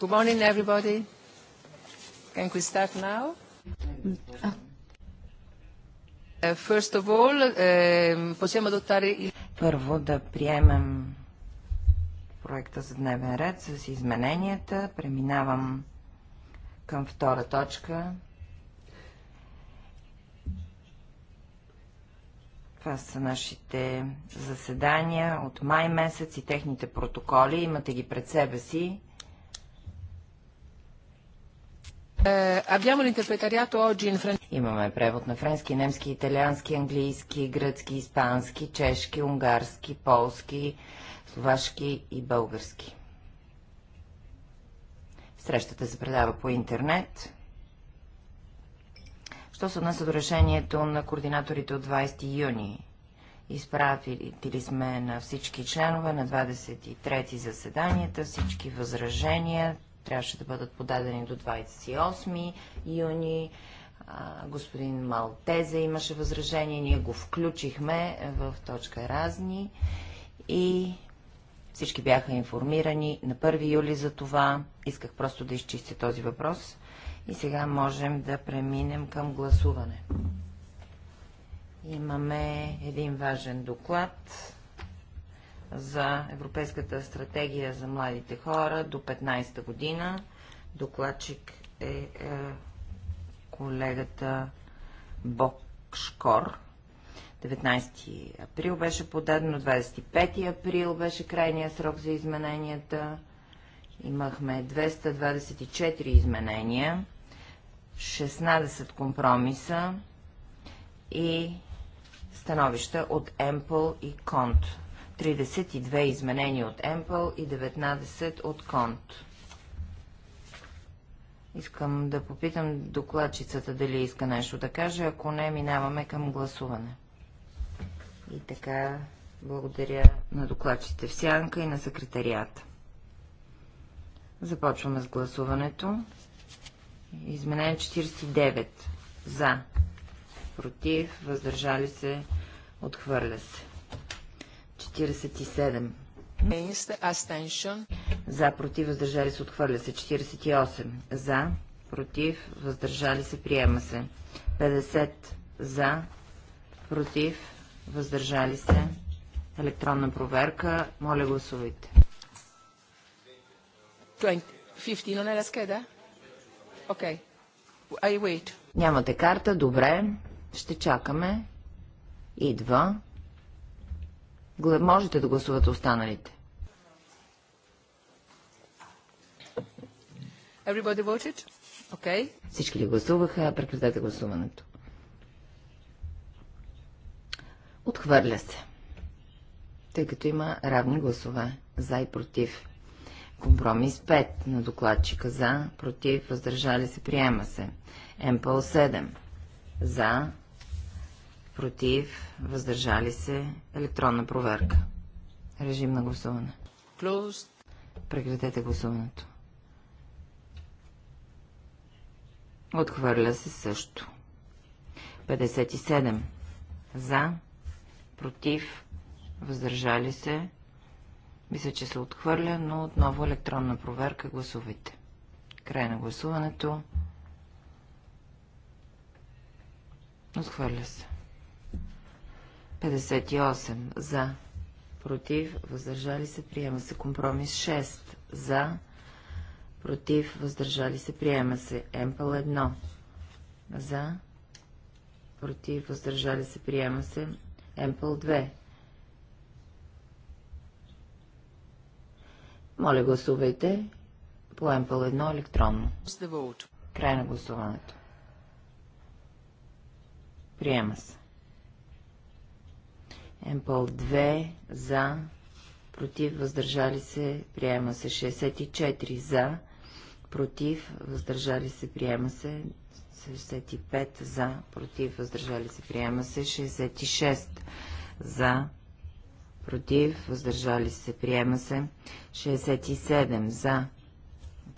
Good morning, everybody. Can we start now? Uh, first of all, um, Първо да приемем проекта за дневен ред с измененията. Преминавам към втора точка. Това са нашите заседания от май месец и техните протоколи. Имате ги пред себе си. Eh, Имаме превод на френски, немски, италиански, английски, гръцки, испански, чешки, унгарски, полски, словашки и български. Срещата се предава по интернет. Що се отнася до решението на координаторите от 20 юни? Изпратили сме на всички членове на 23 ти заседанията, всички възражения, трябваше да бъдат подадени до 28 юни. господин Малтезе имаше възражение, ние го включихме в точка разни и всички бяха информирани на 1 юли за това. Исках просто да изчистя този въпрос. И сега можем да преминем към гласуване. Имаме един важен доклад за Европейската стратегия за младите хора до 15-та година. Докладчик е, е колегата Бокшкор. 19 април беше подадено, 25 април беше крайния срок за измененията. Имахме 224 изменения, 16 компромиса и становища от Емпл и Конт. 32 изменения от Емпъл и 19 от Конт. Искам да попитам докладчицата дали иска нещо да каже, ако не, минаваме към гласуване. И така, благодаря на докладчите в Сянка и на секретарията. Започваме с гласуването. Изменение 49. За. Против. Въздържали се. Отхвърля се. 47. За, против, въздържали се, отхвърля се. 48. За, против, въздържали се, приема се. 50. За, против, въздържали се. Електронна проверка. Моля, гласувайте. 15 non è la scheda? I wait. Нямате карта, добре. Ще чакаме. Идва. Можете да гласувате останалите. Everybody voted? Okay. Всички ли гласуваха? Прекратете гласуването. Отхвърля се, тъй като има равни гласове за и против. Компромис 5 на докладчика за, против, въздържали се, приема се. МПО 7 за, против, въздържали се, електронна проверка. Режим на гласуване. Closed. Прекратете гласуването. Отхвърля се също. 57. За, против, въздържали се. Мисля, че се отхвърля, но отново електронна проверка. Гласувайте. Край на гласуването. Отхвърля се. 58 за, против, въздържали се, приема се. Компромис 6 за, против, въздържали се, приема се. МПЛ 1 за, против, въздържали се, приема се. МПЛ 2 Моля, гласувайте по МПЛ 1 електронно. Край на гласуването. Приема се. Емпол 2 за, против, въздържали се, приема се 64 за, против, въздържали се, приема се 65 за, против, въздържали се, приема се 66 за, против, въздържали се, приема се 67 за,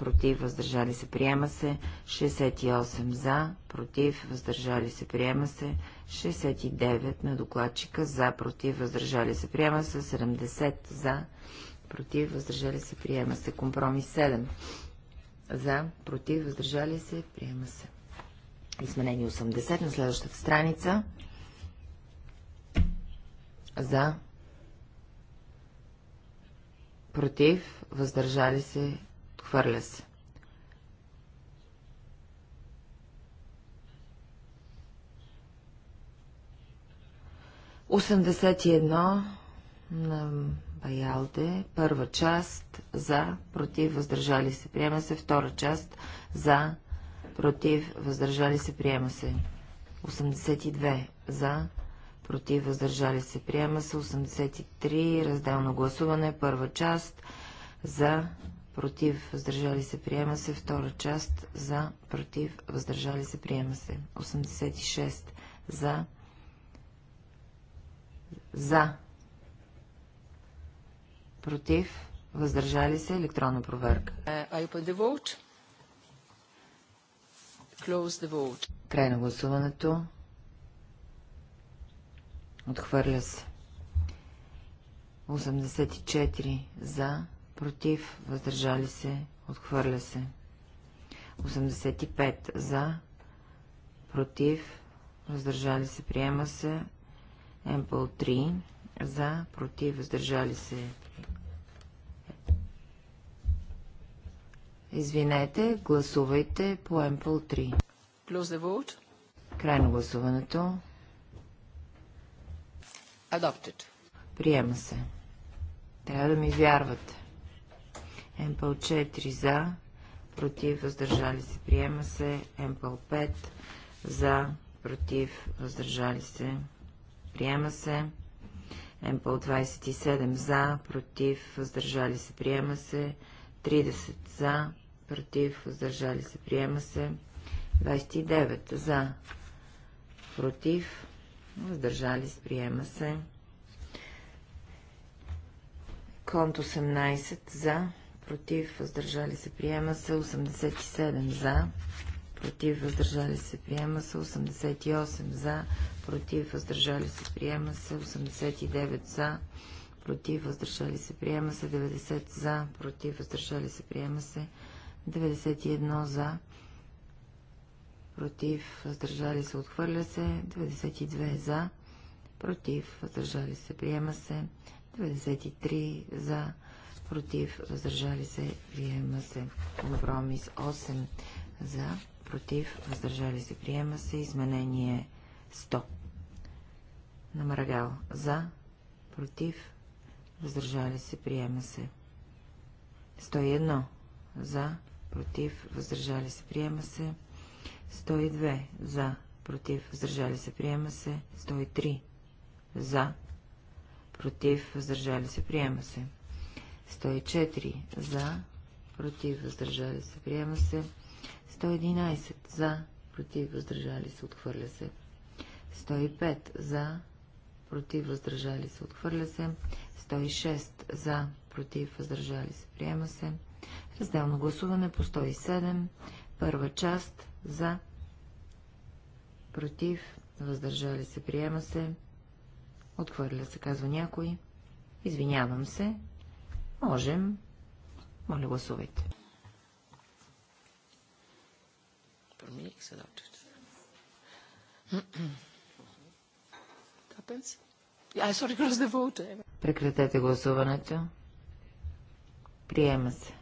против, въздържали се, приема се. 68 за, против, въздържали се, приема се. 69 на докладчика за, против, въздържали се, приема се. 70 за, против, въздържали се, приема се. Компромис 7 за, против, въздържали се, приема се. Изменение 80 на следващата страница. За, против, въздържали се, хвърля се. Осемдесет едно на Баялде, първа част за, против, въздържали се, приема се, втора част за, против, въздържали се, приема се. 82 за, против, въздържали се, приема се. 83 разделно гласуване, първа част за, против, въздържали се, приема се. Втора част, за, против, въздържали се, приема се. 86, за, за, против, въздържали се, електронна проверка. Uh, I the vote. Close the vote. Край на гласуването. Отхвърля се. 84 за, против, въздържали се, отхвърля се. 85 за, против, въздържали се, приема се. МПЛ 3 за, против, въздържали се. Извинете, гласувайте по МПЛ 3. Close the vote. Край на гласуването. Adopted. Приема се. Трябва да ми вярвате. МПЛ 4 за, против, въздържали се, приема се. МПЛ 5 за, против, въздържали се, приема се. МПЛ 27 за, против, въздържали се, приема се. 30 за, против, въздържали се, приема се. 29 за, против, въздържали се, приема се. Конт 18 за, против, въздържали се, приема се 87 за, против, въздържали се, приема се 88 за, против, въздържали се, приема се 89 за, против, въздържали се, приема се 90 за, против, въздържали се, приема се 91 за, против, въздържали се, отхвърля се 92 за, против, въздържали се, приема се 93 за, против, въздържали се, приема се. Компромис 8 за, против, въздържали се, приема се. Изменение 100. На Марагал за, против, въздържали се, приема се. 101 за, против, въздържали се, приема се. 102 за, против, въздържали се, приема се. 103 за, против, въздържали се, приема се. 104 за, против, въздържали се, приема се. 111 за, против, въздържали се, отхвърля се. 105 за, против, въздържали се, отхвърля се. 106 за, против, въздържали се, приема се. Разделно гласуване по 107. Първа част за, против, въздържали се, приема се. Отхвърля се, казва някой. Извинявам се, Можем. Моля, гласувайте. Промених се Прекратете гласуването. Приема се.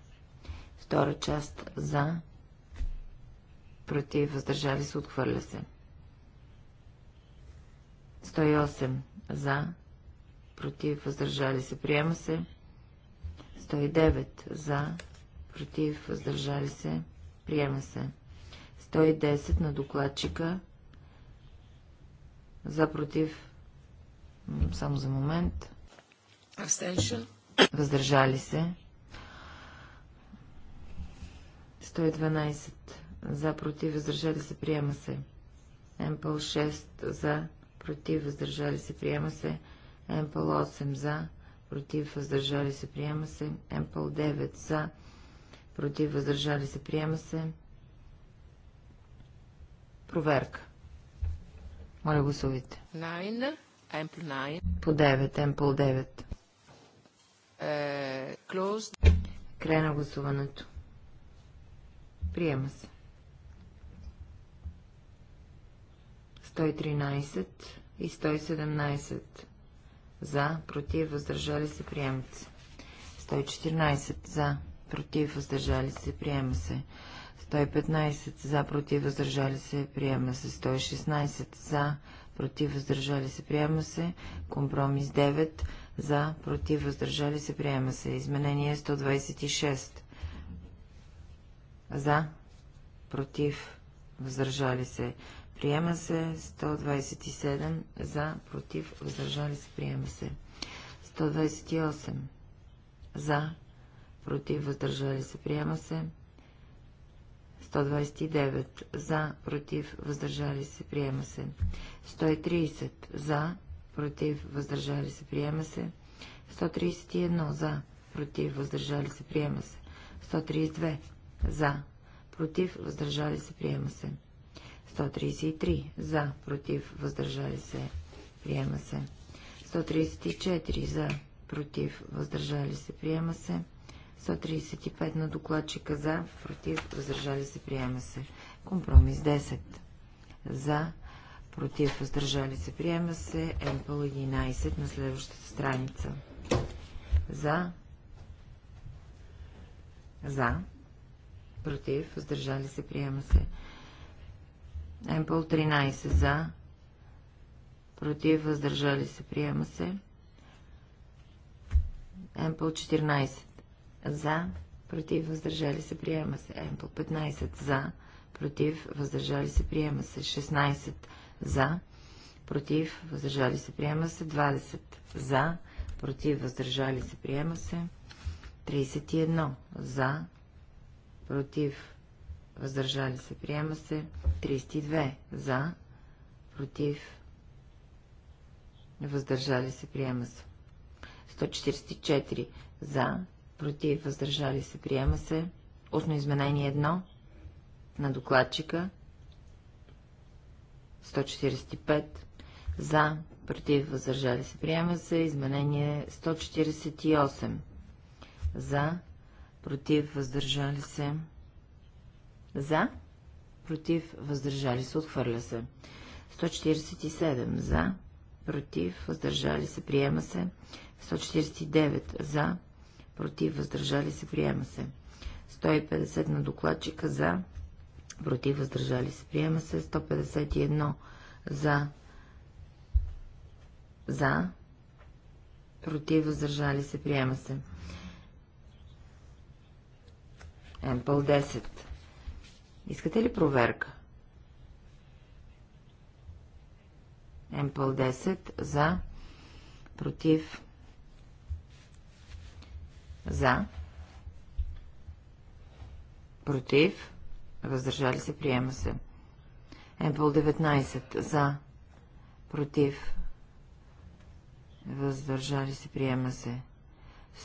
Втора част за. Против. Въздържали се. Отхвърля се. 108 за. Против. Въздържали се. Приема се. 109 за, против, въздържали се, приема се. 110 на докладчика за, против, само за момент. Абстеншън. Въздържали се. 112 за, против, въздържали се, приема се. МПЛ 6 за, против, въздържали се, приема се. МПЛ 8 за, против, въздържали се, приема се. МПЛ 9 за, против, въздържали се, приема се. Проверка. Моля гласувайте. 9, МПЛ 9. По 9, МПЛ 9. Uh, closed. Край на гласуването. Приема се. 113 и 117 за, против, въздържали се, приема се. 114 за, против, въздържали се, приема се. 115 за, против, въздържали се, приема се. 116 за, против, въздържали се, приема се. Компромис 9 за, против, въздържали се, приема се. Изменение 126 за, против, въздържали се, Приема се 127 за, против, въздържали се, приема се. 128 за, против, въздържали се, приема се. 129 за, против, въздържали се, приема се. 130 за, против, въздържали се, приема се. 131 за, против, въздържали се, приема се. 132 за, против, въздържали се, приема се. 133 за, против, въздържали се, приема се. 134 за, против, въздържали се, приема се. 135 на докладчика за, против, въздържали се, приема се. Компромис 10 за, против, въздържали се, приема се. МПЛ 11 на следващата страница. За, за, против, въздържали се, приема се. Емпъл 13 за. Против, въздържали се, приема се. Емпъл 14 за. Против, въздържали се, приема се. Емпъл 15 за. Против, въздържали се, приема се. 16 за. Против, въздържали се, приема се. 20 за. Против, въздържали се, приема се. 31 за. Против, въздържали се, приема се. 32 за, против, въздържали се, приема се. 144 за, против, въздържали се, приема се. Устно изменение 1 на докладчика. 145 за, против, въздържали се, приема се. Изменение 148 за, против, въздържали се, приема се. За. Против. Въздържали се. Отхвърля се. 147. За. Против. Въздържали се. Приема се. 149. За. Против. Въздържали се. Приема се. 150 на докладчика. За. Против. Въздържали се. Приема се. 151. За. За. Против. Въздържали се. Приема се. Емпъл 10. Искате ли проверка? МПЛ 10 за, против, за, против, въздържали се, приема се. МПЛ 19 за, против, въздържали се, приема се.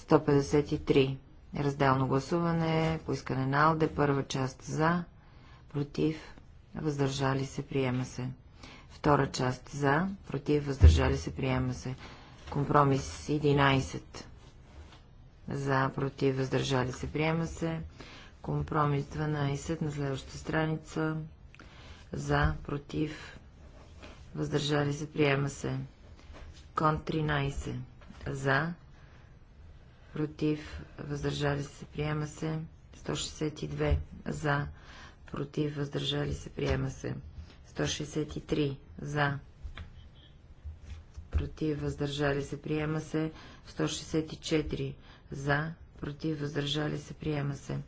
153. Разделно гласуване, поискане на АЛДЕ, първа част за, против, въздържали се, приема се. Втора част за, против, въздържали се, приема се. Компромис 11. За, против, въздържали се, приема се. Компромис 12 на следващата страница. За, против, въздържали се, приема се. Кон 13. За, против, въздържали се, приема се. 162. За, против, въздържали се, приема се. 163 за, против, въздържали се, приема се. 164 за, против, въздържали се, приема се.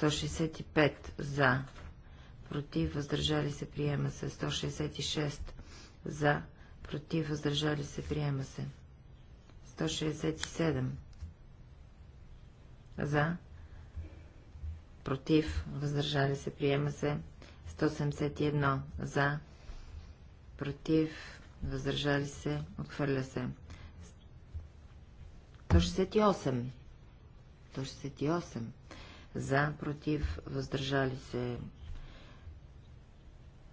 165 за, против, въздържали се, приема се. 166 за, против, въздържали се, приема се. 167 за, против, въздържали се, приема се 171 за, против, въздържали се, отхвърля се 168 168 за, против, въздържали се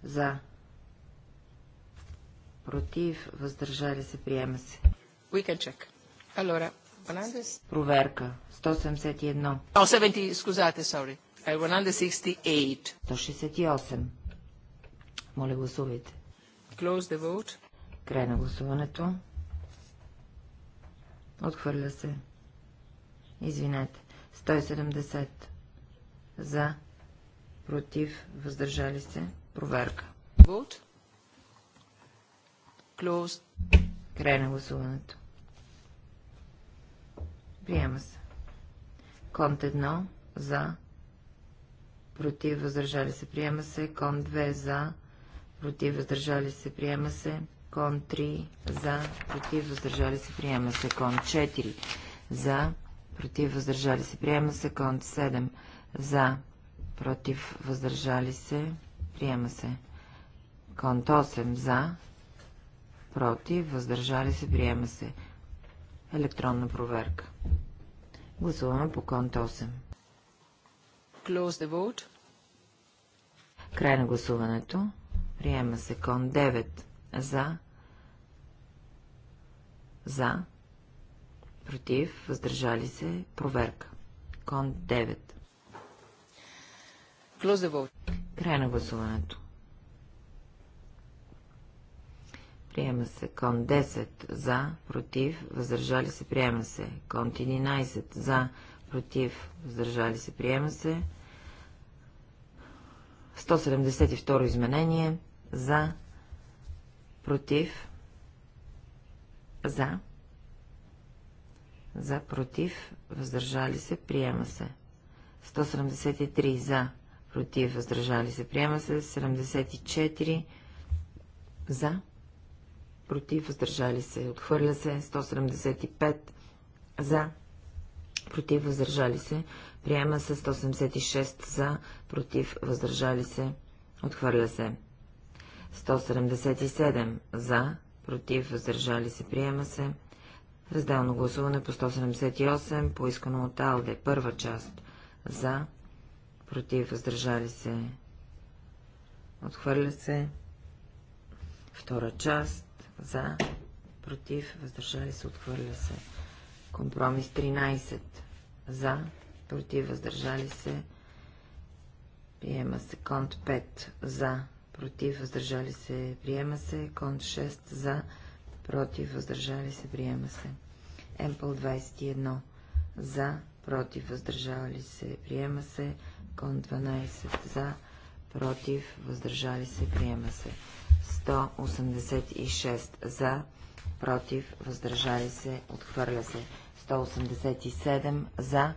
за, против, въздържали се, приема се. We can check. Allora, Проверка. 171. скузате, сори. 168. 168. Моля, гласувайте. Close the vote. Край на гласуването. Отхвърля се. Извинете. 170. За. Против. Въздържали се. Проверка. Vote. Close. Край на гласуването. Приема се. Конт 1 за. Против въздържали се. Приема се. Кон 2 за. Против въздържали се. Приема се. Кон 3 за. Против въздържали се. Приема се. Кон 4 за. Против въздържали се. Приема се. Кон 7 за. Против въздържали се. Приема се. Конт 8 за. Против въздържали се. Приема се. Електронна проверка. Гласуваме по конт 8. Close the vote. Край на гласуването. Приема се кон 9. За. За. Против. Въздържали се. Проверка. Кон 9. Close the vote. Край на гласуването. Приема се кон 10 за, против, въздържали се, приема се. Кон 11 за, против, въздържали се, приема се. 172 изменение за, против, за, за, против, въздържали се, приема се. 173 за, против, въздържали се, приема се. 74 за, против, против, въздържали се, отхвърля се, 175 за, против, въздържали се, приема се, 176 за, против, въздържали се, отхвърля се, 177 за, против, въздържали се, приема се, разделно гласуване по 178, поискано от АЛДЕ, първа част, за, против, въздържали се, отхвърля се, втора част, за, против, въздържали се, отхвърля се. Компромис 13 за, против, въздържали се, приема се. Конт 5 за, против, въздържали се, приема се. Конт 6 за, против, въздържали се, приема се. Емпл 21 за, против, въздържали се, приема се. конт 12 за, против, въздържали се, приема се. 186 за, против, въздържали се, отхвърля се. 187 за,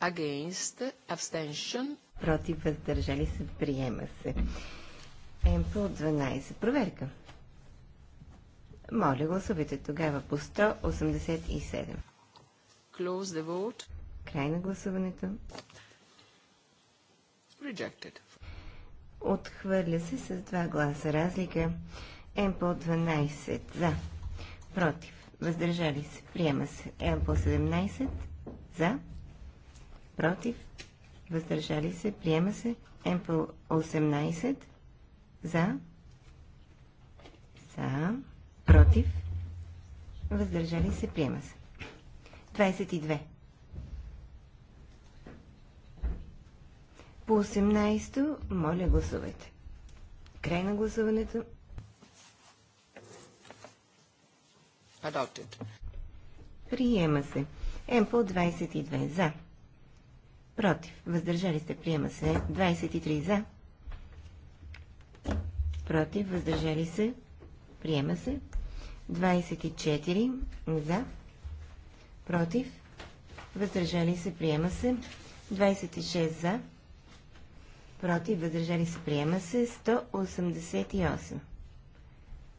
against, abstention, против, въздържали се, приема се. МП 12. Проверка. Моля, гласувайте тогава по 187. Close the vote. Край на гласуването. Rejected. Отхвърля се с два гласа разлика. М по 12 за. Против. Въздържали се. Приема се. М по 17 за. Против. Въздържали се. Приема се. М по 18 за. За. Против. Въздържали се. Приема се. 22 По 18-то, моля гласувайте. Край на гласуването. Adopted. Приема се. МПО 22 за. Против. Въздържали се. Приема се. 23 за. Против. Въздържали се. Приема се. 24 за. Против. Въздържали се. Приема се. 26 за против, въздържали се, приема се. 188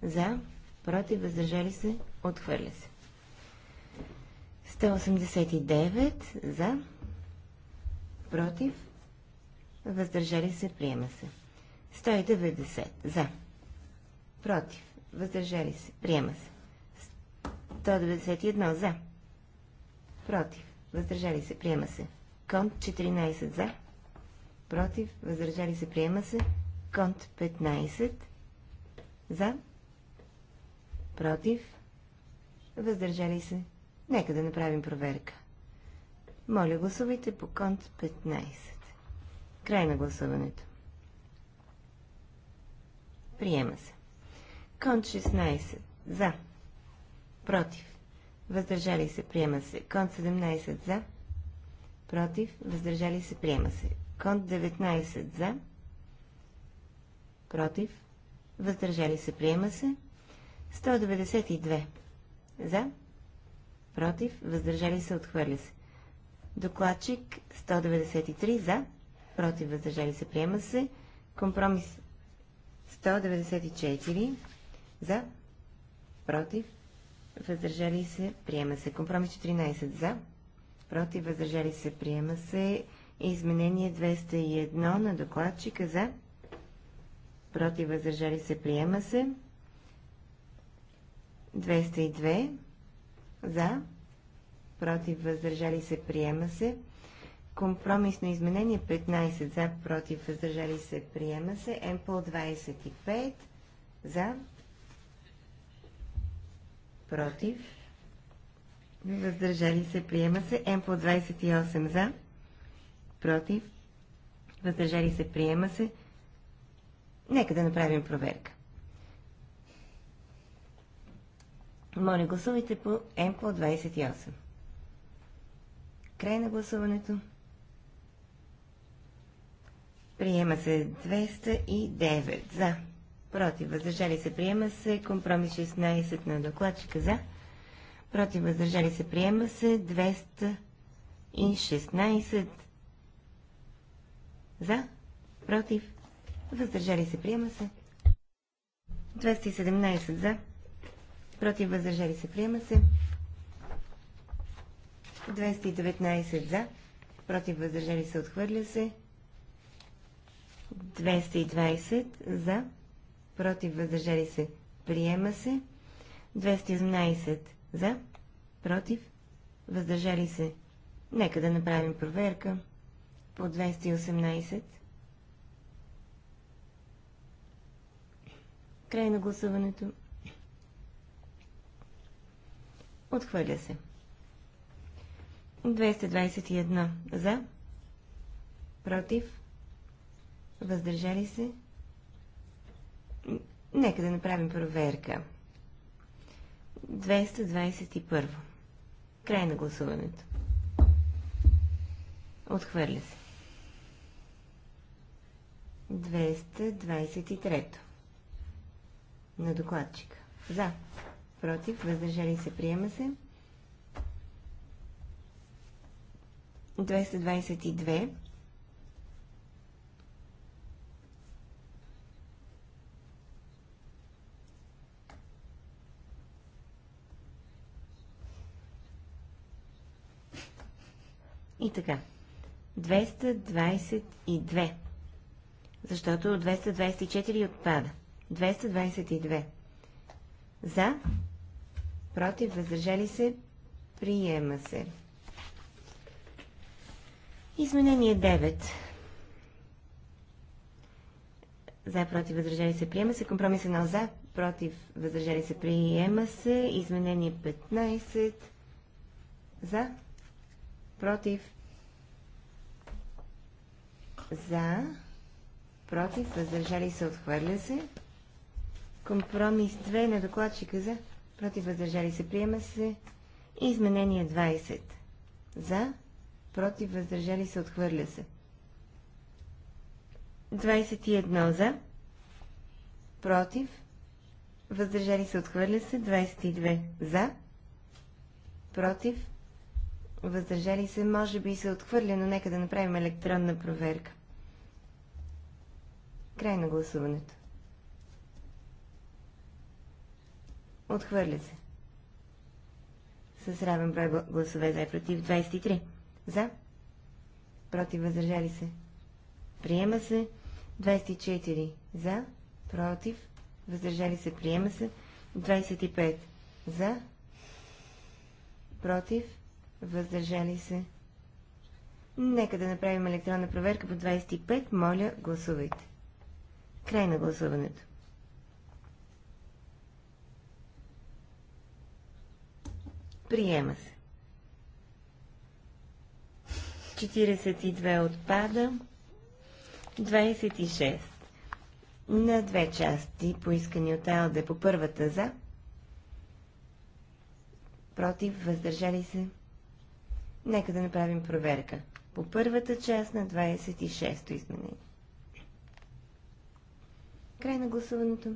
за, против, въздържали се, отхвърля се. 189 за, против, въздържали се, приема се. 190 за, против, въздържали се, приема се. 191 за, против, въздържали се, приема се. Конт 14 за, против, въздържали се, приема се. Конт 15 за, против, въздържали се. Нека да направим проверка. Моля, гласувайте по конт 15. Край на гласуването. Приема се. Конт 16. За. Против. Въздържали се. Приема се. Конт 17. За. Против. Въздържали се. Приема се. Код 19 за. Против. Въздържали се. Приема се. 192 за. Против. Въздържали се. Отхвърля се. Докладчик 193 за. Против. Въздържали се. Приема се. Компромис 194 за. Против. Въздържали се. Приема се. Компромис 14 за. Против. Въздържали се. Приема се. Изменение 201 на докладчика за. Против въздържали се приема се. 202 за. Против въздържали се приема се. Компромисно изменение 15 за. Против въздържали се приема се. МПО 25 за. Против. Въздържали се приема се. МПО 28 за против, въздържали се, приема се. Нека да направим проверка. Моля, гласувайте по МК 28. Край на гласуването. Приема се 209 за. Против, въздържали се, приема се. Компромис 16 на докладчика за. Против, въздържали се, приема се. 216 за, против, въздържали се, приема се. 217 за, против, въздържали се, приема се. 219 за, против, въздържали се, отхвърля се. 220 за, против, въздържали се, приема се. 218 за, против, въздържали се. Нека да направим проверка по 218. Край на гласуването. Отхвърля се. 221 за. Против. Въздържали се. Нека да направим проверка. 221. Край на гласуването. Отхвърля се. 223 на докладчика. За. Против. Въздържали се. Приема се. 222. И така. 222 защото 224 отпада. 222. За, против, въздържали се, приема се. Изменение 9. За, против, въздържали се, приема се. Компромис 1 за, против, въздържали се, приема се. Изменение 15. За, против, за, против, въздържали се, отхвърля се. Компромис 2 на докладчика за, против, въздържали се, приема се. И изменение 20. За, против, въздържали се, отхвърля се. 21 за, против, въздържали се, отхвърля се. 22 за, против, въздържали се, може би се отхвърля, но нека да направим електронна проверка. Край на гласуването. Отхвърля се. С равен брой гласове за и против 23. За. Против въздържали се. Приема се 24. За. Против. Въздържали се. Приема се 25. За. Против. Въздържали се. Нека да направим електронна проверка по 25. Моля, гласувайте. Край на гласуването. Приема се. 42 отпада. 26. На две части, поискани от АЛДЕ по първата за. Против, въздържали се. Нека да направим проверка. По първата част на 26-то изменение. Край на гласуването.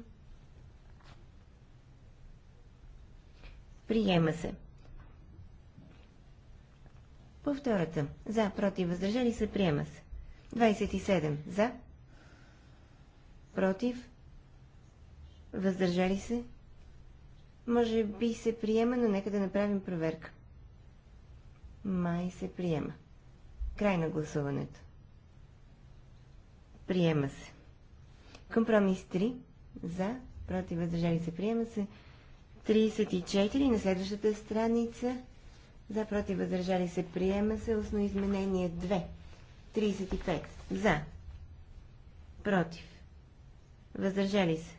Приема се. По втората. За, против, въздържали се, приема се. 27. За. Против. Въздържали се. Може би се приема, но нека да направим проверка. Май се приема. Край на гласуването. Приема се. Компромис 3 за, против, въздържали се, приема се. 34 на следващата страница. За, против, въздържали се, приема се. Основно изменение 2. 35. За. Против. Въздържали се.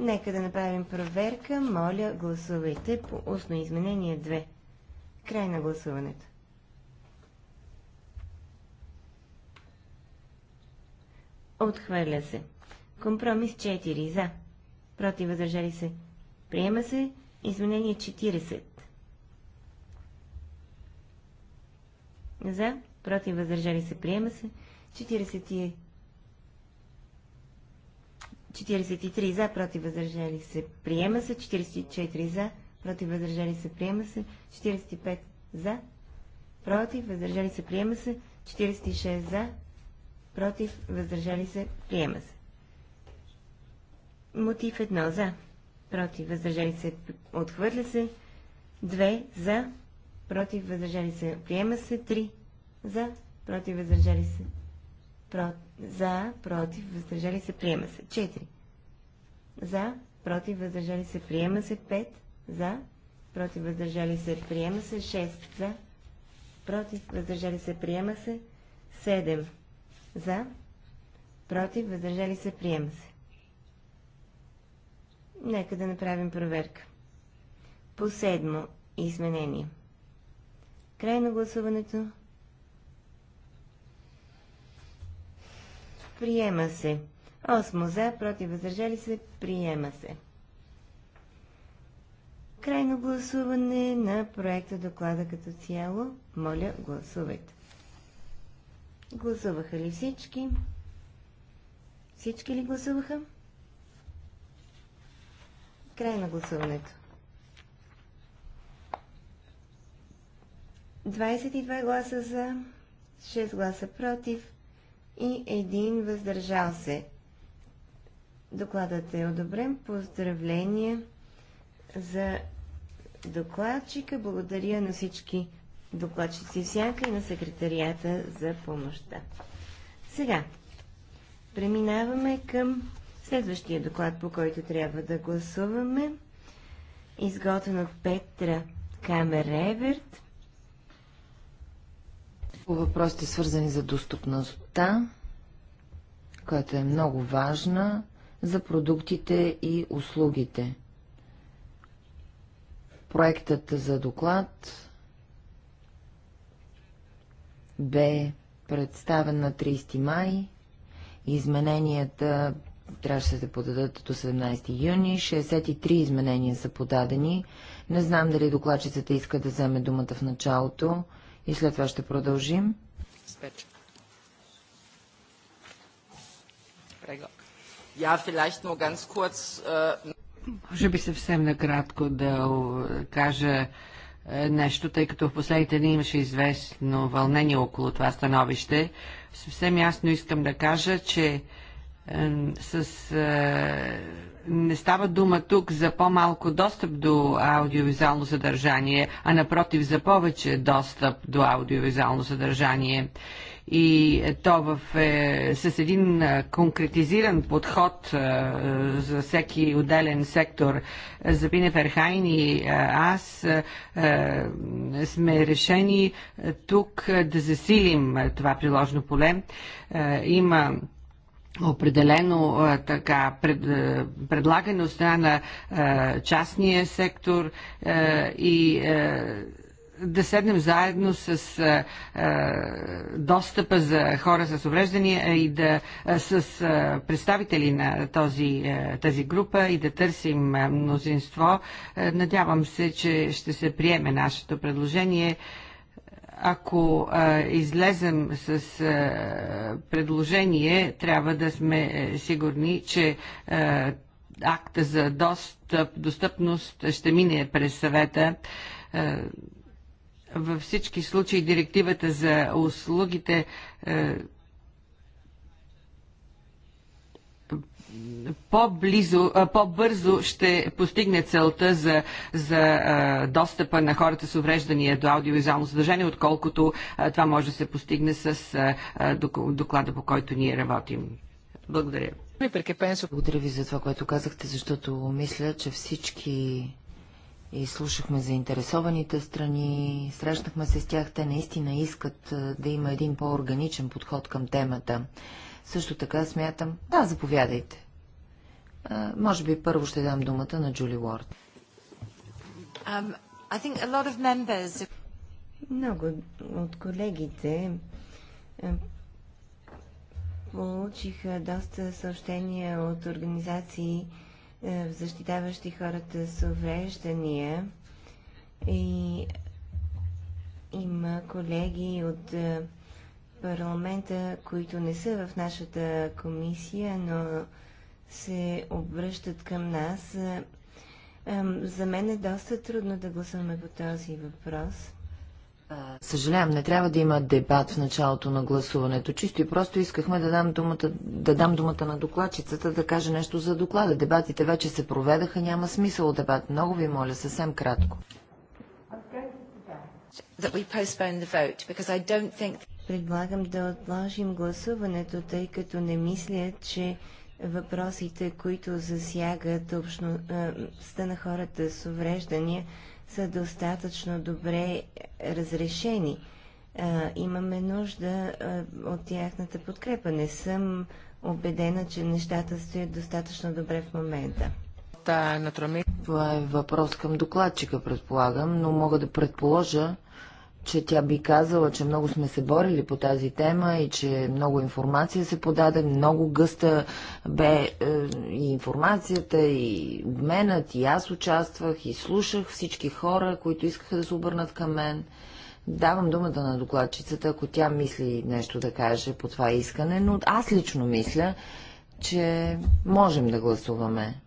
Нека да направим проверка. Моля, гласувайте по устно изменение 2. Край на гласуването. Отхвърля се. Компромис 4. За. Против. Въздържали се. Приема се. Изменение 40. За. Против. Въздържали се. Приема се. 40... 43 за, против въздържали се, приема се, 44 за, против въздържали се, приема се, 45 за, против въздържали се, приема се, 46 за, против, въздържали се, приема се. Мотив 1 за, против, въздържали се, отхвърля се. 2 за, против, въздържали се, приема се. 3 за, против, въздържали се, про... за, против, въздържали се, приема се. 4 за, против, въздържали се, приема се. 5 за, против, въздържали се, приема се. 6 за, против, въздържали се, приема се. 7 за. Против. Въздържали се. Приема се. Нека да направим проверка. По седмо изменение. Край на гласуването. Приема се. Осмо за, против въздържали се, приема се. Крайно гласуване на проекта доклада като цяло. Моля, гласувайте. Гласуваха ли всички? Всички ли гласуваха? Край на гласуването. 22 гласа за, 6 гласа против и 1 въздържал се. Докладът е одобрен. Поздравление за докладчика. Благодаря на всички докладчици в сянка и на секретарията за помощта. Сега, преминаваме към следващия доклад, по който трябва да гласуваме, изготвен от Петра Камереверт. По въпросите свързани за достъпността, която е много важна за продуктите и услугите. Проектът за доклад бе представен на 30 май. Измененията трябваше да се подадат до 17 юни. 63 изменения са подадени. Не знам дали докладчицата иска да вземе думата в началото и след това ще продължим. Э, Може би съвсем накратко да кажа е, нещо, тъй като в последните дни имаше известно вълнение около това становище. Съвсем ясно искам да кажа, че с, е, не става дума тук за по-малко достъп до аудиовизуално съдържание, а напротив за повече достъп до аудиовизуално съдържание. Е, и то в, е, с един е, конкретизиран подход е, за всеки отделен сектор. Забине Ферхайн и е, аз е, е, сме решени тук да засилим това приложно поле. Е, има определено така пред, предлагане от страна на частния сектор и да седнем заедно с а, е, а, е, достъпа за хора с увреждания и да а, е, с а, представители на този, а, тази група и да търсим мнозинство. А, надявам се, че ще се приеме нашето предложение ако а, излезем с а, предложение, трябва да сме сигурни, че а, акта за достъп, достъпност ще мине през съвета. А, във всички случаи директивата за услугите е, по-близо, е, по-бързо ще постигне целта за, за е, достъпа на хората с увреждания до аудиовизуално съдържание, отколкото това може да се постигне с доклада, по който ние работим. Благодаря. Благодаря ви за това, което казахте, защото мисля, че всички и слушахме заинтересованите страни, срещнахме се с тях, те наистина искат да има един по-органичен подход към темата. Също така смятам... Да, заповядайте. А, може би първо ще дам думата на Джули Уорд. Um, Много от колегите получиха доста съобщения от организации, е, защитаващи хората с увреждания. И има колеги от е, парламента, които не са в нашата комисия, но се обръщат към нас. Е, за мен е доста трудно да гласуваме по този въпрос. Съжалявам, не трябва да има дебат в началото на гласуването. Чисто и просто искахме да дам думата, да дам думата на докладчицата да каже нещо за доклада. Дебатите вече се проведаха, няма смисъл дебат. Много ви моля, съвсем кратко. Предлагам да отложим гласуването, тъй като не мисля, че въпросите, които засягат общността е, на хората с увреждания, са достатъчно добре разрешени. А, имаме нужда а, от тяхната подкрепа. Не съм убедена, че нещата стоят достатъчно добре в момента. Това е въпрос към докладчика, предполагам, но мога да предположа, че тя би казала, че много сме се борили по тази тема и че много информация се подаде, много гъста бе е, и информацията, и обменът, и аз участвах, и слушах всички хора, които искаха да се обърнат към мен. Давам думата на докладчицата, ако тя мисли нещо да каже по това искане, но аз лично мисля, че можем да гласуваме.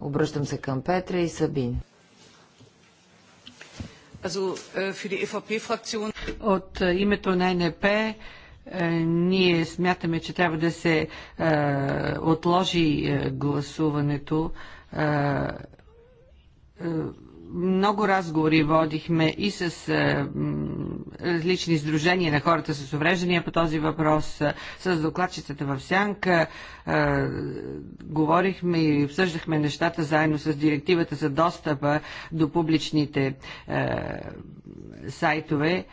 Обръщам се към Петра и Сабин. Äh, От е, името на НП е, ние смятаме, че трябва да се е, отложи гласуването много разговори водихме и с е, различни издружения на хората с увреждания по този въпрос, е, с докладчицата в Сянка. Е, говорихме и обсъждахме нещата заедно с директивата за достъпа до публичните сайтове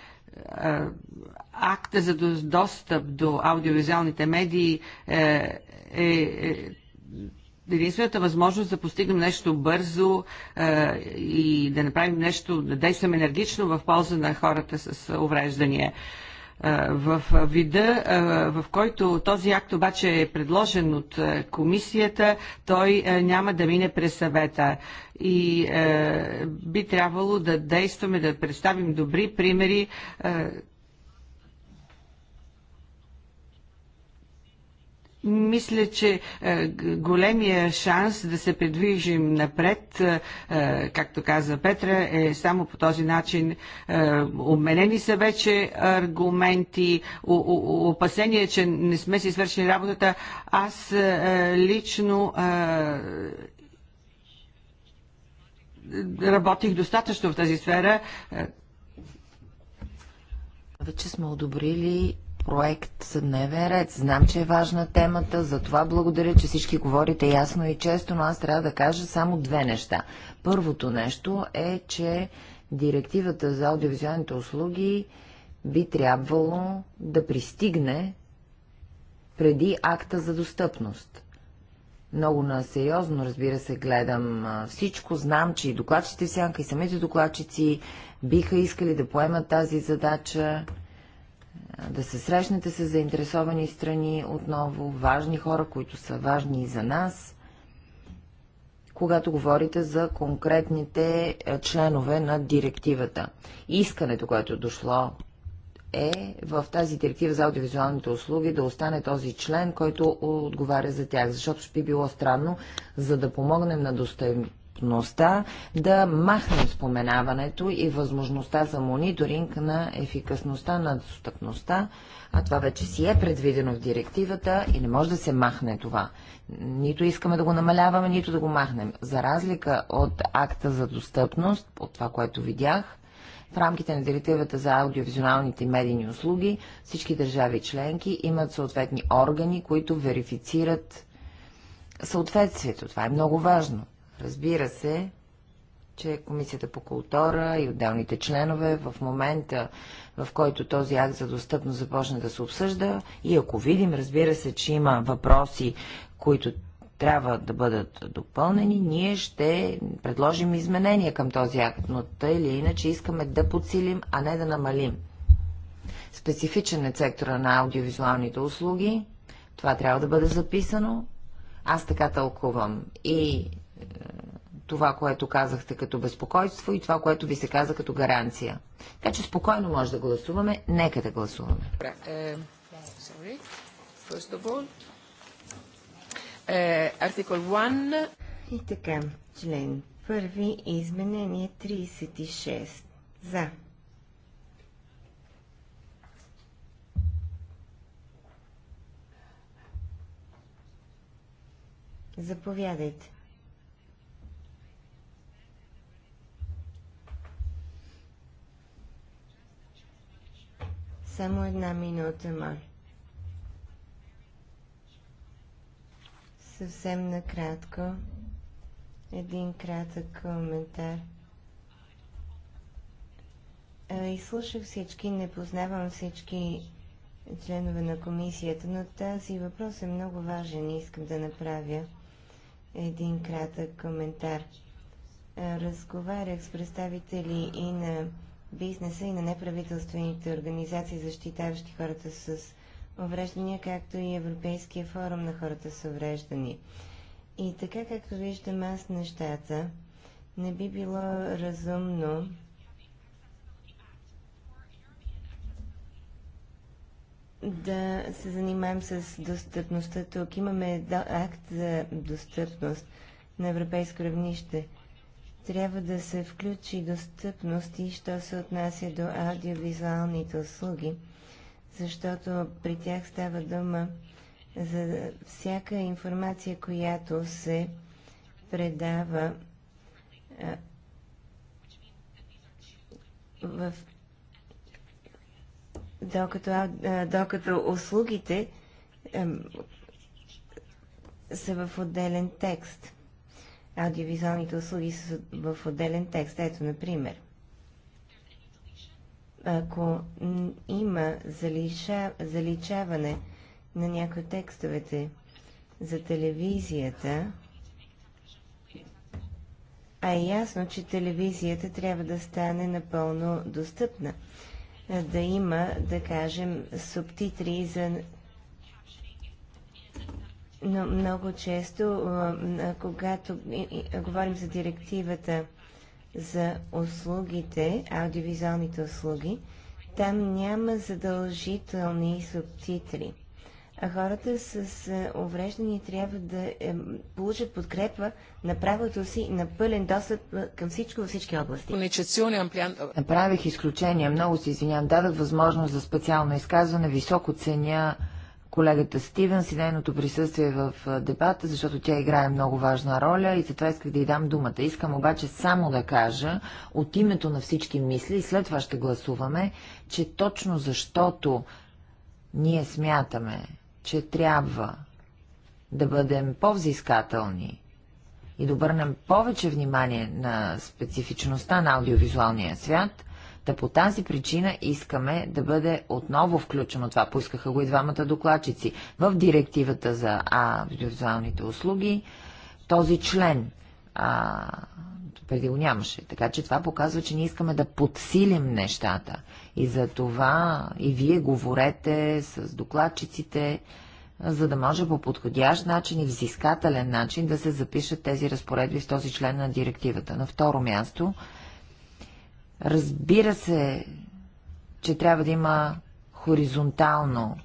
акта за достъп до аудиовизуалните медии е, е, е единствената възможност да постигнем нещо бързо е, и да направим нещо, да действаме енергично в полза на хората с увреждания. Е, в вида, е, в който този акт обаче е предложен от е, комисията, той няма да мине през съвета и би трябвало да действаме, да представим добри примери Мисля, че е, големия шанс да се придвижим напред, е, е, както каза Петра, е само по този начин. Обменени са вече аргументи, опасения, че не сме си свършили работата. Аз лично работих достатъчно в тази сфера. Вече сме одобрили проект съдневен дневен ред. Знам, че е важна темата, затова благодаря, че всички говорите ясно и често, но аз трябва да кажа само две неща. Първото нещо е, че директивата за аудиовизуалните услуги би трябвало да пристигне преди акта за достъпност. Много на сериозно, разбира се, гледам всичко. Знам, че и докладчите сянка, и самите докладчици биха искали да поемат тази задача да се срещнете с заинтересовани страни отново, важни хора, които са важни и за нас, когато говорите за конкретните е, членове на директивата. Искането, което е дошло е в тази директива за аудиовизуалните услуги да остане този член, който отговаря за тях, защото ще би било странно, за да помогнем на достъпността вероятността да махнем споменаването и възможността за мониторинг на ефикасността на достъпността, а това вече си е предвидено в директивата и не може да се махне това. Нито искаме да го намаляваме, нито да го махнем. За разлика от акта за достъпност, от това, което видях, в рамките на директивата за аудиовизуалните и медийни услуги всички държави членки имат съответни органи, които верифицират съответствието. Това е много важно. Разбира се, че Комисията по култура и отделните членове в момента, в който този акт за достъпно започне да се обсъжда и ако видим, разбира се, че има въпроси, които трябва да бъдат допълнени, ние ще предложим изменения към този акт, но тъй или иначе искаме да подсилим, а не да намалим. Специфичен е сектора на аудиовизуалните услуги, това трябва да бъде записано, аз така тълкувам и това, което казахте като безпокойство и това, което ви се каза като гаранция. Така че спокойно може да гласуваме. Нека да гласуваме. 1. Е, е, и така, член първи, изменение 36. За. Заповядайте. Само една минута, ма. Съвсем накратко. Един кратък коментар. Изслушах всички, не познавам всички членове на комисията, но тази въпрос е много важен и искам да направя един кратък коментар. Разговарях с представители и на бизнеса и на неправителствените организации, защитаващи хората с увреждания, както и Европейския форум на хората с увреждания. И така, както виждам аз нещата, не би било разумно да се занимаем с достъпността. Тук имаме акт за достъпност на европейско равнище – трябва да се включи достъпност и що се отнася до аудиовизуалните услуги, защото при тях става дума за всяка информация, която се предава в докато, докато услугите са в отделен текст аудиовизуалните услуги са в отделен текст. Ето, например, ако има залиша, заличаване на някои текстовете за телевизията, а е ясно, че телевизията трябва да стане напълно достъпна. Е, да има, да кажем, субтитри за но много често, когато говорим за директивата за услугите, аудиовизуалните услуги, там няма задължителни субтитри. А хората с увреждания трябва да е, получат подкрепа на правото си на пълен достъп към всичко във всички области. Направих изключение, много се извинявам, дадах възможност за специално изказване, високо ценя колегата Стивен, и нейното присъствие в дебата, защото тя играе много важна роля и затова исках да й дам думата. Искам обаче само да кажа от името на всички мисли и след това ще гласуваме, че точно защото ние смятаме, че трябва да бъдем по-взискателни и да обърнем повече внимание на специфичността на аудиовизуалния свят – Та по тази причина искаме да бъде отново включено това. Поискаха го и двамата докладчици. В директивата за аудиовизуалните услуги този член а, преди го нямаше. Така че това показва, че ние искаме да подсилим нещата. И за това и вие говорете с докладчиците, за да може по подходящ начин и взискателен начин да се запишат тези разпоредби в този член на директивата. На второ място, Разбира се, че трябва да има хоризонтално,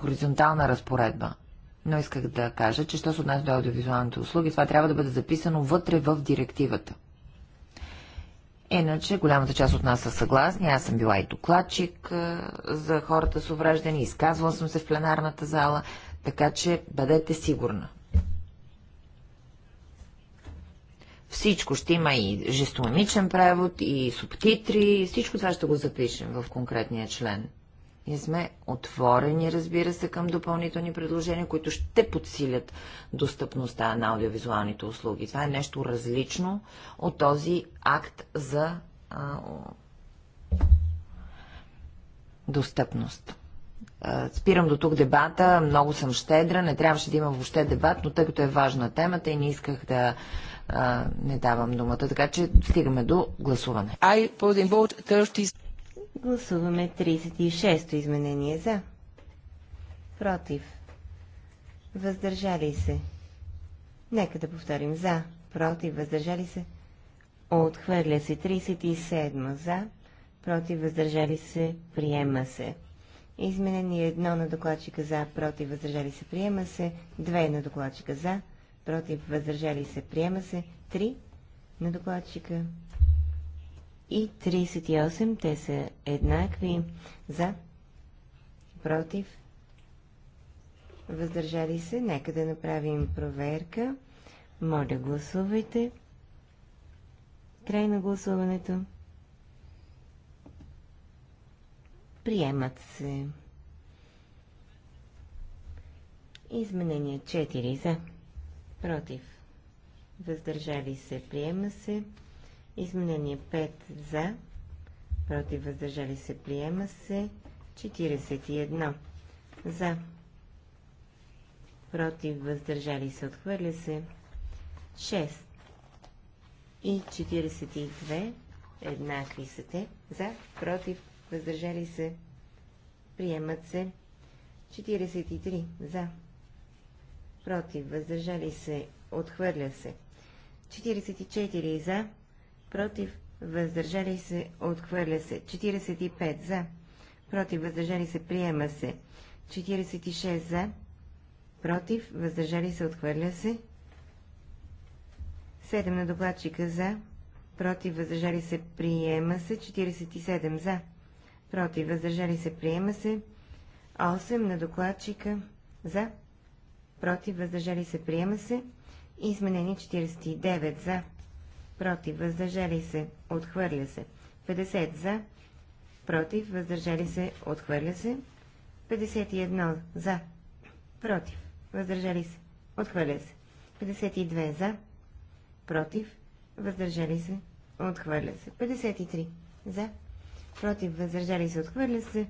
хоризонтална разпоредба. Но исках да кажа, че що се отнася до аудиовизуалните услуги, това трябва да бъде записано вътре в директивата. Иначе голямата част от нас са съгласни. Аз съм била и докладчик за хората с увреждане, изказвала съм се в пленарната зала, така че бъдете сигурна. Всичко ще има и жестомичен превод, и субтитри, и всичко това ще го запишем в конкретния член. И сме отворени, разбира се, към допълнителни предложения, които ще подсилят достъпността на аудиовизуалните услуги. Това е нещо различно от този акт за а, достъпност. Спирам до тук дебата, много съм щедра, не трябваше да има въобще дебат, но тъй като е важна темата и не исках да а, не давам думата. Така че стигаме до гласуване. I put in vote 30... Гласуваме 36-то изменение за. Против. Въздържали се. Нека да повторим за. Против. Въздържали се. Отхвърля се 37 за. Против. Въздържали се. Приема се. Изменение 1 на докладчика за. Против. Въздържали се. Приема се. 2 на докладчика за против, въздържали се, приема се. 3 на докладчика и 38, те са еднакви, за, против, въздържали се. Нека да направим проверка. Моля, гласувайте. Край на гласуването. Приемат се. Изменение 4 за против, въздържали се, приема се. Изменение 5 за, против, въздържали се, приема се. 41 за, против, въздържали се, отхвърля се. 6 и 42 еднакви са те. За, против, въздържали се, приемат се. 43 за, против, въздържали се, отхвърля се. 44 за, против, въздържали се, отхвърля се. 45 за, против, въздържали се, приема се. 46 за, против, въздържали се, отхвърля се. 7 на докладчика за, против, въздържали се, приема се. 47 за, против, въздържали се, приема се. 8 на докладчика за, против, въздържали се, приема се. Изменение 49 за, против, въздържали се, отхвърля се. 50 за, против, въздържали се, отхвърля се. 51 за, против, въздържали се, отхвърля се. 52 за, против, въздържали се, отхвърля се. 53 за, против, въздържали се, отхвърля се.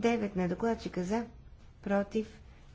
9 на докладчика за, против,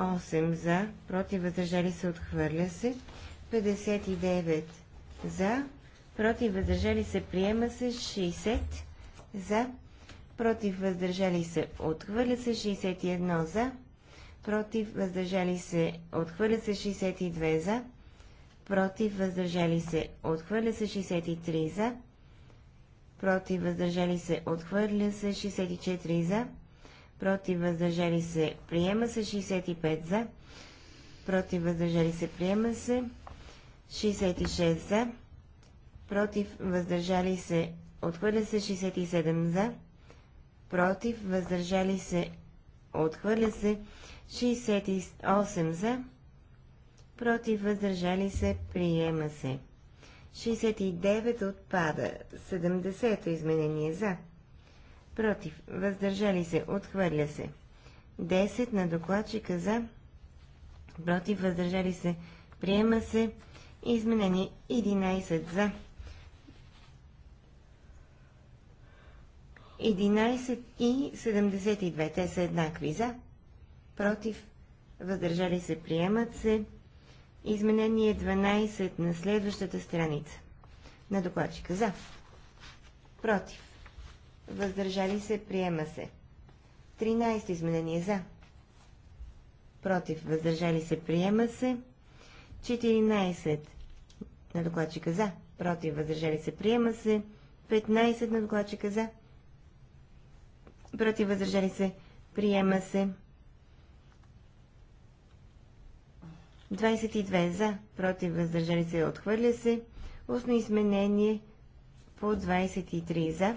8 за, против въздържали се, отхвърля се. 59 за, против въздържали се, приема се. 60 за, против въздържали се, отхвърля се. 61 за, против въздържали се, отхвърля се. 62 за, против въздържали се, отхвърля се. 63 за, против въздържали се, отхвърля се. 64 за, против въздържали се, приема се 65 за, против въздържали се, приема се 66 за, против въздържали се, отхвърля се 67 за, против въздържали се, отхвърля се 68 за, против въздържали се, приема се. 69 отпада, 70 изменение за против, въздържали се, отхвърля се. 10 на докладчика за, против, въздържали се, приема се. Изменение 11 за. 11 и 72. Те са еднакви за, против, въздържали се, приемат се. Изменение 12 на следващата страница. На докладчика за. Против въздържали се, приема се. 13 изменение за, против, въздържали се, приема се. 14 на докладчика за, против, въздържали се, приема се. 15 на докладчика за, против, въздържали се, приема се. 22 за, против, въздържали се, отхвърля се. Устно изменение по 23 за,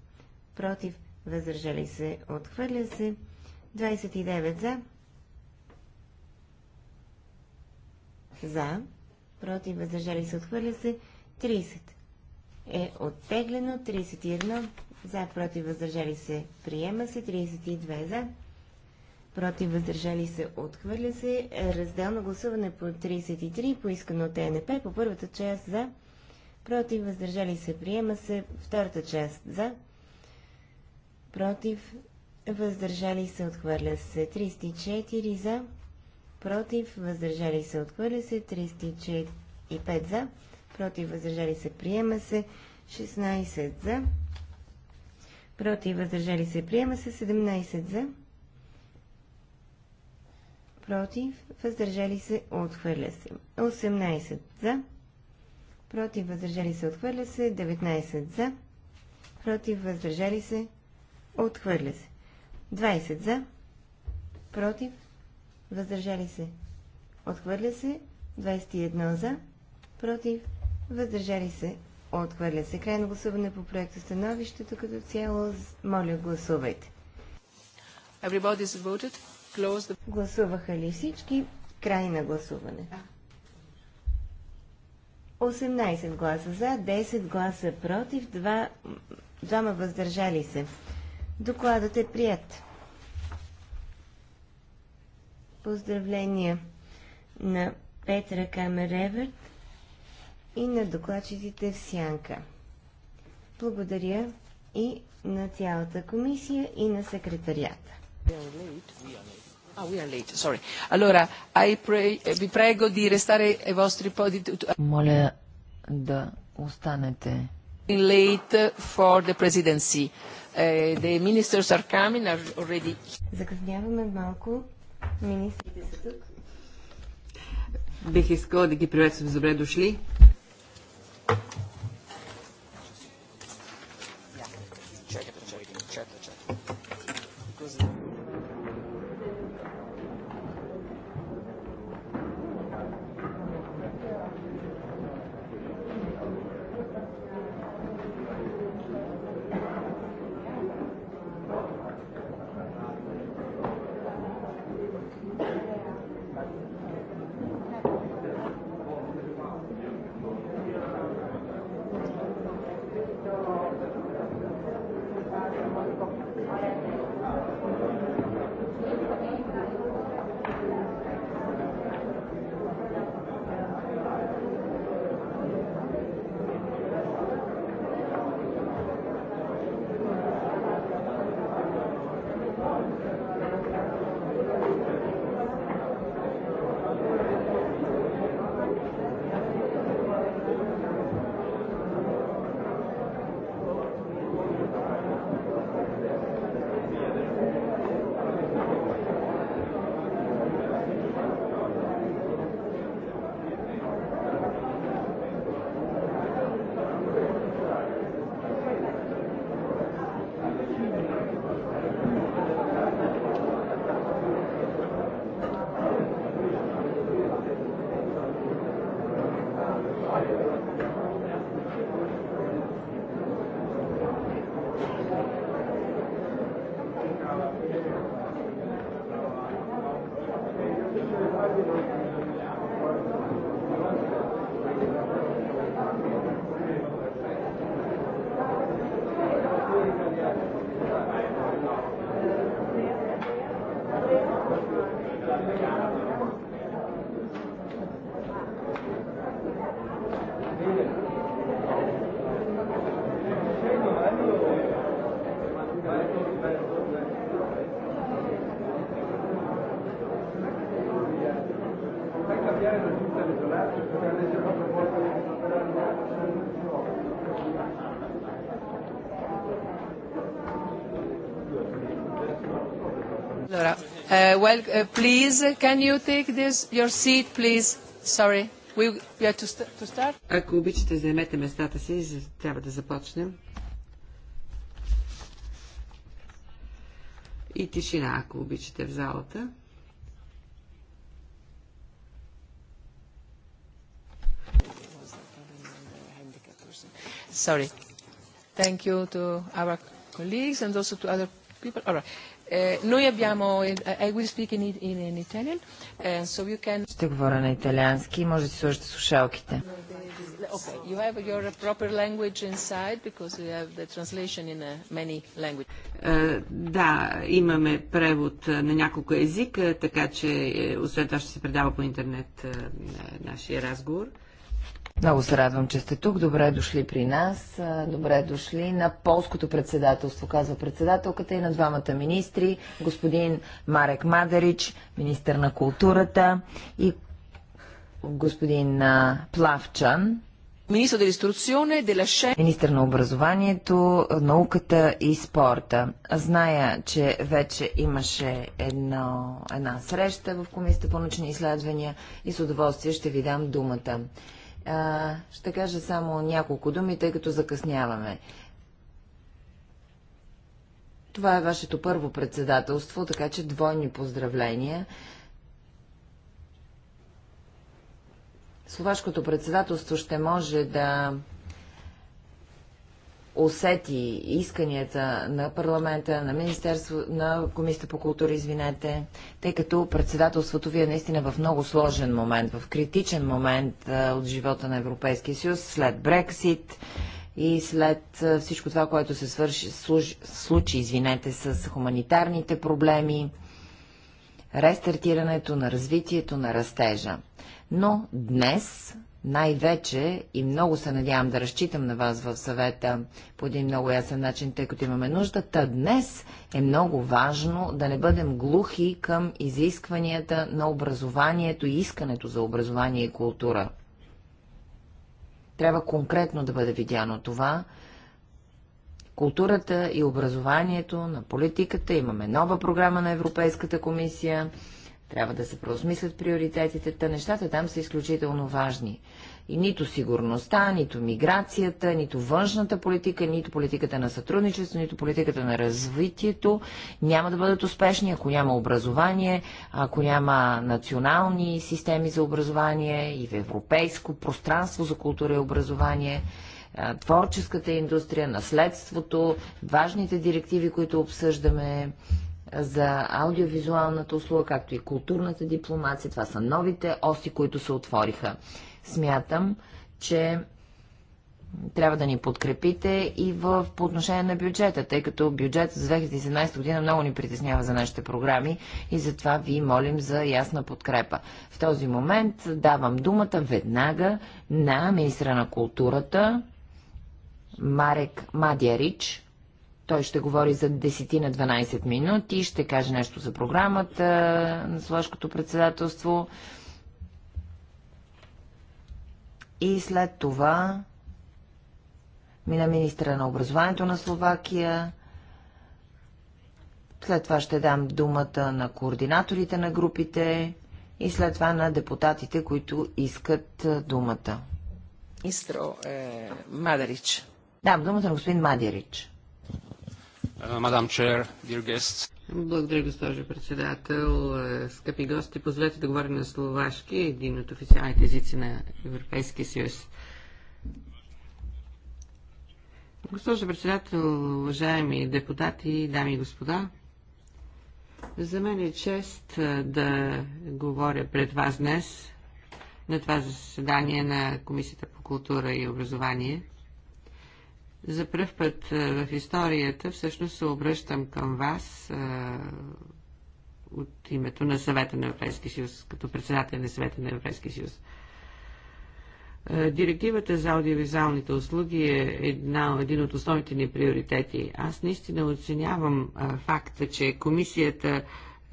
против, въздържали се, отхвърля се. 29 за, за, против, въздържали се, отхвърля се. 30 е оттеглено. 31 за, против, въздържали се, приема се. 32 за, против, въздържали се, отхвърля се. Разделно гласуване по 33, поискано от ЕНП, по първата част за, против, въздържали се, приема се, втората част за, против, въздържали се, отхвърля се. 34 за, против, въздържали се, отхвърля се. 35 за, против, въздържали се, приема се. 16 за, против, въздържали се, приема се. 17 за, против, въздържали се, отхвърля се. 18 за, против, въздържали се, отхвърля се. 19 за, против, въздържали се, Отхвърля се. 20 за. Против. Въздържали се. Отхвърля се. 21 за. Против. Въздържали се. Отхвърля се. Крайно гласуване по проекта становището като цяло. Моля, гласувайте. voted. Close the... Гласуваха ли всички? Край на гласуване. 18 гласа за, 10 гласа против, 2, 2 въздържали се. Докладът е прият. Поздравления на Петра Камереверт и на докладчиците в Сянка. Благодаря и на цялата комисия и на секретарията. Ah, Моля да останете late for the presidency. Е, the ministers are coming are already. Закъсняваме малко. Министрите са тук. Бих искала да ги приветствам. Добре дошли. well, uh please, can you take this, your seat, please? Sorry. We, we have to, to start. Ако обичате, заемете местата си, трябва да започнем. И тишина, ако обичате, в залата. Sorry. Thank you to our colleagues and also to other people. All right. Noi abbiamo, I will speak in, in, in Italian, uh, so you can... Ще говоря на италиански, може да си сложите слушалките. Okay, you have your proper language inside, because we have the translation in many languages. Uh, да, имаме превод на няколко езика, така че освен това ще се предава по интернет uh, нашия разговор. Uh, много се радвам, че сте тук. Добре дошли при нас. Добре дошли на полското председателство, казва председателката и на двамата министри, господин Марек Мадарич, министър на културата и господин Плавчан, министър на образованието, науката и спорта. Зная, че вече имаше едно, една среща в Комисията по научни изследвания и с удоволствие ще ви дам думата. А, ще кажа само няколко думи, тъй като закъсняваме. Това е вашето първо председателство, така че двойни поздравления. Словашкото председателство ще може да усети исканията на парламента, на Министерство, на Комисията по култура, извинете, тъй като председателството ви е наистина в много сложен момент, в критичен момент от живота на Европейския съюз, след Брексит и след всичко това, което се свърши, случи, извинете, с хуманитарните проблеми, рестартирането на развитието на растежа. Но днес най-вече и много се надявам да разчитам на вас в съвета по един много ясен начин, тъй като имаме нужда, та днес е много важно да не бъдем глухи към изискванията на образованието и искането за образование и култура. Трябва конкретно да бъде видяно това. Културата и образованието на политиката. Имаме нова програма на Европейската комисия трябва да се преосмислят приоритетите, та нещата там са изключително важни. И нито сигурността, нито миграцията, нито външната политика, нито политиката на сътрудничество, нито политиката на развитието няма да бъдат успешни, ако няма образование, ако няма национални системи за образование и в европейско пространство за култура и образование творческата индустрия, наследството, важните директиви, които обсъждаме за аудиовизуалната услуга, както и културната дипломация. Това са новите оси, които се отвориха. Смятам, че трябва да ни подкрепите и в, по отношение на бюджета, тъй като бюджет за 2017 година много ни притеснява за нашите програми и затова ви молим за ясна подкрепа. В този момент давам думата веднага на министра на културата Марек Мадярич, той ще говори за 10 на 12 минути, ще каже нещо за програмата на Словашкото председателство. И след това мина министра на образованието на Словакия. След това ще дам думата на координаторите на групите и след това на депутатите, които искат думата. Истро е, Мадарич. Да, думата на господин Мадерич. Мадам uh, Чер, dear guests. Благодаря, госпожо председател. Е, скъпи гости, позволете да говорим на словашки, един от официалните езици на Европейския съюз. Госпожо председател, уважаеми депутати, дами и господа, за мен е чест е, да говоря пред вас днес на това заседание на Комисията по култура и образование. За първ път в историята всъщност се обръщам към вас от името на съвета на Европейски съюз, като председател на съвета на Европейски съюз. Директивата за аудиовизуалните услуги е една, един от основните ни приоритети. Аз наистина оценявам факта, че комисията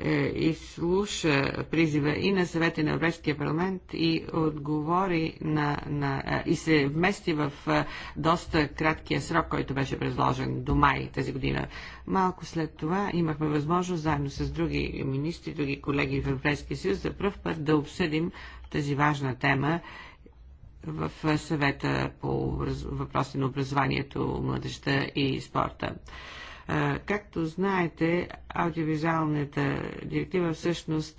е, и слуша призива и на съвета на Европейския парламент и отговори на, на, е, и се вмести в е, доста краткия срок, който беше предложен до май тази година. Малко след това имахме възможност заедно с други министри, други колеги в Европейския съюз за първ път да обсъдим тази важна тема в съвета по въпроси на образованието, младеща и спорта. Както знаете, аудиовизуалната директива всъщност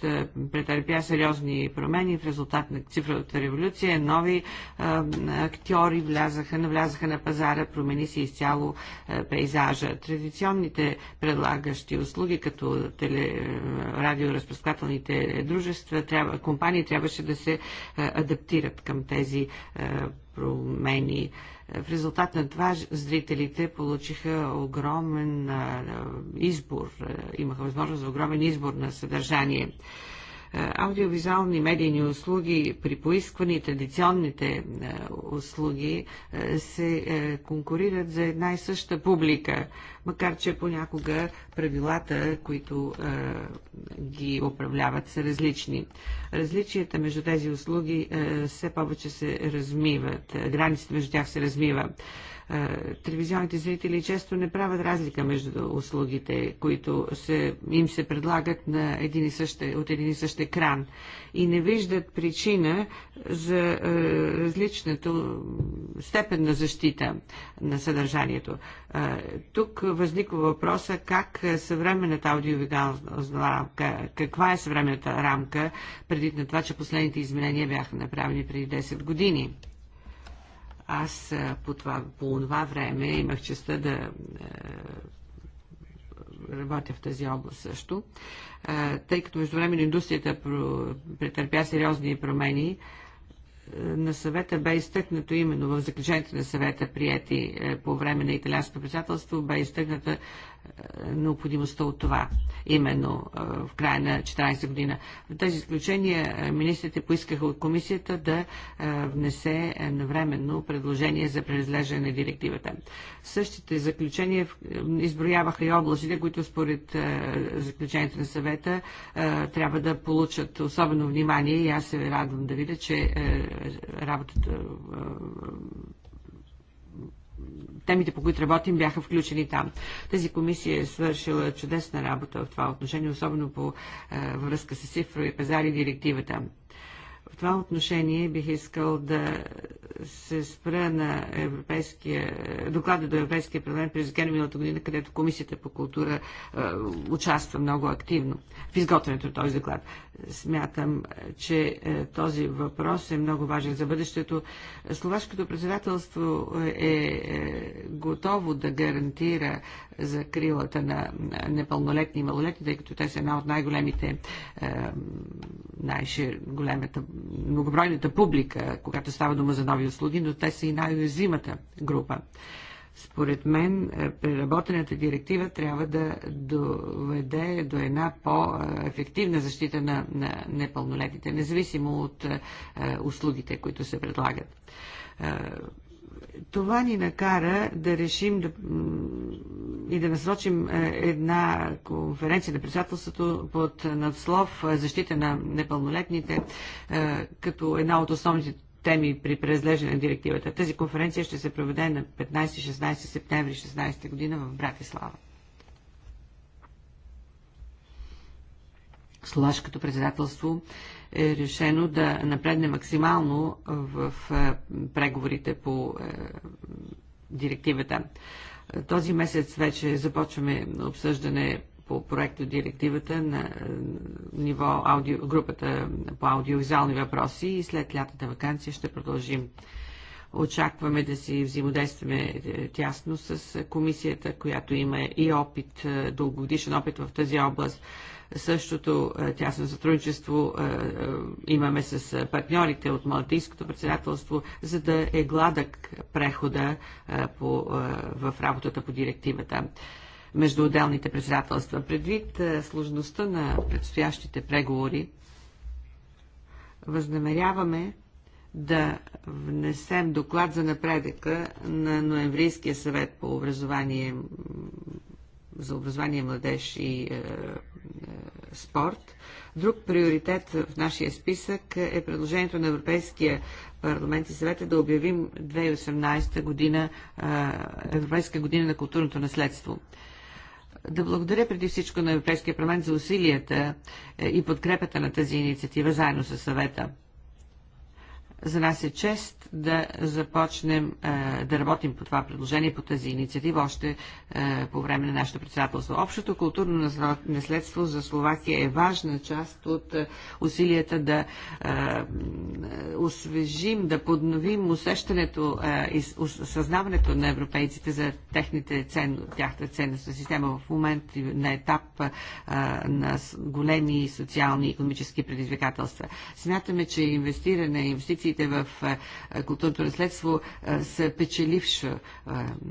претърпя сериозни промени в резултат на цифровата революция. Нови актьори влязаха, навлязаха на пазара, промени се изцяло пейзажа. Традиционните предлагащи услуги, като теле, радиоразпрескателните дружества, трябва, компании трябваше да се адаптират към тези промени. Е, в резултат на това зрителите получиха огромен избор, е, имаха възможност за огромен избор на съдържание. Е, аудиовизуални медийни услуги при поискване и традиционните е, услуги е, се конкурират за една и съща публика, макар че понякога правилата, които ги управляват, са различни. Различията между тези услуги все повече се размиват, границите между тях се размиват телевизионните зрители често не правят разлика между услугите, които се, им се предлагат на един и същ, от един и същ екран и не виждат причина за е, различната степен на защита на съдържанието. Е, тук възниква въпроса как съвременната аудиовигална рамка, каква е съвременната рамка, преди на това, че последните изменения бяха направени преди 10 години. Аз по това, по това време имах честа да е, работя в тази област също. Е, тъй като междувременно индустрията претърпя сериозни промени, на съвета бе изтъкнато именно в заключението на съвета, прияти е, по време на италианското председателство, бе изтъкната необходимостта от това, именно в края на 14 година. В тези изключения министрите поискаха от комисията да внесе навременно предложение за преразглеждане на директивата. Същите заключения изброяваха и областите, които според заключението на съвета трябва да получат особено внимание и аз се радвам да видя, че работата темите, по които работим, бяха включени там. Тази комисия е свършила чудесна работа в това отношение, особено по е, връзка с цифрови пазари и директивата. В това отношение бих искал да се спра на европейския, доклада до Европейския парламент през декември миналата година, където Комисията по култура е, участва много активно в изготвянето на този доклад. Смятам, че е, този въпрос е много важен за бъдещето. Словашкото председателство е, е готово да гарантира закрилата на непълнолетни и малолетни, тъй като те са една от най-големите, е, най-големата, многобройната публика, когато става дума за нови услуги, но те са и най-уязвимата група. Според мен, е, преработената директива трябва да доведе до една по-ефективна защита на, на непълнолетните, независимо от е, услугите, които се предлагат. Е, това ни накара да решим да, и да насрочим е, една конференция на председателството под надслов е, защита на непълнолетните като една от основните теми при преразглеждане на директивата. Тази конференция ще се проведе на 15-16 септември 16 година в Братислава. Словашкото председателство е решено да напредне максимално в е, преговорите по е, директивата. Този месец вече започваме обсъждане по проекта директивата на е, ниво аудио, групата по аудиовизуални въпроси и след лятата вакансия ще продължим. Очакваме да си взаимодействаме е, тясно с комисията, която има и опит, е, дългогодишен опит в тази област. Същото тясно сътрудничество имаме с партньорите от Малтийското председателство, за да е гладък прехода по, в работата по директивата между отделните председателства. Предвид е, сложността на предстоящите преговори, възнамеряваме да внесем доклад за напредъка на Ноемврийския съвет по образование за образование, младеж и е, е, спорт. Друг приоритет в нашия списък е предложението на Европейския парламент и съвет е да обявим 2018 година е, Европейска година на културното наследство да благодаря преди всичко на Европейския парламент за усилията е, и подкрепата на тази инициатива заедно с съвета. За нас е чест да започнем е, да работим по това предложение, по тази инициатива още е, по време на нашето председателство. Общото културно наследство за Словакия е важна част от е, усилията да освежим, да подновим усещането и съзнаването на европейците за техните ценно, тяхната ценностна система в момент на етап на големи социални и економически предизвикателства. Смятаме, че инвестиране, инвестициите в е, културното наследство е, са печелившо е,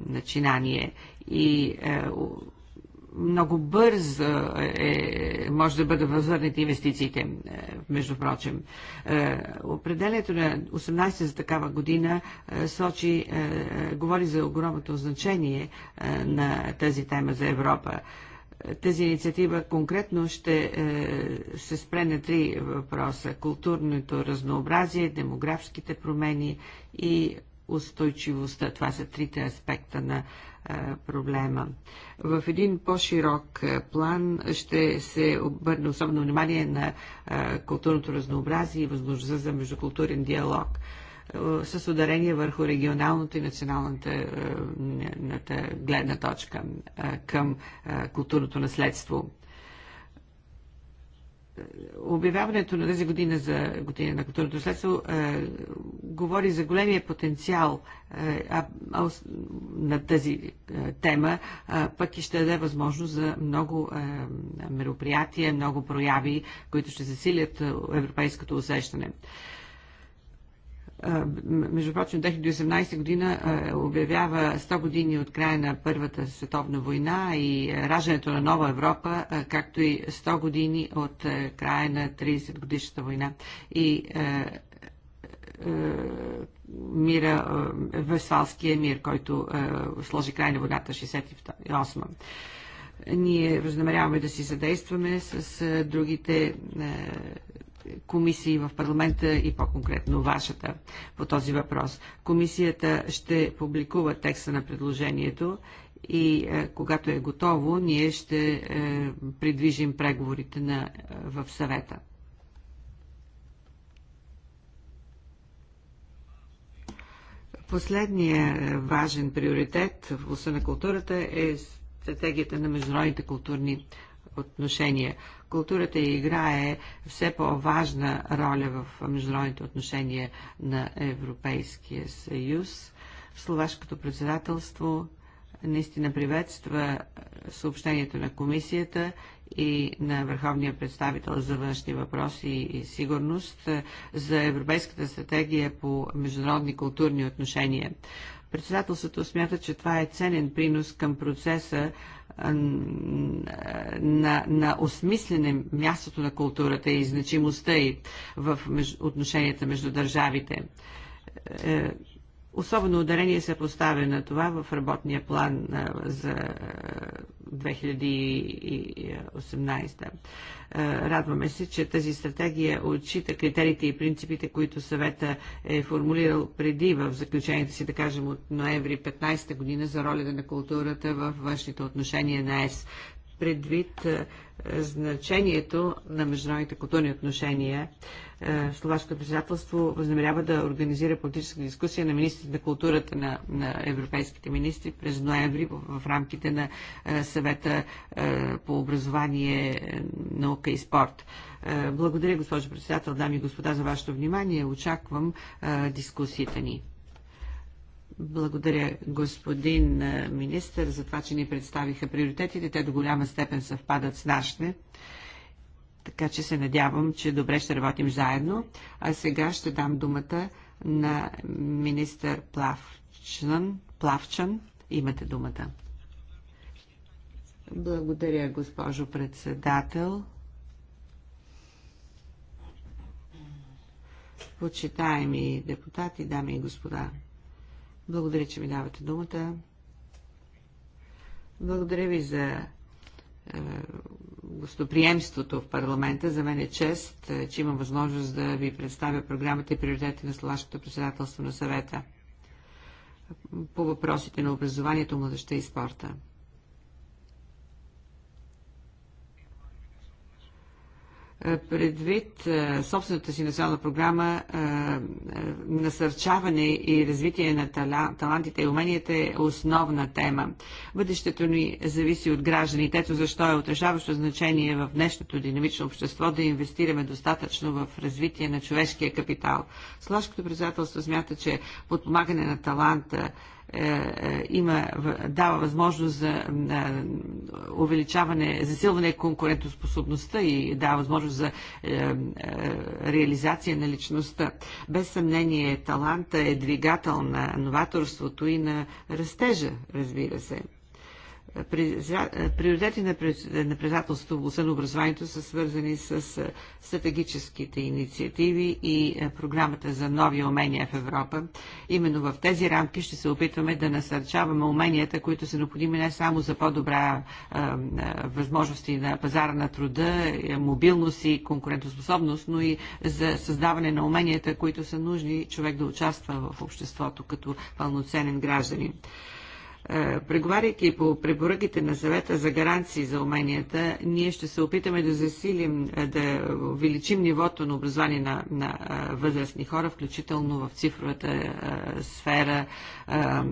начинание и много бързо е, може да бъдат възвърнати инвестициите, между прочим. Определението на 18 та за такава година Сочи говори за огромното значение на тази тема за Европа тази инициатива конкретно ще е, се спре на три въпроса – културното разнообразие, демографските промени и устойчивостта. Това са трите аспекта на е, проблема. В един по-широк е, план ще се обърне особено внимание на културното разнообразие и възможността за междукултурен диалог – е, с ударение върху регионалната и националната е, гледна точка е, към културното наследство обявяването на тази година за година на културното наследство говори за големия потенциал на тази тема, пък и ще даде възможност за много мероприятия, много прояви, които ще засилят европейското усещане между прочим, 2018 година обявява 100 години от края на Първата световна война и раждането на нова Европа, както и 100 години от края на 30 годишната война. И мира, Весфалския мир, който сложи край на войната 68 ние възнамеряваме да си задействаме с другите комисии в парламента и по-конкретно вашата по този въпрос. Комисията ще публикува текста на предложението и е, когато е готово, ние ще е, придвижим преговорите на, е, в съвета. Последният е, важен приоритет в областта на културата е стратегията на международните културни отношения. Културата играе все по-важна роля в международните отношения на Европейския съюз. Словашкото председателство наистина приветства съобщението на комисията и на Върховния представител за външни въпроси и сигурност за Европейската стратегия по международни културни отношения. Председателството смята, че това е ценен принос към процеса на, на осмислене мястото на културата и значимостта и в отношенията между държавите е, Особено ударение се поставя на това в работния план за 2018. Радваме се, че тази стратегия отчита критериите и принципите, които съвета е формулирал преди в заключението си, да кажем, от ноември 15 година за ролята на културата в външните отношения на ЕС предвид значението на международните културни отношения е, словашкото председателство възнамерява да организира политическа дискусия на министрите на културата на, на европейските министри през ноември в, в рамките на е, съвета е, по образование, наука и спорт. Благодаря, госпожо председател, дами и господа, за вашето внимание. Очаквам дискусията ни. Благодаря, господин министр, за това, че ни представиха приоритетите. Те до голяма степен съвпадат с нашите. Така че се надявам, че добре ще работим заедно. А сега ще дам думата на министър Плавчан. Плавчан, имате думата. Благодаря, госпожо председател. Почитаеми депутати, дами и господа, благодаря, че ми давате думата. Благодаря ви за е, гостоприемството в парламента. За мен е чест, е, че имам възможност да ви представя програмата и приоритети на Словашкото председателство на съвета по въпросите на образованието, младеща и спорта. предвид собствената си национална програма насърчаване и развитие на талантите и уменията е основна тема. Бъдещето ни зависи от гражданите. Ето защо е отрешаващо значение в днешното динамично общество да инвестираме достатъчно в развитие на човешкия капитал. Словашкото председателство смята, че подпомагане на таланта е, е, има, дава възможност за е, увеличаване, засилване конкурентоспособността и дава възможност за реализация на личността. Без съмнение таланта е двигател на новаторството и на растежа, разбира се приоритети на председателството в областта на образованието са свързани с стратегическите инициативи и програмата за нови умения в Европа. Именно в тези рамки ще се опитваме да насърчаваме уменията, които са необходими не само за по-добра възможности на пазара на труда, е, мобилност и конкурентоспособност, но и за създаване на уменията, които са нужни човек да участва в обществото като пълноценен гражданин. Е, преговаряйки по препоръките на съвета за гаранции за уменията, ние ще се опитаме да засилим, е, да увеличим нивото на образование на, на е, възрастни хора, включително в цифровата сфера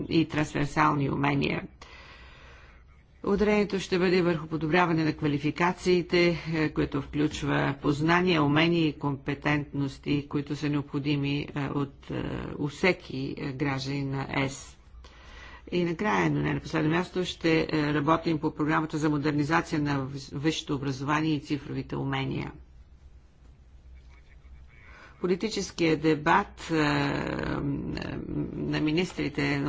и трансверсални умения. Ударението ще бъде върху подобряване на квалификациите, което включва познания, умения и компетентности, които са необходими от всеки гражданин на ЕС. И накрая, но не на последно място, ще е, работим по програмата за модернизация на висшето образование и цифровите умения. Политическия дебат е, е, на министрите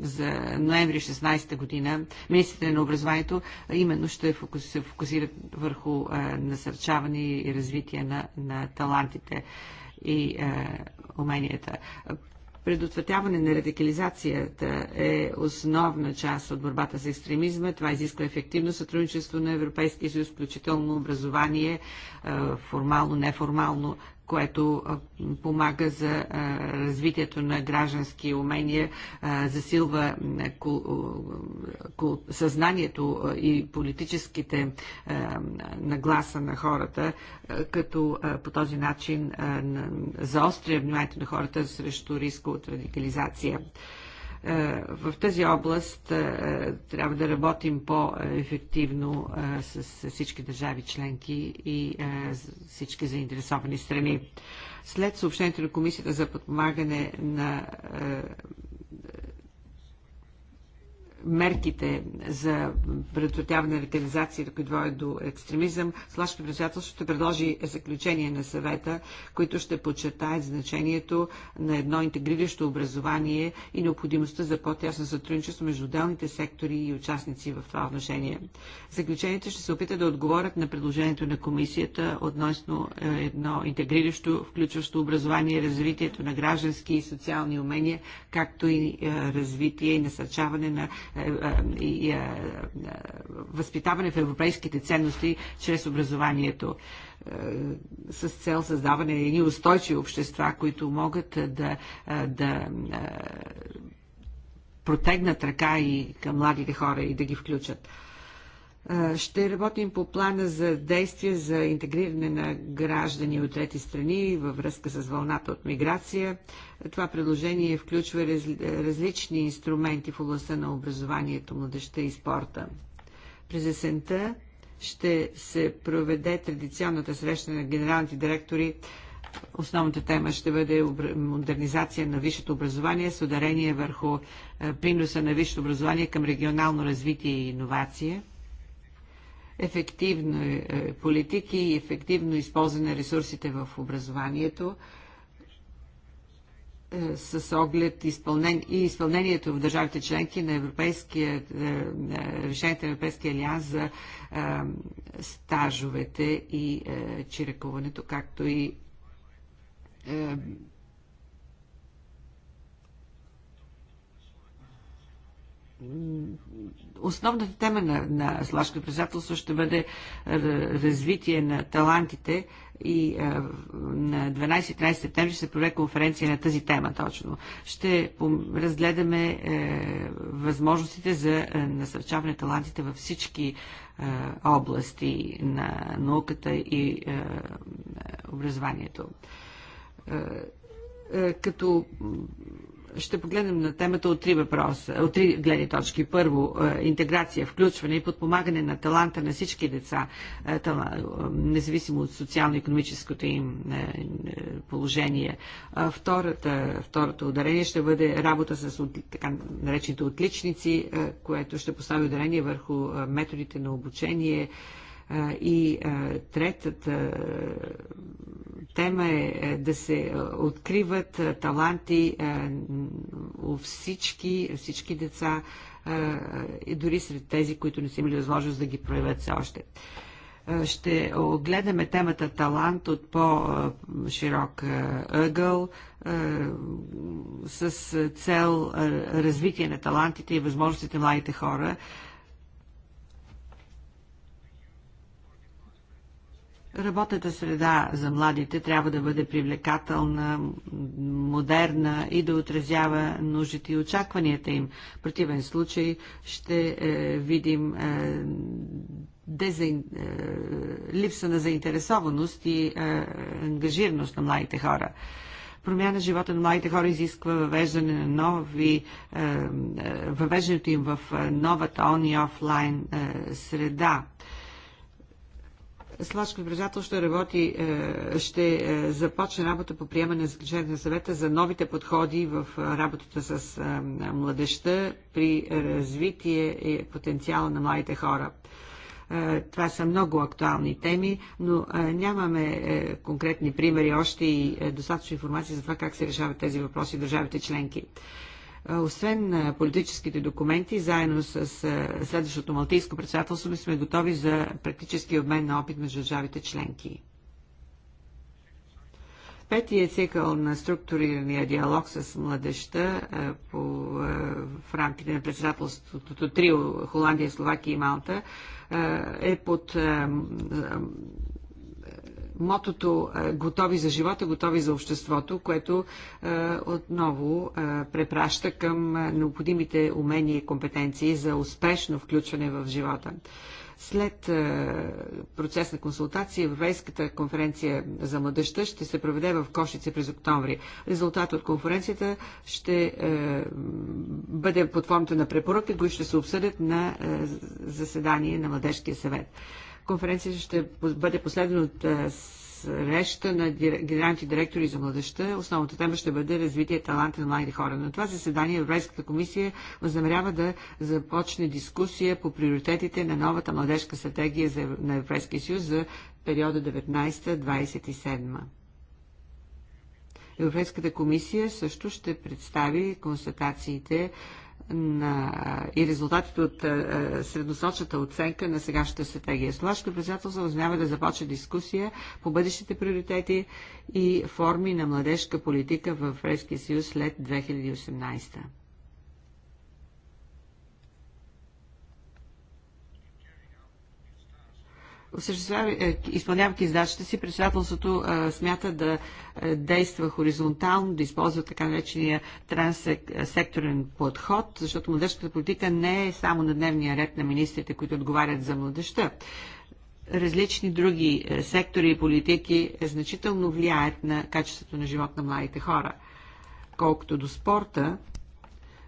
за ноември 16 година, министрите на образованието, именно ще се фокусират върху насърчаване и развитие на, на талантите и уменията. Предотвратяване на радикализацията е основна част от борбата с екстремизма. Това изисква ефективно сътрудничество на Европейския съюз, включително образование, формално, неформално, което помага за развитието на граждански умения, засилва съзнанието и политическите нагласа на хората, като по този начин заостря вниманието на хората срещу риска от радикализация. Е, в тази област е, трябва да работим по-ефективно е, с всички държави членки и всички заинтересовани страни. След съобщението на Комисията за подпомагане на мерките за предотвратяване на радикализацията, които водят до екстремизъм, Слашко председателство ще предложи заключение на съвета, които ще подчертаят значението на едно интегриращо образование и необходимостта за по-тясно сътрудничество между отделните сектори и участници в това отношение. Заключенията ще се опита да отговорят на предложението на комисията относно е, едно интегриращо, включващо образование, развитието на граждански и социални умения, както и е, развитие и насърчаване на е, е, и е, възпитаване в европейските ценности чрез образованието с цел създаване на едни устойчиви общества, които могат да, да протегнат ръка и към младите хора и да ги включат. Ще работим по плана за действие за интегриране на граждани от трети страни във връзка с вълната от миграция. Това предложение включва различни инструменти в областта на образованието, младеща и спорта. През есента ще се проведе традиционната среща на генералните директори. Основната тема ще бъде модернизация на висшето образование с ударение върху приноса на висшето образование към регионално развитие и иновация ефективно е, е, политики и ефективно използване на ресурсите в образованието е, с оглед и изпълнението в държавите членки на Европейския, решението на Европейския алианс за стажовете и чиракуването, както и основната тема на, на Словашкото председателство ще бъде развитие на талантите и на 12-13 септември ще се проведе конференция на тази тема точно. Ще разгледаме е, възможностите за е, насърчаване на талантите във всички е, области на науката и образованието. Като ще погледнем на темата от три въпроса, от три гледни точки. Първо, е, интеграция, включване и подпомагане на таланта на всички деца, е, е, независимо от социално-економическото им положение. Втората, второто ударение ще бъде работа с така наречените отличници, което ще постави ударение върху методите на обучение, и третата тема е, е да се откриват таланти у всички, всички деца, и дори сред тези, които не са имали възможност да ги проявят все още. Ще огледаме темата талант от по-широк ъгъл с цел развитие на талантите и възможностите младите хора Работната среда за младите трябва да бъде привлекателна, модерна и да отразява нуждите и очакванията им. В противен случай ще е, видим е, дезин, е, липса на заинтересованост и е, ангажираност на младите хора. Промяна живота на младите хора изисква въвеждане на нови, е, е въвеждането им в е, новата он и офлайн е, среда Словашко ще, работи, е, ще е, започне работа по приемане на заключение на съвета за новите подходи в е, работата с младеща при развитие и потенциала на младите хора. Това са много актуални теми, но нямаме конкретни примери още и достатъчно информация за това как се решават тези въпроси в държавите членки. Освен политическите документи, заедно с следващото Малтийско председателство сме готови за практически обмен на опит между държавите членки. Петият е цикъл на структурирания диалог с младеща по, в рамките на председателството Трио Холандия, Словакия и Малта е под мотото е, готови за живота, готови за обществото, което е, отново е, препраща към необходимите умения и компетенции за успешно включване в живота. След процес на консултация, Европейската конференция за младеща ще се проведе в Кошице през октомври. Резултат от конференцията ще бъде под формата на препоръки, които ще се обсъдят на заседание на Младежкия съвет. Конференцията ще бъде последна от е, среща на генералните директори за младеща. Основната тема ще бъде развитие таланта на млади хора. На това заседание Европейската комисия възнамерява да започне дискусия по приоритетите на новата младежка стратегия на Европейския съюз за периода 19-27. Европейската комисия също ще представи констатациите на, и резултатите от е, средносрочната оценка на сегашната стратегия. Словашкото председателство възмява да започне дискусия по бъдещите приоритети и форми на младежка политика в Европейския съюз след 2018. Е, изпълнявайки задачата си, председателството е, смята да е, действа хоризонтално, да използва така наречения транссекторен подход, защото младежката политика не е само на дневния ред на министрите, които отговарят за младежта. Различни други сектори и политики значително влияят на качеството на живот на младите хора. Колкото до спорта,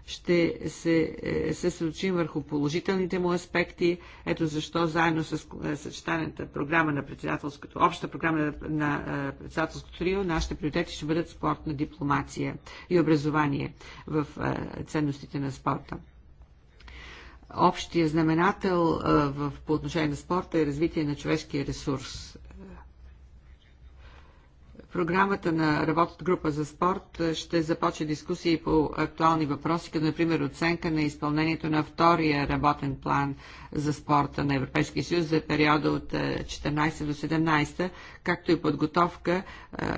ще се е, съсредоточим върху положителните му аспекти. Ето защо заедно с е, съчетаната програма на председателското, обща програма на е, председателското трио, нашите приоритети ще бъдат спортна дипломация и образование в ценностите на спорта общия знаменател в, по отношение на спорта е развитие на човешкия ресурс програмата на работната група за спорт ще започне дискусии по актуални въпроси, като например оценка на изпълнението на втория работен план за спорта на Европейския съюз за периода от 14 до 17, както и подготовка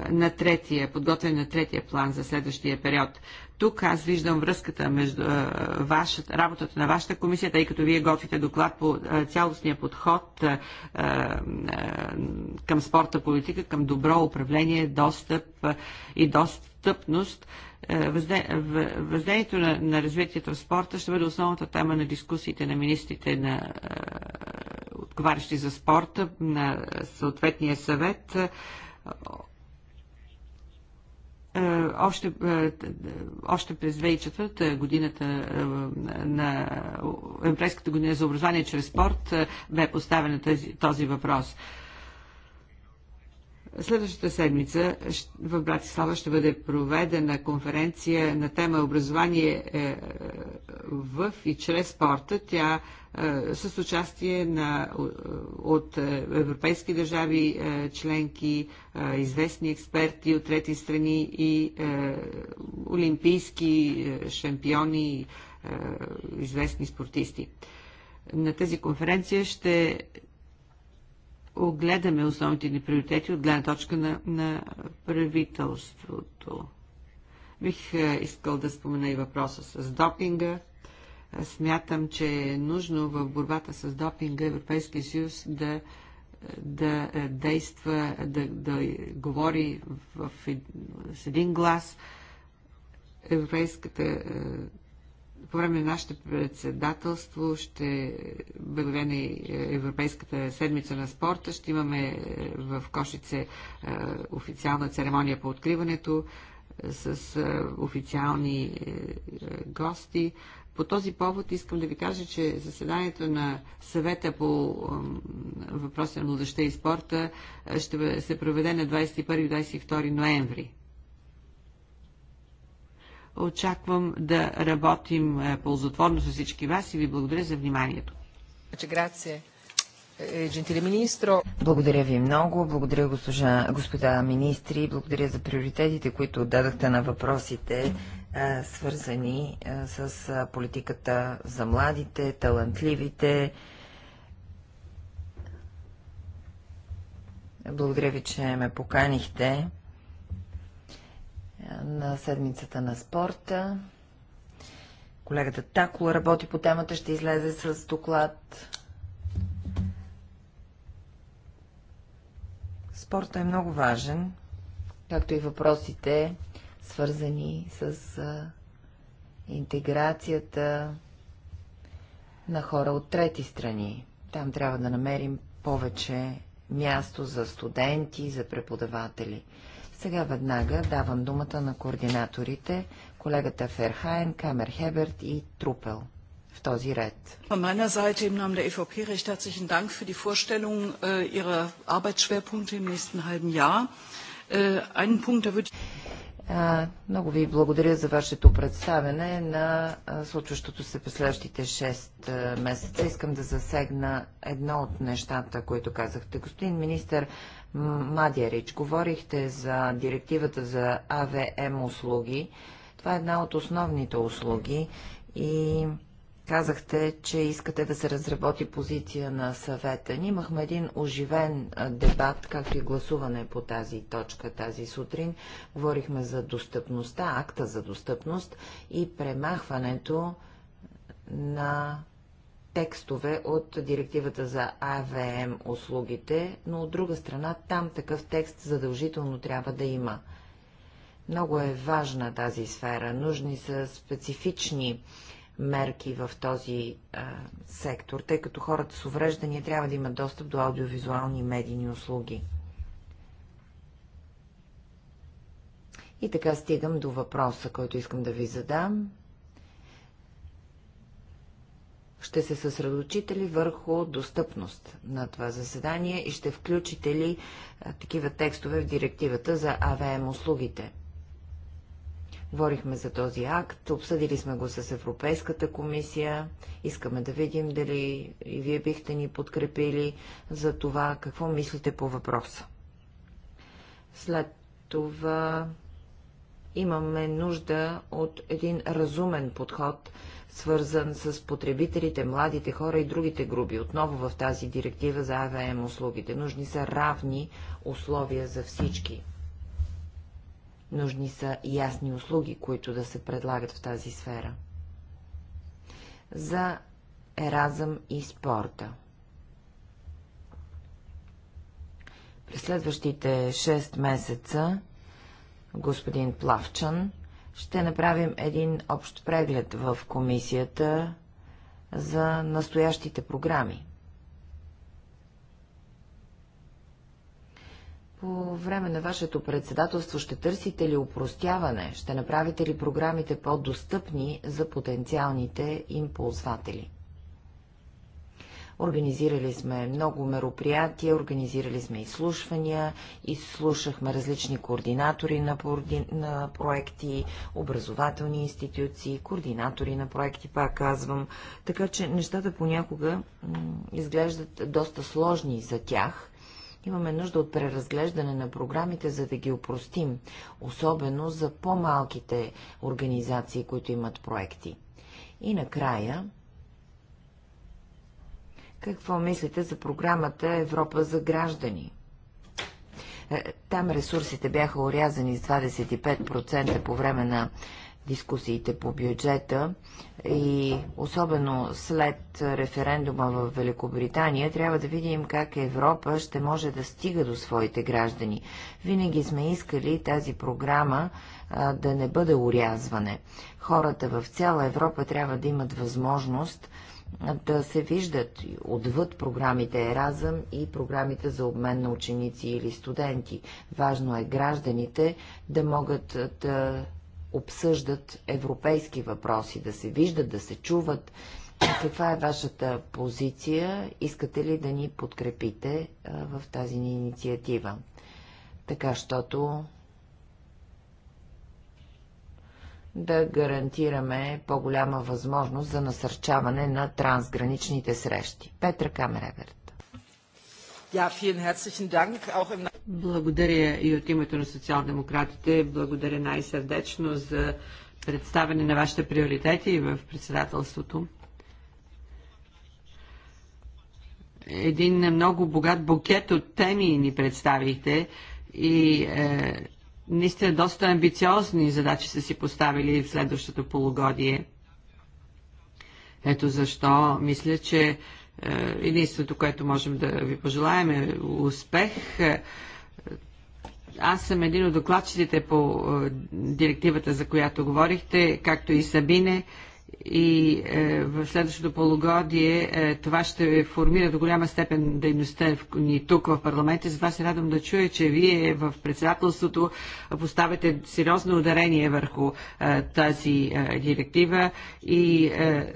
на третия, подготвяне на третия план за следващия период. Тук аз виждам връзката между вашата, работата на вашата комисия, тъй като вие готвите доклад по цялостния подход към спорта политика, към добро управление, достъп и достъпност. Въздействието на, на развитието в спорта ще бъде основната тема на дискусиите на министрите на отговарящи за спорта на съответния съвет е, още, е, още през 2004 годината е, на Европейската година за образование чрез спорт бе поставен този, този въпрос. Следващата седмица в Братислава ще бъде проведена конференция на тема образование е, е, в и чрез спорта. Тя е, с участие на, от европейски държави членки, известни експерти от трети страни и олимпийски шампиони, известни спортисти. На тази конференция ще огледаме основните ни приоритети от гледна точка на, на правителството. Бих е, искал да спомена и въпроса с допинга. Е, смятам, че е нужно в борбата с допинга Европейския съюз да, е, да действа, да, да говори в, в, с един глас. Европейската по време на нашето председателство ще благодаря Европейската седмица на спорта. Ще имаме е, в Кошице е, официална церемония по откриването е, с официални гости. По този повод искам да ви кажа, че заседанието на съвета по въпроса на младеща и спорта ще се проведе на 21-22 ноември. Очаквам да работим е, ползотворно с всички вас и ви благодаря за вниманието. Е, благодаря ви много, благодаря госпожа, господа министри, благодаря за приоритетите, които дадахте на въпросите, е, свързани с политиката за младите, талантливите. Благодаря ви, че ме поканихте на седмицата на спорта. Колегата Такола работи по темата, ще излезе с доклад. Спорта е много важен, както и въпросите, свързани с интеграцията на хора от трети страни. Там трябва да намерим повече място за студенти, за преподаватели. Сега веднага давам думата на координаторите, колегата Ферхайн, Камер Хеберт и Трупел в този ред. Von meiner Seite im Namen der EVP recht herzlichen Dank für die Vorstellung äh, Ihrer Arbeitsschwerpunkte im nächsten halben Jahr. Äh, einen Punkt, da würde ich много ви благодаря за вашето представене на случващото се през следващите 6 месеца. Искам да засегна едно от нещата, които казахте. Господин министр Мадярич, говорихте за директивата за АВМ услуги. Това е една от основните услуги и Казахте, че искате да се разработи позиция на съвета. Ние имахме един оживен дебат, както и гласуване по тази точка тази сутрин. Говорихме за достъпността, акта за достъпност и премахването на текстове от директивата за АВМ услугите, но от друга страна там такъв текст задължително трябва да има. Много е важна тази сфера. Нужни са специфични мерки в този а, сектор, тъй като хората с увреждания трябва да имат достъп до аудиовизуални и медийни услуги. И така стигам до въпроса, който искам да ви задам. Ще се съсредочите ли върху достъпност на това заседание и ще включите ли а, такива текстове в директивата за АВМ услугите? Говорихме за този акт, обсъдили сме го с Европейската комисия, искаме да видим дали и вие бихте ни подкрепили за това, какво мислите по въпроса. След това имаме нужда от един разумен подход, свързан с потребителите, младите хора и другите групи. Отново в тази директива за АВМ услугите. Нужни са равни условия за всички. Нужни са ясни услуги, които да се предлагат в тази сфера. За еразъм и спорта. През следващите 6 месеца господин Плавчан ще направим един общ преглед в комисията за настоящите програми. по време на вашето председателство ще търсите ли упростяване? Ще направите ли програмите по-достъпни за потенциалните им ползватели? Организирали сме много мероприятия, организирали сме изслушвания, изслушахме различни координатори на, проди... на проекти, образователни институции, координатори на проекти, пак казвам. Така че нещата понякога изглеждат доста сложни за тях – Имаме нужда от преразглеждане на програмите, за да ги опростим, особено за по-малките организации, които имат проекти. И накрая, какво мислите за програмата Европа за граждани? Е, там ресурсите бяха урязани с 25% по време на дискусиите по бюджета и особено след референдума в Великобритания, трябва да видим как Европа ще може да стига до своите граждани. Винаги сме искали тази програма да не бъде урязване. Хората в цяла Европа трябва да имат възможност да се виждат отвъд програмите Еразъм и програмите за обмен на ученици или студенти. Важно е гражданите да могат да обсъждат европейски въпроси, да се виждат, да се чуват. Каква е вашата позиция? Искате ли да ни подкрепите в тази ни инициатива? Така, щото да гарантираме по-голяма възможност за насърчаване на трансграничните срещи. Петра Камереберт. Ja, vielen herzlichen Dank auch im благодаря и от името на социал-демократите. Благодаря най-сърдечно за представяне на вашите приоритети в председателството. Един много богат букет от теми ни представихте и е, наистина доста амбициозни задачи са си поставили в следващото полугодие. Ето защо мисля, че е, единството, което можем да ви пожелаем е успех. Аз съм един от докладчиците по е, директивата, за която говорихте, както и Сабине и е, в следващото полугодие е, това ще формира до голяма степен дейността ни тук в парламента. Затова се радвам да чуя, че вие в председателството поставяте сериозно ударение върху е, тази е, директива и е,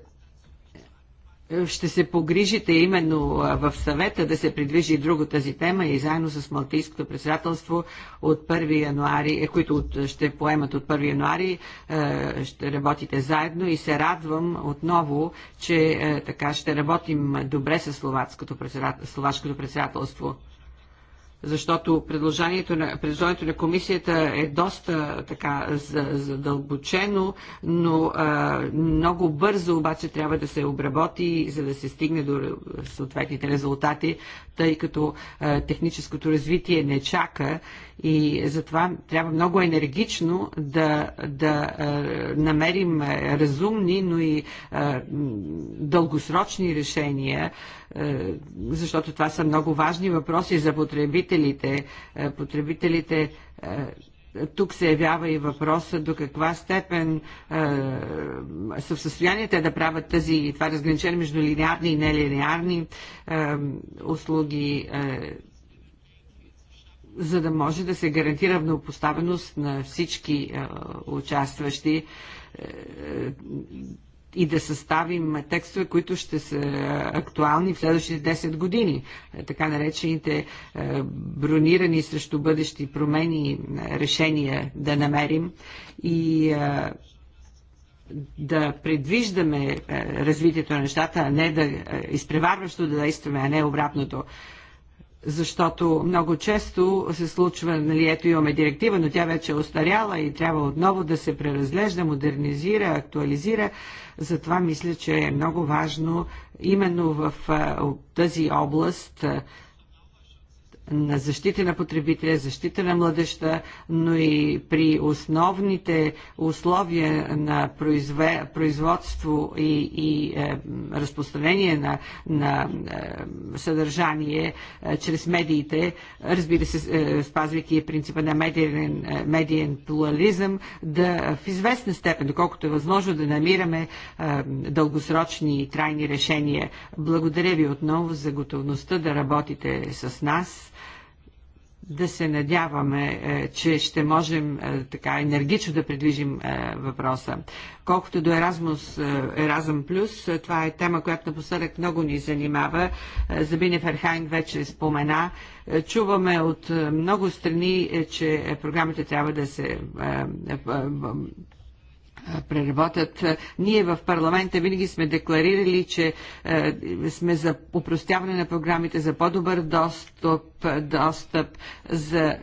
ще се погрижите именно в съвета да се придвижи и друго тази тема и заедно с Малтийското председателство от 1 януари, е, които от, ще поемат от 1 януари, е, ще работите заедно и се радвам отново, че е, така ще работим добре с Словашкото председателство защото предложението на, предложението на комисията е доста така задълбочено, но а, много бързо обаче трябва да се обработи, за да се стигне до съответните резултати, тъй като а, техническото развитие не чака и затова трябва много енергично да, да а, намерим разумни, но и а, дългосрочни решения, а, защото това са много важни въпроси за потребителите потребителите. Е, потребителите е, тук се явява и въпроса до каква степен е, са в състояние те да правят тази, това разграничение между линеарни и нелинеарни е, услуги, е, за да може да се гарантира равнопоставеност на всички е, участващи. Е, е и да съставим текстове, които ще са актуални в следващите 10 години. Е, така наречените е, бронирани срещу бъдещи промени е, решения да намерим и да предвиждаме развитието на нещата, а не да изпреварващо да действаме, а не обратното защото много често се случва, нали, ето имаме директива, но тя вече е остаряла и трябва отново да се преразглежда, модернизира, актуализира. Затова мисля, че е много важно именно в тази област на защита на потребителя, защита на младеща, но и при основните условия на произве, производство и, и е, разпространение на, на е, съдържание е, чрез медиите, разбира се, е, спазвайки принципа на медиен, е, медиен плурализъм, да в известна степен, доколкото е възможно, да намираме е, дългосрочни и трайни решения. Благодаря ви отново за готовността да работите с нас да се надяваме, е, че ще можем е, така енергично да придвижим е, въпроса. Колкото до Еразмус, Еразъм Плюс, това е тема, която напоследък много ни занимава. Забине Ферхайн вече спомена. Чуваме от много страни, че програмите трябва да се преработят. Ние в парламента винаги сме декларирали, че е, сме за упростяване на програмите, за по-добър достъп, достъп за е,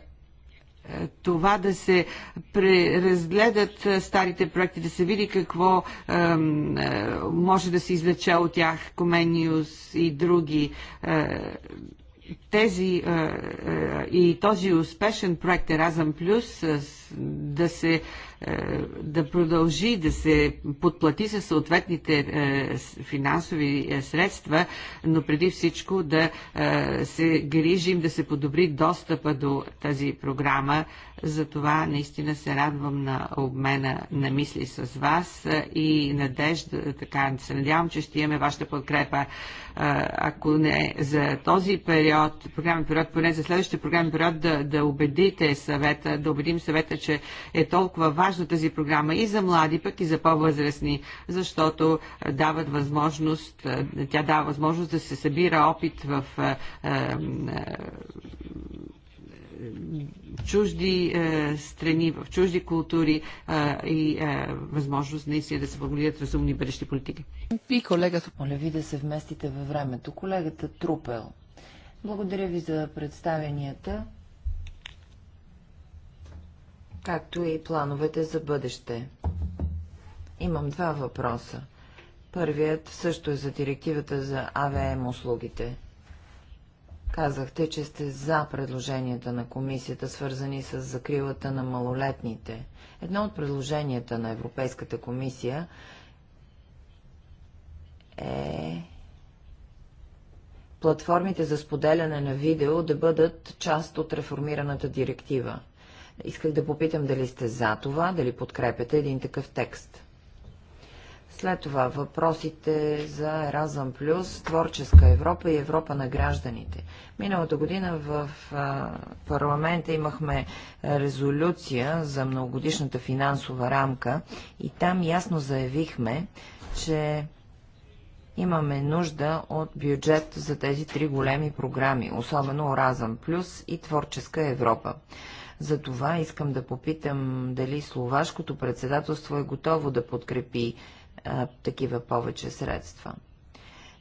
това да се преразгледат е, старите проекти, да се види какво е, може да се излече от тях, Комениус и други. Е, тези е, е, и този успешен проект Еразъм Плюс да се е, да продължи да се подплати със съответните е, финансови е, средства, но преди всичко да се грижим да се подобри достъпа до тази програма. Затова наистина се радвам на обмена на мисли с вас и надежда, така се надявам, че ще имаме вашата подкрепа, ако не за този период, програмен период, поне за следващия програмен период да, да убедите съвета, да убедим съвета, че е толкова важно важна тази програма и за млади, пък и за по-възрастни, защото дават възможност, тя дава възможност да се събира опит в чужди е, страни, в чужди култури е, и е, възможност наистина да се формулират разумни бъдещи политики. И колегата, моля ви да се вместите във времето. Колегата Трупел. Благодаря ви за представенията както и плановете за бъдеще. Имам два въпроса. Първият също е за директивата за АВМ услугите. Казахте, че сте за предложенията на комисията, свързани с закрилата на малолетните. Едно от предложенията на Европейската комисия е платформите за споделяне на видео да бъдат част от реформираната директива. Исках да попитам дали сте за това, дали подкрепяте един такъв текст. След това въпросите за Еразъм Плюс, Творческа Европа и Европа на гражданите. Миналата година в парламента имахме резолюция за многогодишната финансова рамка и там ясно заявихме, че имаме нужда от бюджет за тези три големи програми, особено Еразъм Плюс и Творческа Европа. За това искам да попитам дали словашкото председателство е готово да подкрепи а, такива повече средства.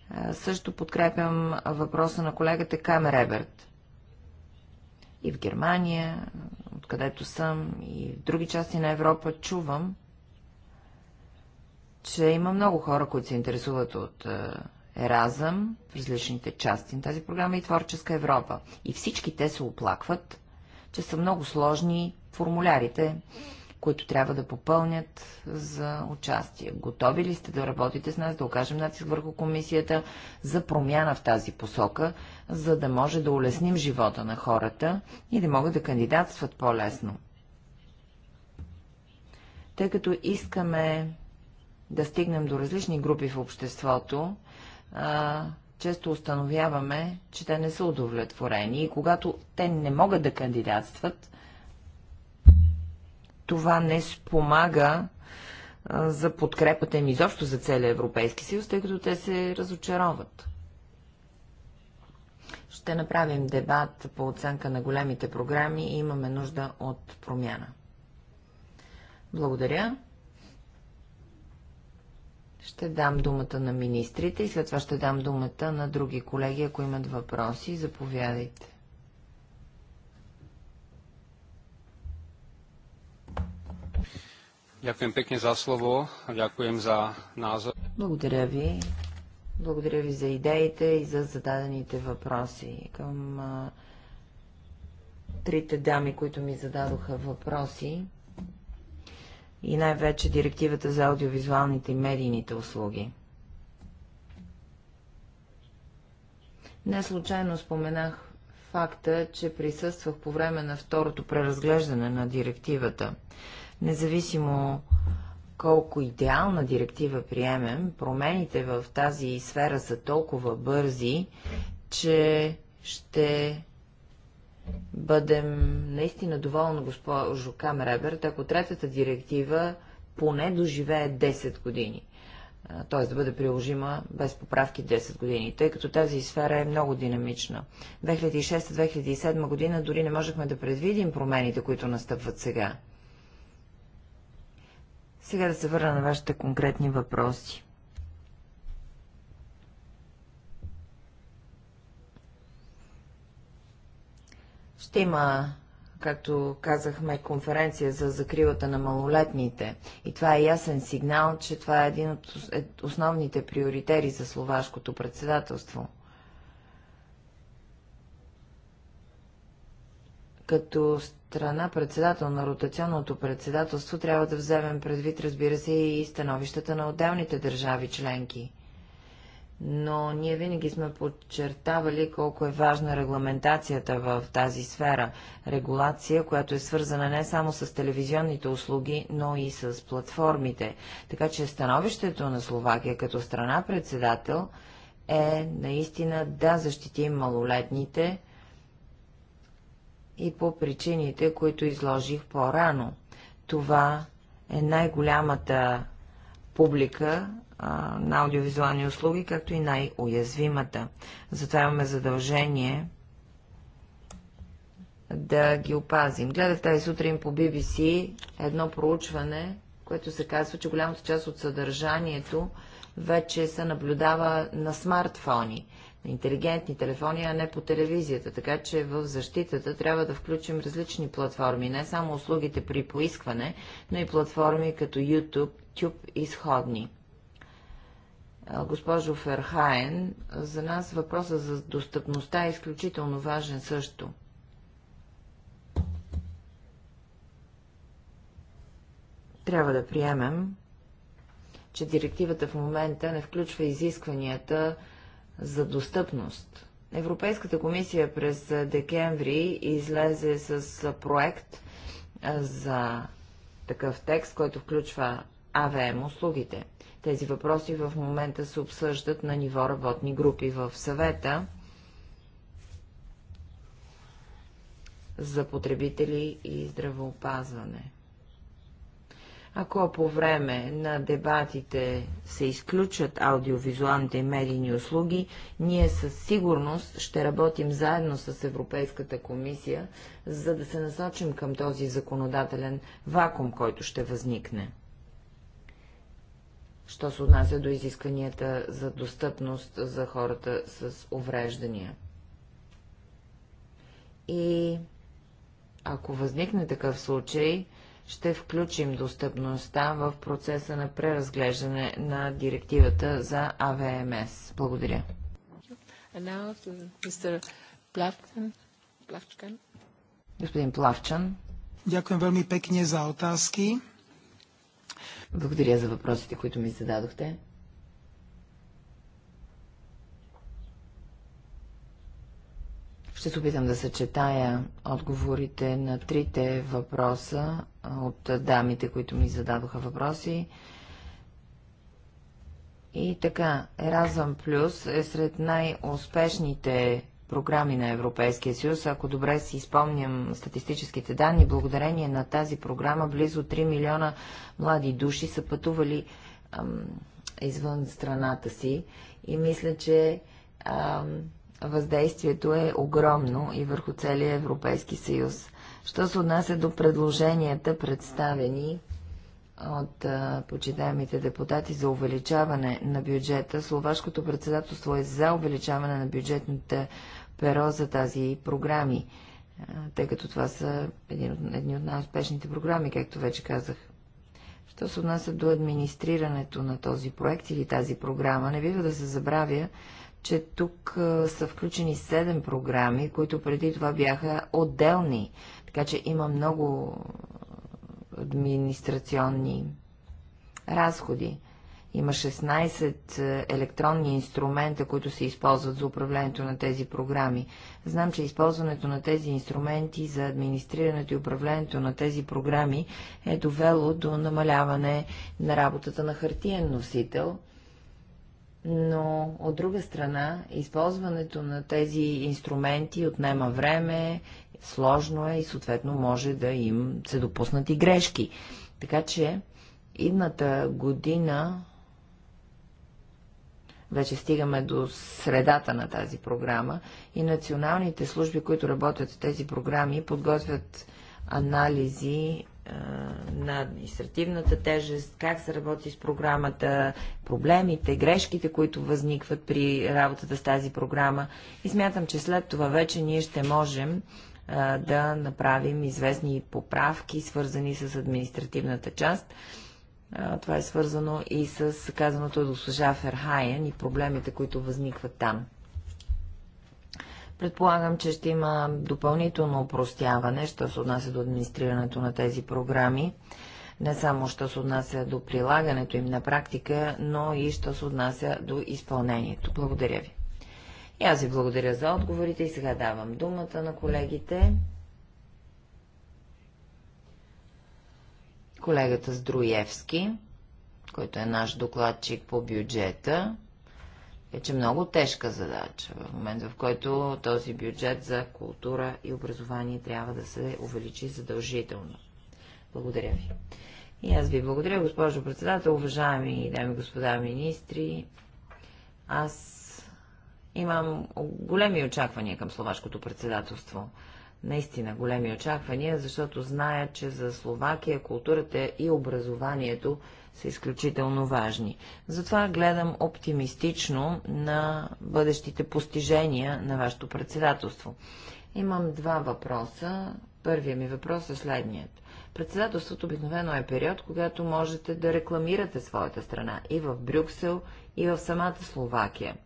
А, също подкрепям въпроса на колегата Реберт. И в Германия, откъдето съм, и в други части на Европа чувам, че има много хора, които се интересуват от Еразъм в различните части на тази програма и Творческа Европа. И всички те се оплакват, че са много сложни формулярите, които трябва да попълнят за участие. Готови ли сте да работите с нас, да окажем натиск върху комисията за промяна в тази посока, за да може да улесним живота на хората и да могат да кандидатстват по-лесно? Тъй като искаме да стигнем до различни групи в обществото, често установяваме, че те не са удовлетворени и когато те не могат да кандидатстват, това не спомага за подкрепата им изобщо за целия Европейски съюз, тъй като те се разочароват. Ще направим дебат по оценка на големите програми и имаме нужда от промяна. Благодаря. Ще дам думата на министрите и след това ще дам думата на други колеги, ако имат въпроси. Заповядайте. Дякуем пекне за слово, дякуем за назор. Благодаря ви. Благодаря ви за идеите и за зададените въпроси. Към а, трите дами, които ми зададоха въпроси, и най-вече директивата за аудиовизуалните и медийните услуги. Не случайно споменах факта, че присъствах по време на второто преразглеждане на директивата. Независимо колко идеална директива приемем, промените в тази сфера са толкова бързи, че ще бъдем наистина доволни, госпожо Камераберт, ако третата директива поне доживее 10 години. Т.е. да бъде приложима без поправки 10 години, тъй като тази сфера е много динамична. 2006-2007 година дори не можехме да предвидим промените, които настъпват сега. Сега да се върна на вашите конкретни въпроси. Ще има, както казахме, конференция за закрилата на малолетните. И това е ясен сигнал, че това е един от е, основните приоритери за словашкото председателство. Като страна председател на ротационното председателство трябва да вземем предвид, разбира се, и становищата на отделните държави членки – но ние винаги сме подчертавали колко е важна регламентацията в тази сфера. Регулация, която е свързана не само с телевизионните услуги, но и с платформите. Така че становището на Словакия като страна председател е наистина да защитим малолетните и по причините, които изложих по-рано. Това е най-голямата публика, а, на аудиовизуални услуги, както и най-уязвимата. Затова имаме задължение да ги опазим. Гледах тази сутрин по BBC едно проучване, което се казва, че голямата част от съдържанието вече се наблюдава на смартфони, на интелигентни телефони, а не по телевизията. Така че в защитата трябва да включим различни платформи, не само услугите при поискване, но и платформи като YouTube, Tube и сходни. Госпожо Ферхаен, за нас въпросът за достъпността е изключително важен също. Трябва да приемем, че директивата в момента не включва изискванията за достъпност. Европейската комисия през декември излезе с проект за такъв текст, който включва АВМ услугите. Тези въпроси в момента се обсъждат на ниво работни групи в съвета за потребители и здравеопазване. Ако по време на дебатите се изключат аудиовизуалните и медийни услуги, ние със сигурност ще работим заедно с Европейската комисия, за да се насочим към този законодателен вакуум, който ще възникне що се отнася до изискванията за достъпност за хората с увреждания. И ако възникне такъв случай, ще включим достъпността в процеса на преразглеждане на директивата за АВМС. Благодаря. Господин Плавчан. Дякуем veľmi pekne за отазки. Благодаря за въпросите, които ми зададохте. Ще се опитам да съчетая отговорите на трите въпроса от дамите, които ми зададоха въпроси. И така, Еразъм Плюс е сред най-успешните програми на Европейския съюз. Ако добре си изпомням статистическите данни, благодарение на тази програма близо 3 милиона млади души са пътували ам, извън страната си и мисля, че ам, въздействието е огромно и върху целия Европейски съюз. Що се отнася до предложенията, представени от почитаемите депутати за увеличаване на бюджета. Словашкото председателство е за увеличаване на бюджетната перо за тази програми, тъй като това са едни от, едни от най-успешните програми, както вече казах. Що се отнася до администрирането на този проект или тази програма, не бива да се забравя, че тук са включени 7 програми, които преди това бяха отделни. Така че има много администрационни разходи. Има 16 е, електронни инструмента, които се използват за управлението на тези програми. Знам, че използването на тези инструменти за администрирането и управлението на тези програми е довело до намаляване на работата на хартиен носител, но от друга страна използването на тези инструменти отнема време Сложно е и съответно може да им се допуснат и грешки. Така че идната година вече стигаме до средата на тази програма и националните служби, които работят в тези програми, подготвят анализи е, на административната тежест, как се работи с програмата, проблемите, грешките, които възникват при работата с тази програма. И смятам, че след това вече ние ще можем да направим известни поправки, свързани с административната част. Това е свързано и с казаното от госпожа Ферхайен и проблемите, които възникват там. Предполагам, че ще има допълнително упростяване, що се отнася до администрирането на тези програми, не само що се отнася до прилагането им на практика, но и що се отнася до изпълнението. Благодаря ви. И аз ви благодаря за отговорите и сега давам думата на колегите. Колегата Здруевски, който е наш докладчик по бюджета, е, че много тежка задача в момент, в който този бюджет за култура и образование трябва да се увеличи задължително. Благодаря ви. И аз ви благодаря, госпожо председател, уважаеми дами и господа министри. Аз Имам големи очаквания към словашкото председателство. Наистина големи очаквания, защото зная, че за Словакия културата и образованието са изключително важни. Затова гледам оптимистично на бъдещите постижения на вашето председателство. Имам два въпроса. Първият ми въпрос е следният. Председателството обикновено е период, когато можете да рекламирате своята страна и в Брюксел, и в самата Словакия –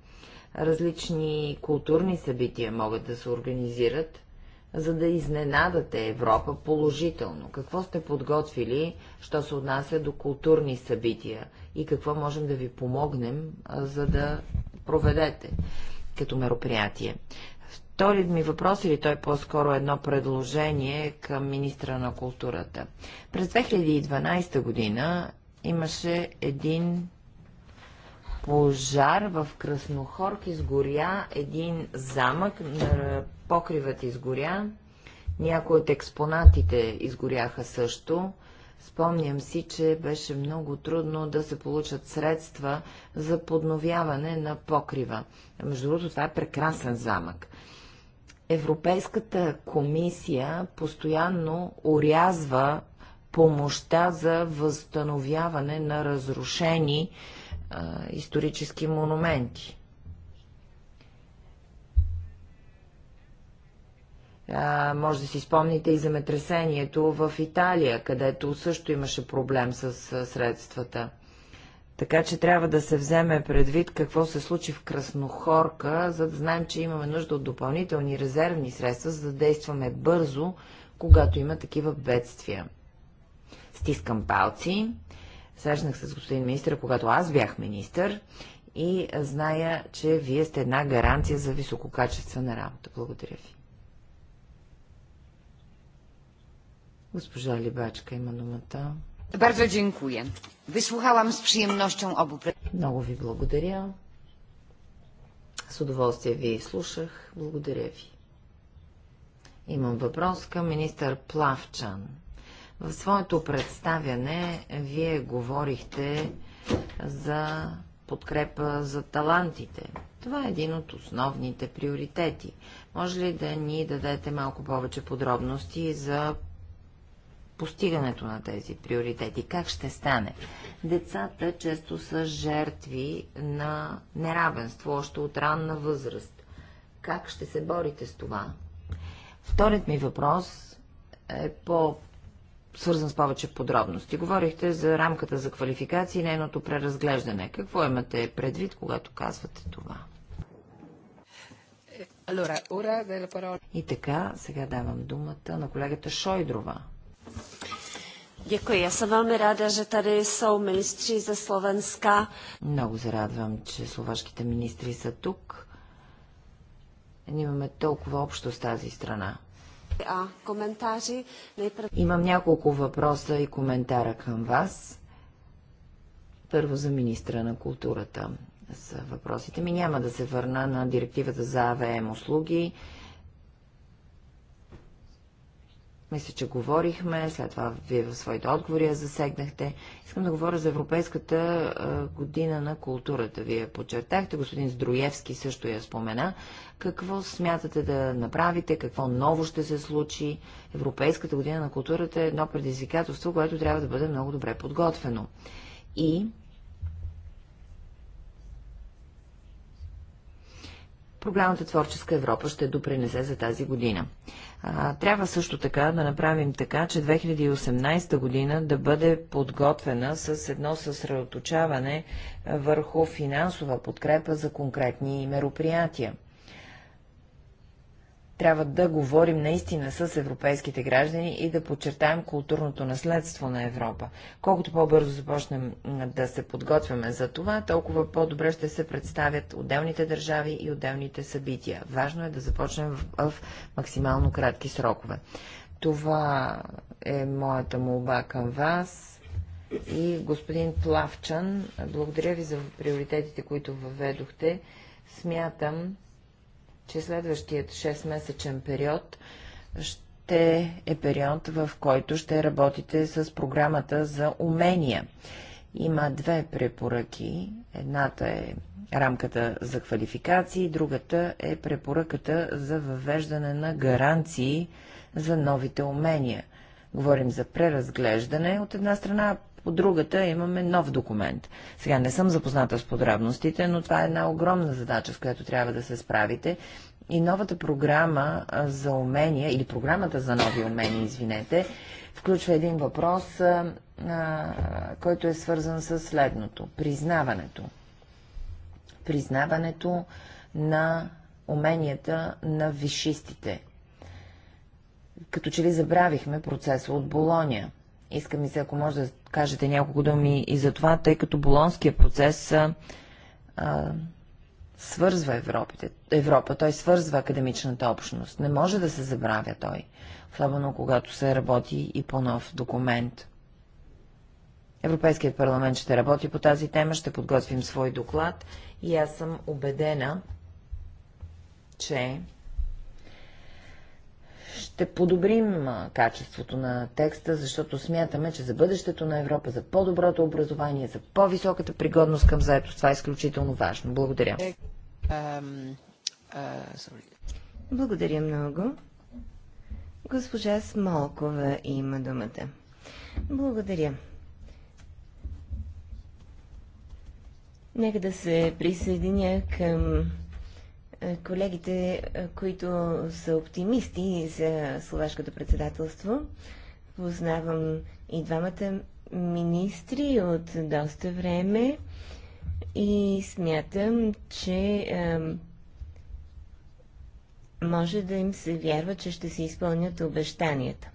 Различни културни събития могат да се организират, за да изненадате Европа положително. Какво сте подготвили, що се отнася до културни събития и какво можем да ви помогнем, за да проведете като мероприятие? Вторият ми въпрос, или той е по-скоро едно предложение към министра на културата. През 2012 година имаше един пожар в Краснохорк изгоря един замък, покривът изгоря, някои от експонатите изгоряха също. Спомням си, че беше много трудно да се получат средства за подновяване на покрива. Между другото, това е прекрасен замък. Европейската комисия постоянно урязва помощта за възстановяване на разрушени а, исторически монументи. А, може да си спомните и земетресението в Италия, където също имаше проблем с а, средствата. Така че трябва да се вземе предвид какво се случи в Краснохорка, за да знаем, че имаме нужда от допълнителни резервни средства, за да действаме бързо, когато има такива бедствия. Стискам палци Срещнах с господин министър, когато аз бях министър и зная, че вие сте една гаранция за висококачествена работа. Благодаря ви. Госпожа Либачка има думата. Бързо dziękuję. Висухалам с приемнощен obu. Много ви благодаря. С удоволствие ви слушах. Благодаря ви. Имам въпрос към министър Плавчан. В своето представяне вие говорихте за подкрепа за талантите. Това е един от основните приоритети. Може ли да ни дадете малко повече подробности за постигането на тези приоритети? Как ще стане? Децата често са жертви на неравенство още от ранна възраст. Как ще се борите с това? Вторият ми въпрос е по свързан с повече подробности. Говорихте за рамката за квалификации и нейното преразглеждане. Какво имате предвид, когато казвате това? И така, сега давам думата на колегата Шойдрова. Дякую, Já съм velmi рада, че tady са министри за Словенска. Много се радвам, че словашките министри са тук. Ние имаме толкова общо с тази страна. А, коментари. Най-пред... Имам няколко въпроса и коментара към вас. Първо за министра на културата са въпросите ми. Няма да се върна на директивата за АВМ услуги. Мисля, че говорихме, след това вие в своите отговори я засегнахте. Искам да говоря за Европейската година на културата. Вие подчертахте, господин Здруевски също я спомена. Какво смятате да направите, какво ново ще се случи? Европейската година на културата е едно предизвикателство, което трябва да бъде много добре подготвено. И програмата Творческа Европа ще допринесе за тази година. А, трябва също така да направим така, че 2018 година да бъде подготвена с едно съсредоточаване върху финансова подкрепа за конкретни мероприятия. Трябва да говорим наистина с европейските граждани и да подчертаем културното наследство на Европа. Колкото по-бързо започнем да се подготвяме за това, толкова по-добре ще се представят отделните държави и отделните събития. Важно е да започнем в, в максимално кратки срокове. Това е моята молба към вас. И господин Плавчан, благодаря ви за приоритетите, които въведохте. Смятам, че следващият 6-месечен период ще е период, в който ще работите с програмата за умения. Има две препоръки. Едната е рамката за квалификации, другата е препоръката за въвеждане на гаранции за новите умения. Говорим за преразглеждане от една страна, по другата имаме нов документ. Сега не съм запозната с подробностите, но това е една огромна задача, с която трябва да се справите. И новата програма за умения, или програмата за нови умения, извинете, включва един въпрос, а, а, който е свързан с следното. Признаването. Признаването на уменията на вишистите. Като че ли забравихме процеса от Болония. Искам и се, ако може да кажете няколко думи и за това, тъй като Болонския процес а, свързва Европите, Европа, той свързва академичната общност. Не може да се забравя той, особено когато се работи и по нов документ. Европейският парламент ще работи по тази тема, ще подготвим свой доклад и аз съм убедена, че ще подобрим качеството на текста, защото смятаме, че за бъдещето на Европа, за по-доброто образование, за по-високата пригодност към заето, това е изключително важно. Благодаря. Е, Благодаря много. Госпожа Смолкова има думата. Благодаря. Нека да се присъединя към е, колегите, е, които са оптимисти за словашкото председателство. Познавам и двамата министри от доста време и смятам, че е, може да им се вярва, че ще се изпълнят обещанията.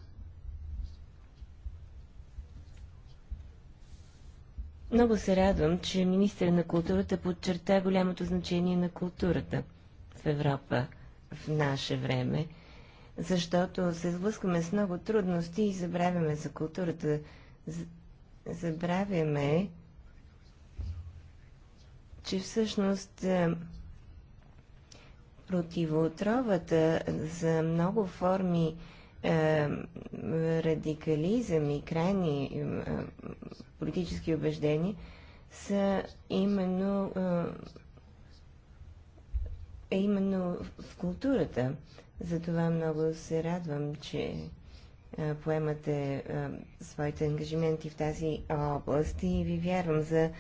Много се радвам, че министър на културата подчерта голямото значение на културата – в Европа в наше време, защото се сблъскваме с много трудности и забравяме за културата, забравяме, че всъщност е, противоотровата за много форми е, радикализъм и крайни е, политически убеждения са именно е, е именно в културата. Затова много се радвам, че поемате своите ангажименти в тази област и ви вярвам за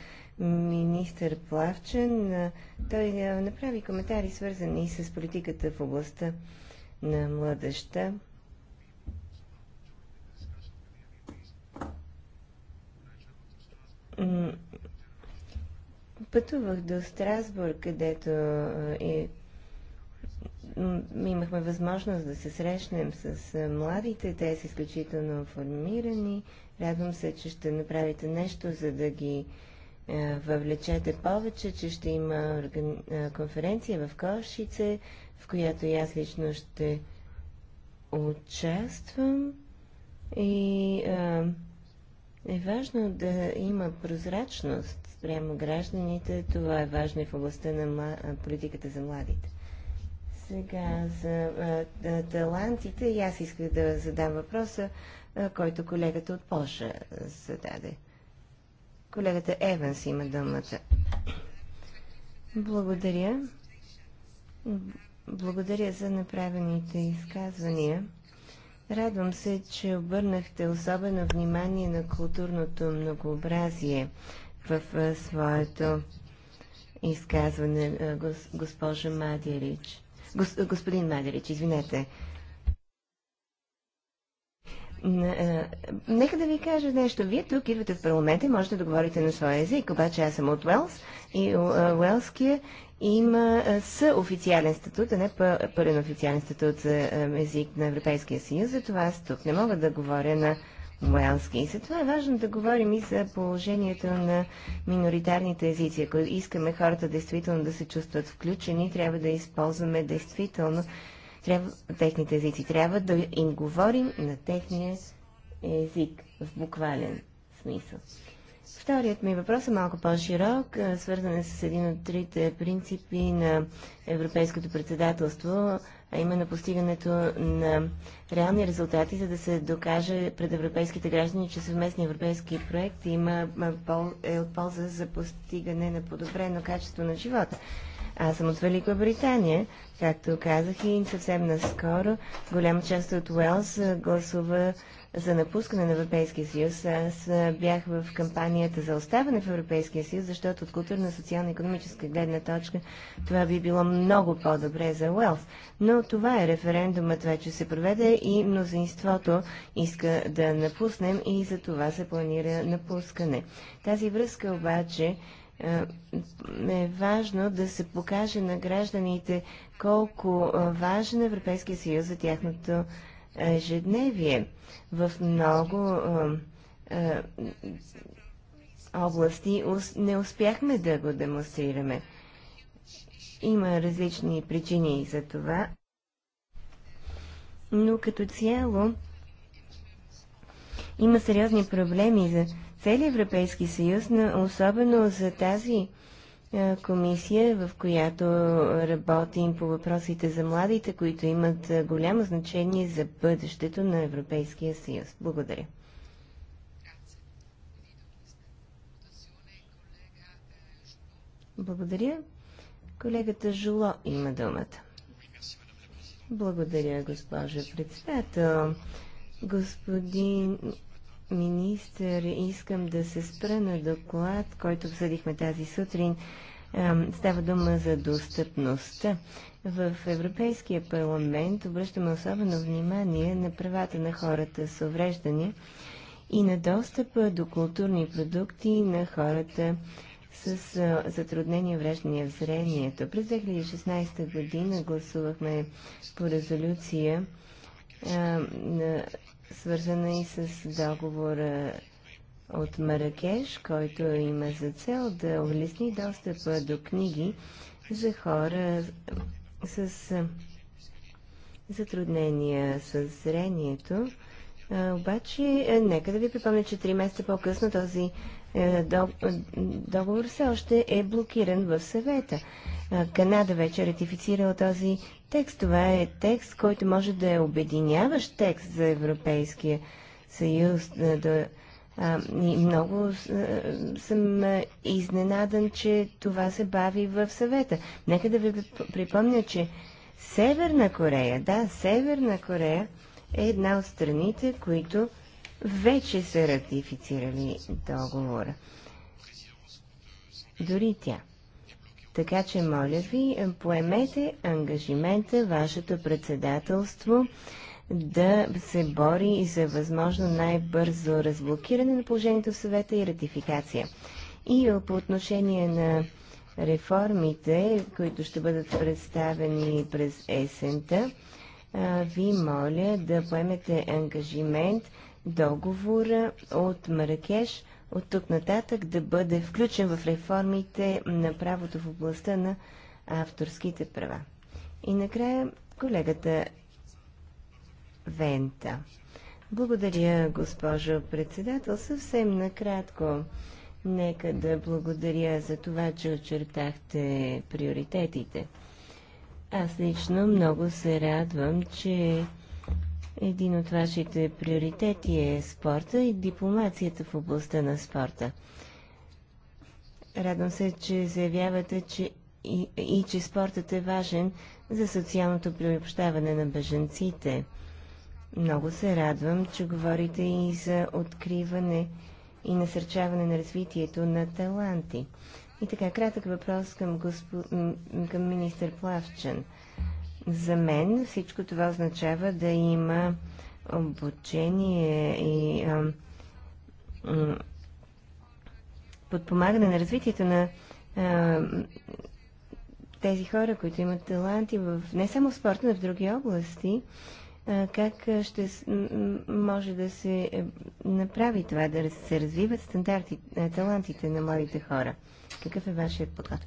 министър Плавчен. Той направи коментари, свързани с политиката в областта на младеща. Пътувах до Страсбург, където е имахме възможност да се срещнем с младите. Те са изключително формирани. Радвам се, че ще направите нещо, за да ги въвлечете повече, че ще има орган... конференция в Кошице, в която и аз лично ще участвам. И а, е важно да има прозрачност спрямо гражданите. Това е важно и в областта на политиката за младите. Сега за а, талантите и аз исках да задам въпроса, а, който колегата от Польша зададе. Колегата Еванс има думата. Благодаря. Благодаря за направените изказвания. Радвам се, че обърнахте особено внимание на културното многообразие в своето изказване, госпожа Мадирич. Гос, господин Мадерич, извинете. Нека да ви кажа нещо. Вие тук идвате в парламента и можете да говорите на своя език, обаче аз съм от Уелс и Уелския има съофициален статут, а не пълен официален статут за език на Европейския съюз. Затова аз тук не мога да говоря на Уелски. И затова е важно да говорим и за положението на миноритарните езици. Ако искаме хората действително да се чувстват включени, трябва да използваме действително трябва, техните езици. Трябва да им говорим на техния език в буквален смисъл. Вторият ми въпрос е малко по-широк, свързан е с един от трите принципи на Европейското председателство а именно постигането на реални резултати, за да се докаже пред европейските граждани, че съвместния европейски проект има, е от полза за постигане на подобрено качество на живота. Аз съм от Великобритания, както казах и съвсем наскоро голяма част от Уелс гласува за напускане на Европейския съюз. Аз бях в кампанията за оставане в Европейския съюз, защото от културна, социална и економическа гледна точка това би било много по-добре за Уелс. Но това е референдумът вече се проведе и мнозинството иска да напуснем и за това се планира напускане. Тази връзка обаче е важно да се покаже на гражданите колко важен е Европейския съюз за тяхното ежедневие. В много а, а, области не успяхме да го демонстрираме. Има различни причини за това, но като цяло има сериозни проблеми за целия Европейски съюз, но особено за тази е, комисия, в която работим по въпросите за младите, които имат е, голямо значение за бъдещето на Европейския съюз. Благодаря. Благодаря. Колегата Жуло има думата. Благодаря, госпожа председател. Господин министър, искам да се спра на доклад, който обсъдихме тази сутрин. Става дума за достъпността. В Европейския парламент обръщаме особено внимание на правата на хората с увреждания и на достъпа до културни продукти на хората с затруднения, увреждания в зрението. През 2016 година гласувахме по резолюция на свързана и с договора от Маракеш, който има за цел да улесни достъпа до книги за хора с затруднения с зрението. Обаче, е, нека да ви припомня, че три месеца по-късно този е, договор все още е блокиран в съвета. Канада вече е ратифицирала този текст. Това е текст, който може да е обединяващ текст за Европейския съюз. Е, да, а, и много а, е, съм е, изненадан, че това се бави в съвета. Нека да ви припомня, че Северна Корея, да, Северна Корея е една от страните, които вече са ратифицирали договора. Дори тя. Така че, моля ви, поемете ангажимента, вашето председателство да се бори и за възможно най-бързо разблокиране на положението в съвета и ратификация. И по отношение на реформите, които ще бъдат представени през есента, ви моля да поемете ангажимент договора от Маракеш от тук нататък да бъде включен в реформите на правото в областта на авторските права. И накрая колегата Вента. Благодаря, госпожо председател. Съвсем накратко, нека да благодаря за това, че очертахте приоритетите. Аз лично много се радвам, че един от вашите приоритети е спорта и дипломацията в областта на спорта. Радвам се, че заявявате, че и, и че спортът е важен за социалното приобщаване на бежанците. Много се радвам, че говорите и за откриване и насърчаване на развитието на таланти. И така, кратък въпрос към, госп... към министър Плавчен. За мен всичко това означава да има обучение и а, подпомагане на развитието на а, тези хора, които имат таланти в, не само в спорта, но в други области. А, как ще може да се е, направи това, да се развиват стандарти, е, талантите на младите хора? Какъв е вашият подход?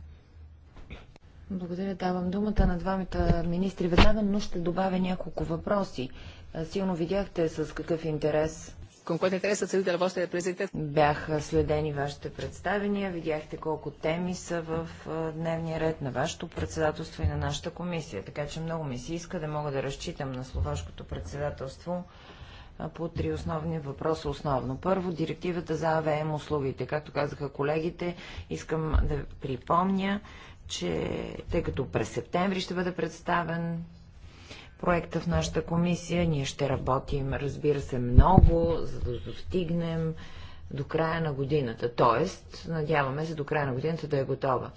Благодаря. Давам думата на двамата министри веднага, но ще добавя няколко въпроси. Силно видяхте с какъв интерес con Бяха следени вашите представения, видяхте колко теми са в дневния ред на вашето председателство и на нашата комисия. Така че много ми се иска да мога да разчитам на словашкото председателство по три основни въпроса основно. Първо, директивата за АВМ услугите. Както казаха колегите, искам да припомня, че тъй като през септември ще бъде представен проекта в нашата комисия, ние ще работим, разбира се, много, за да достигнем до края на годината. Тоест, надяваме се до края на годината да е готова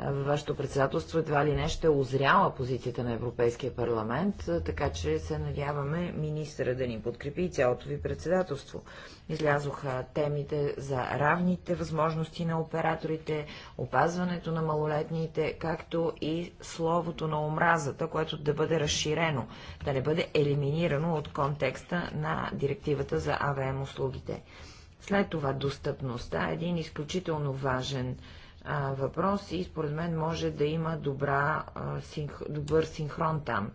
във вашето председателство едва ли не ще озряла позицията на Европейския парламент, така че се надяваме министра да ни подкрепи и цялото ви председателство. Излязоха темите за равните възможности на операторите, опазването на малолетните, както и словото на омразата, което да бъде разширено, да не бъде елиминирано от контекста на директивата за АВМ услугите. След това достъпността е един изключително важен а, въпрос и според мен може да има добра, а, синх... добър синхрон там.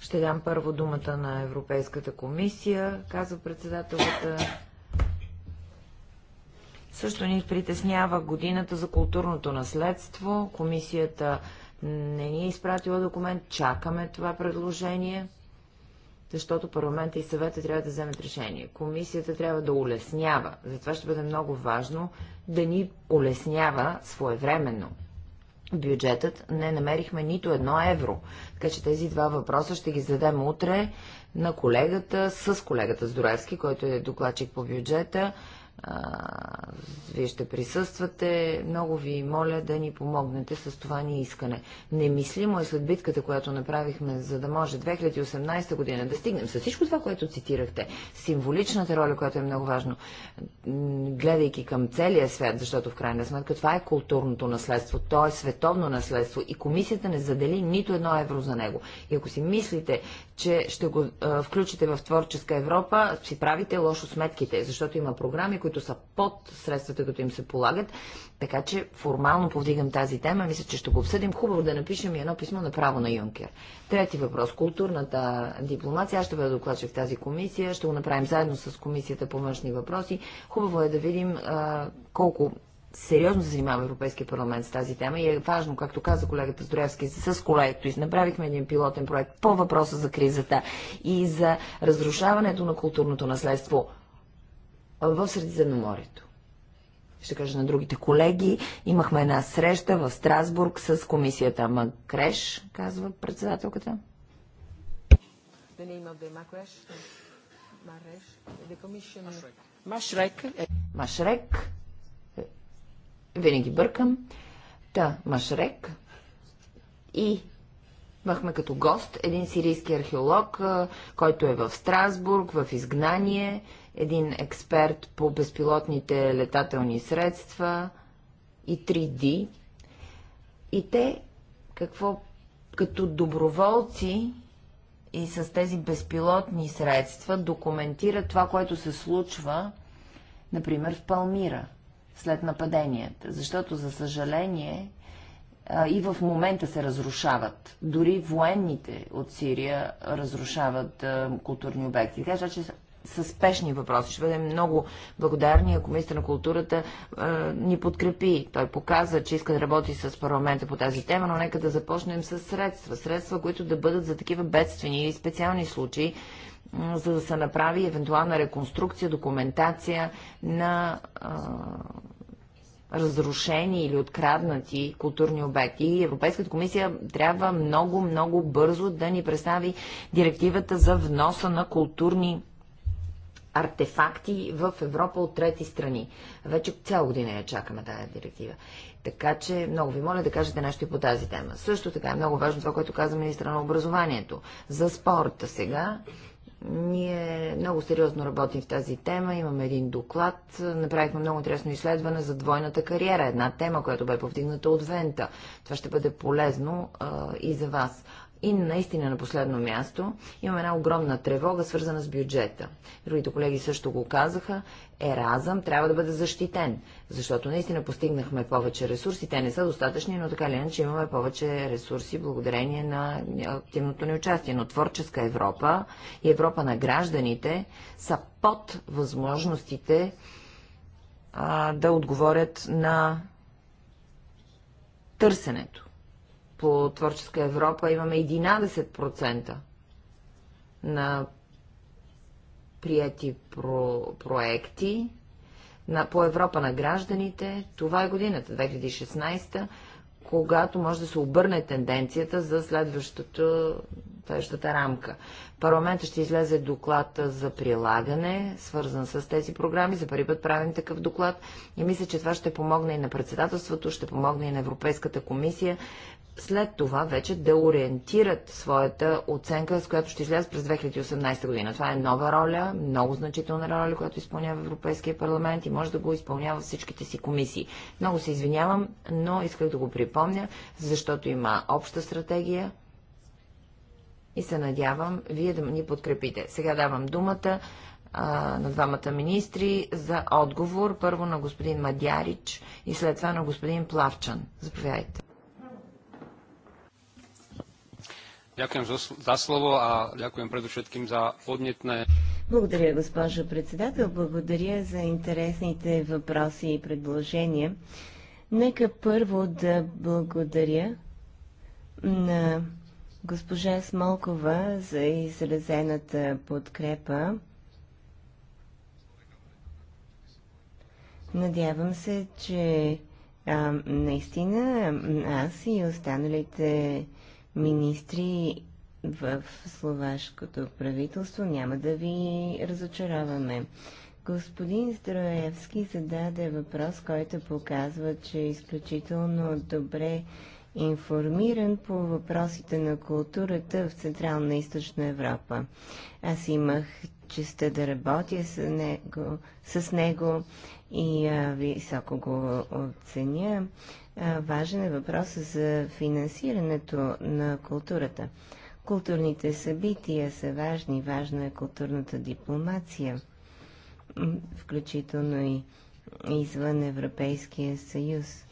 Ще дам първо думата на Европейската комисия, казва председателката. Също ни притеснява годината за културното наследство. Комисията не ни е изпратила документ. Чакаме това предложение, защото парламента и съвета трябва да вземат решение. Комисията трябва да улеснява. Затова ще бъде много важно да ни улеснява своевременно. Бюджетът не намерихме нито едно евро, така че тези два въпроса ще ги зададем утре на колегата, с колегата Здоровски, който е докладчик по бюджета вие ще присъствате. Много ви моля да ни помогнете с това ни искане. Немислимо е след битката, която направихме, за да може 2018 година да стигнем с всичко това, което цитирахте, символичната роля, която е много важно, гледайки към целия свят, защото в крайна сметка това е културното наследство, то е световно наследство и комисията не задели нито едно евро за него. И ако си мислите, че ще го а, включите в Творческа Европа, си правите лошо сметките, защото има програми, които са под средствата, като им се полагат. Така че формално повдигам тази тема. Мисля, че ще го обсъдим. Хубаво да напишем и едно писмо направо на Юнкер. Трети въпрос. Културната дипломация. Аз ще бъда докладчик в тази комисия. Ще го направим заедно с комисията по външни въпроси. Хубаво е да видим а, колко сериозно се занимава Европейския парламент с тази тема и е важно, както каза колегата Здоровски, с колегото и направихме един пилотен проект по въпроса за кризата и за разрушаването на културното наследство в Средиземноморието. Ще кажа на другите колеги, имахме една среща в Страсбург с комисията Макреш, казва председателката. Машрек. Машрек. Винаги бъркам. Та, Машрек. И имахме като гост един сирийски археолог, който е в Страсбург, в изгнание, един експерт по безпилотните летателни средства и 3D. И те, какво, като доброволци и с тези безпилотни средства документират това, което се случва, например, в Палмира – след нападенията, защото за съжаление и в момента се разрушават. Дори военните от Сирия разрушават културни обекти. Така че са спешни въпроси. Ще бъдем много благодарни, ако министър на културата е, ни подкрепи. Той показа, че иска да работи с парламента по тази тема, но нека да започнем с средства. Средства, които да бъдат за такива бедствени или специални случаи, за да се направи евентуална реконструкция, документация на а, разрушени или откраднати културни обекти. И Европейската комисия трябва много, много бързо да ни представи директивата за вноса на културни артефакти в Европа от трети страни. Вече цяла година я чакаме тази директива. Така че много ви моля да кажете нещо и по тази тема. Също така е много важно това, което каза министра на образованието. За спорта сега ние много сериозно работим в тази тема, имаме един доклад, направихме много интересно изследване за двойната кариера, една тема, която бе повдигната от Вента. Това ще бъде полезно а, и за вас. И наистина на последно място имаме една огромна тревога, свързана с бюджета. Другите колеги също го казаха. Еразъм трябва да бъде защитен, защото наистина постигнахме повече ресурси. Те не са достатъчни, но така ли иначе имаме повече ресурси благодарение на активното ни участие. Но творческа Европа и Европа на гражданите са под възможностите а, да отговорят на търсенето по Творческа Европа имаме 11% на прияти про проекти на, по Европа на гражданите. Това е годината, 2016 когато може да се обърне тенденцията за следващото, следващата рамка. Парламента ще излезе доклад за прилагане, свързан с тези програми. За първи път правим такъв доклад и мисля, че това ще помогне и на председателството, ще помогне и на Европейската комисия след това вече да ориентират своята оценка, с която ще излязат през 2018 година. Това е нова роля, много значителна роля, която изпълнява Европейския парламент и може да го изпълнява всичките си комисии. Много се извинявам, но исках да го припомня, защото има обща стратегия и се надявам вие да ни подкрепите. Сега давам думата а, на двамата министри за отговор. Първо на господин Мадярич и след това на господин Плавчан. Заповядайте. Ďakujem za slovo a ďakujem predovšetkým Благодаря, госпожо председател. Благодаря за интересните въпроси и предложения. Нека първо да благодаря на госпожа Смолкова за изразената подкрепа. Надявам се, че а, наистина аз и останалите министри в словашкото правителство. Няма да ви разочароваме. Господин Здроевски зададе въпрос, който показва, че е изключително добре информиран по въпросите на културата в Централна и Източна Европа. Аз имах честа да работя с него, с него и а, високо го оценя важен е въпросът за финансирането на културата. Културните събития са важни, важна е културната дипломация, включително и извън Европейския съюз.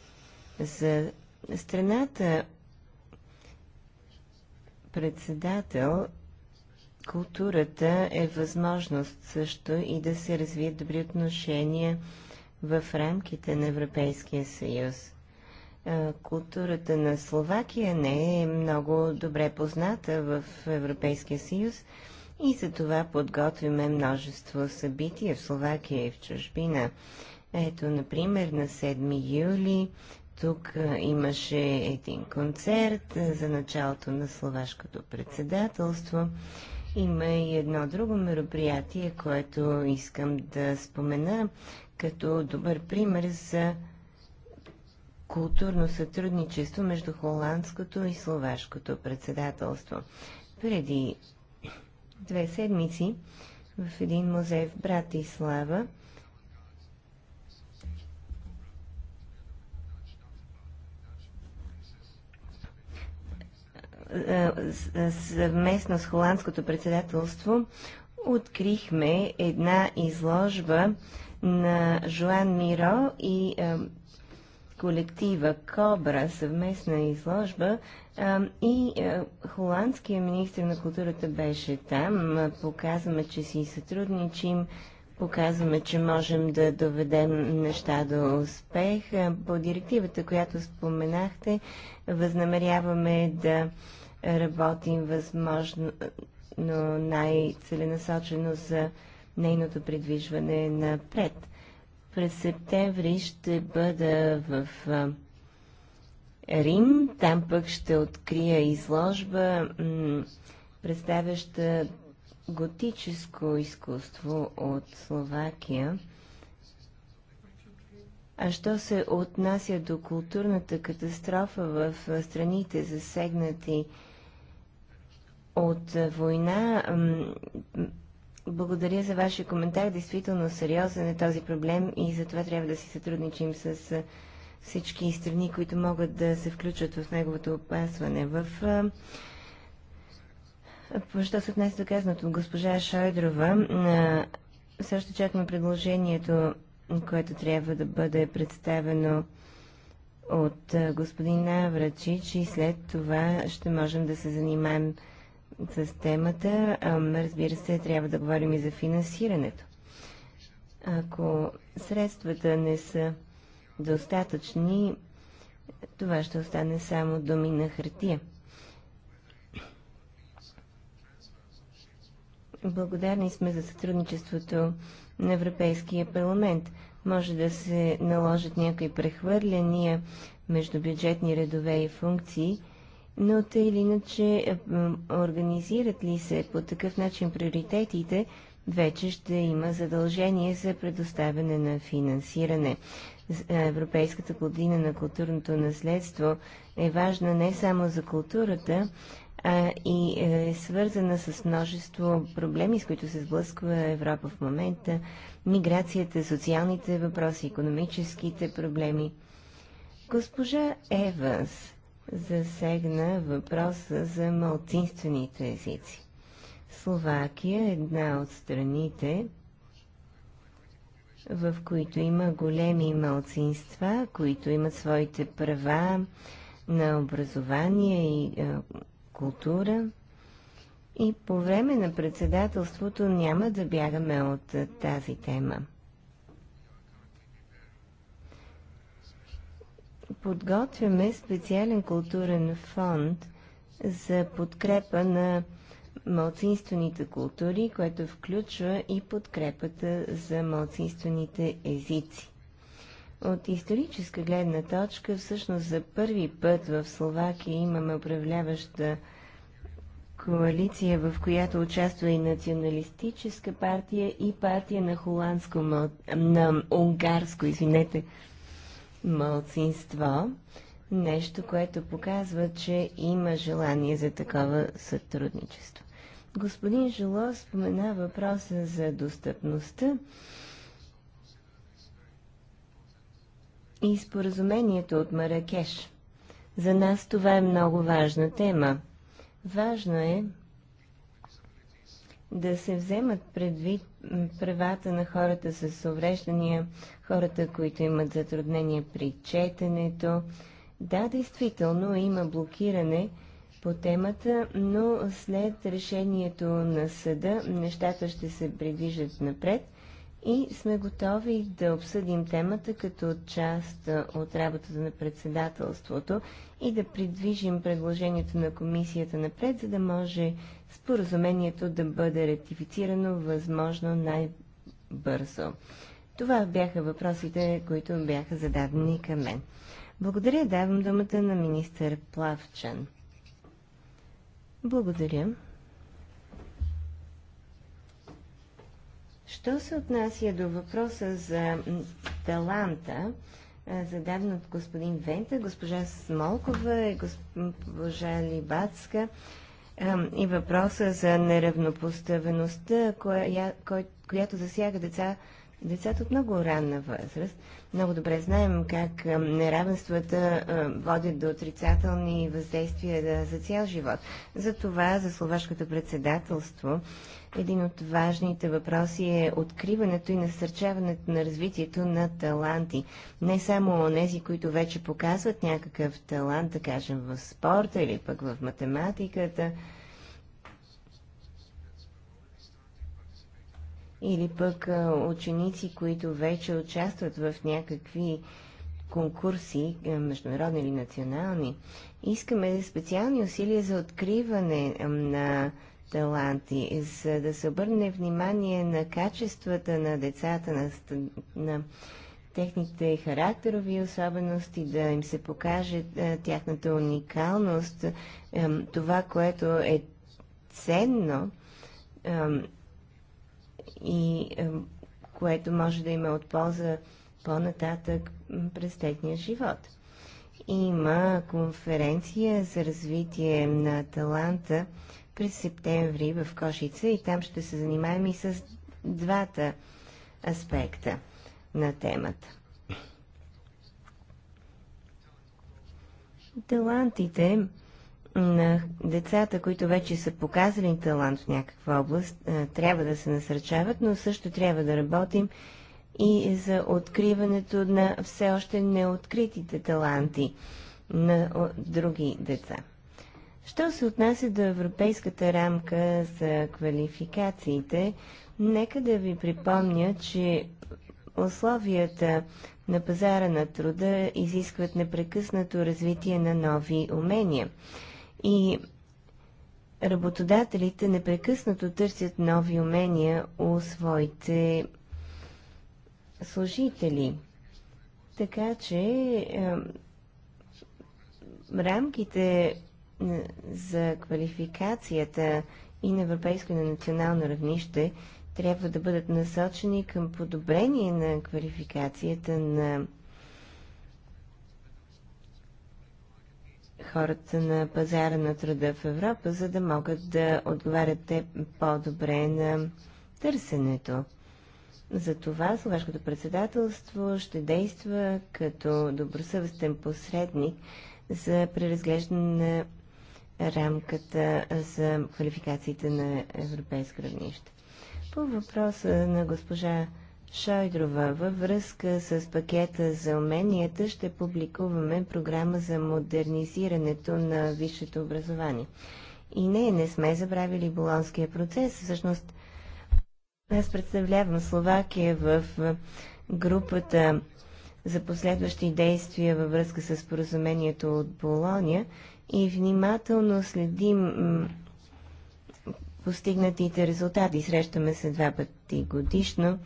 За страната председател културата е възможност също и да се развият добри отношения в рамките на Европейския съюз. Е, културата на Словакия не е много добре позната в Европейския съюз и за това подготвяме множество събития в Словакия и в чужбина. Ето, например, на 7 юли тук е, имаше един концерт е, за началото на словашкото председателство. Има и едно друго мероприятие, което искам да спомена като добър пример за културно сътрудничество между холандското и словашкото председателство. Преди две седмици в един музей в Братислава съвместно с холандското председателство открихме една изложба на Жоан Миро и колектива Кобра съвместна изложба а, и а, е, холандския министр на културата беше там. показваме, че си сътрудничим, показваме, че можем да доведем неща до успех. Е, по директивата, която споменахте, възнамеряваме да работим възможно най-целенасочено за нейното придвижване напред. През септември ще бъда в Рим. Там пък ще открия изложба, представяща готическо изкуство от Словакия. А що се отнася до културната катастрофа в страните засегнати от война, благодаря за вашия коментар. Действително сериозен е този проблем и затова трябва да си сътрудничим с всички страни, които могат да се включат в неговото опасване. В Що се отнесе до казаното от госпожа Шойдрова, също чакаме предложението, което трябва да бъде представено от господин Наврачич и след това ще можем да се занимаем с темата. Разбира се, трябва да говорим и за финансирането. Ако средствата не са достатъчни, това ще остане само думи на хартия. Благодарни сме за сътрудничеството на Европейския парламент. Може да се наложат някои прехвърляния между бюджетни редове и функции – но тъй или иначе е, организират ли се по такъв начин приоритетите, вече ще има задължение за предоставяне на финансиране. Е, Европейската година на културното наследство е важна не само за културата, а и е свързана с множество проблеми, с които се сблъсква Европа в момента. Миграцията, социалните въпроси, економическите проблеми. Госпожа Еванс засегна въпроса за малцинствените езици. Словакия е една от страните, в които има големи малцинства, които имат своите права на образование и е, култура. И по време на председателството няма да бягаме от е, тази тема. подготвяме специален културен фонд за подкрепа на малцинствените култури, което включва и подкрепата за малцинствените езици. От историческа гледна точка, всъщност за първи път в Словакия имаме управляваща коалиция, в която участва и националистическа партия и партия на холандско, на унгарско, извинете, мълцинство. Нещо, което показва, че има желание за такова сътрудничество. Господин Жило спомена въпроса за достъпността и споразумението от Маракеш. За нас това е много важна тема. Важно е да се вземат предвид правата на хората с увреждания, хората, които имат затруднения при четенето. Да, действително има блокиране по темата, но след решението на съда нещата ще се придвижат напред и сме готови да обсъдим темата като част от работата на председателството и да придвижим предложението на комисията напред, за да може споразумението да бъде ратифицирано възможно най-бързо. Това бяха въпросите, които бяха зададени към мен. Благодаря, давам думата на министър Плавчан. Благодаря. Що се отнася до въпроса за таланта, зададен от господин Вента, госпожа Смолкова и госпожа Либацка, и въпроса за неравнопоставеността, коя, кой, която засяга деца, децата от много ранна възраст. Много добре знаем как неравенствата водят до отрицателни въздействия за цял живот. Затова за словашкото председателство един от важните въпроси е откриването и насърчаването на развитието на таланти. Не само онези, които вече показват някакъв талант, да кажем в спорта или пък в математиката, или пък ученици, които вече участват в някакви конкурси, международни или национални. Искаме специални усилия за откриване на таланти, за да се обърне внимание на качествата на децата, на, на техните характерови особености, да им се покаже е, тяхната уникалност, това, което е ценно и което може да има от полза по-нататък през техния живот. Има конференция за развитие на таланта през септември в Кошица и там ще се занимаем и с двата аспекта на темата. Талантите на децата, които вече са показали талант в някаква област, е, трябва да се насърчават, но също трябва да работим и за откриването на все още неоткритите таланти на други деца. Що се отнася до европейската рамка за квалификациите, нека да ви припомня, че условията на пазара на труда изискват непрекъснато развитие на нови умения. И работодателите непрекъснато търсят нови умения у своите служители. Така че е, рамките за квалификацията и на европейско и на национално равнище трябва да бъдат насочени към подобрение на квалификацията на хората на пазара на труда в Европа, за да могат да отговарят те по-добре на търсенето. За това Словашкото председателство ще действа като добросъвестен посредник за преразглеждане на рамката за квалификациите на европейско равнище. По въпроса на госпожа Шойдрова във връзка с пакета за уменията ще публикуваме програма за модернизирането на висшето образование. И не, не сме забравили болонския процес. Всъщност, аз представлявам Словакия в групата за последващи действия във връзка с поразумението от Болония и внимателно следим постигнатите резултати. Срещаме се два пъти годишно.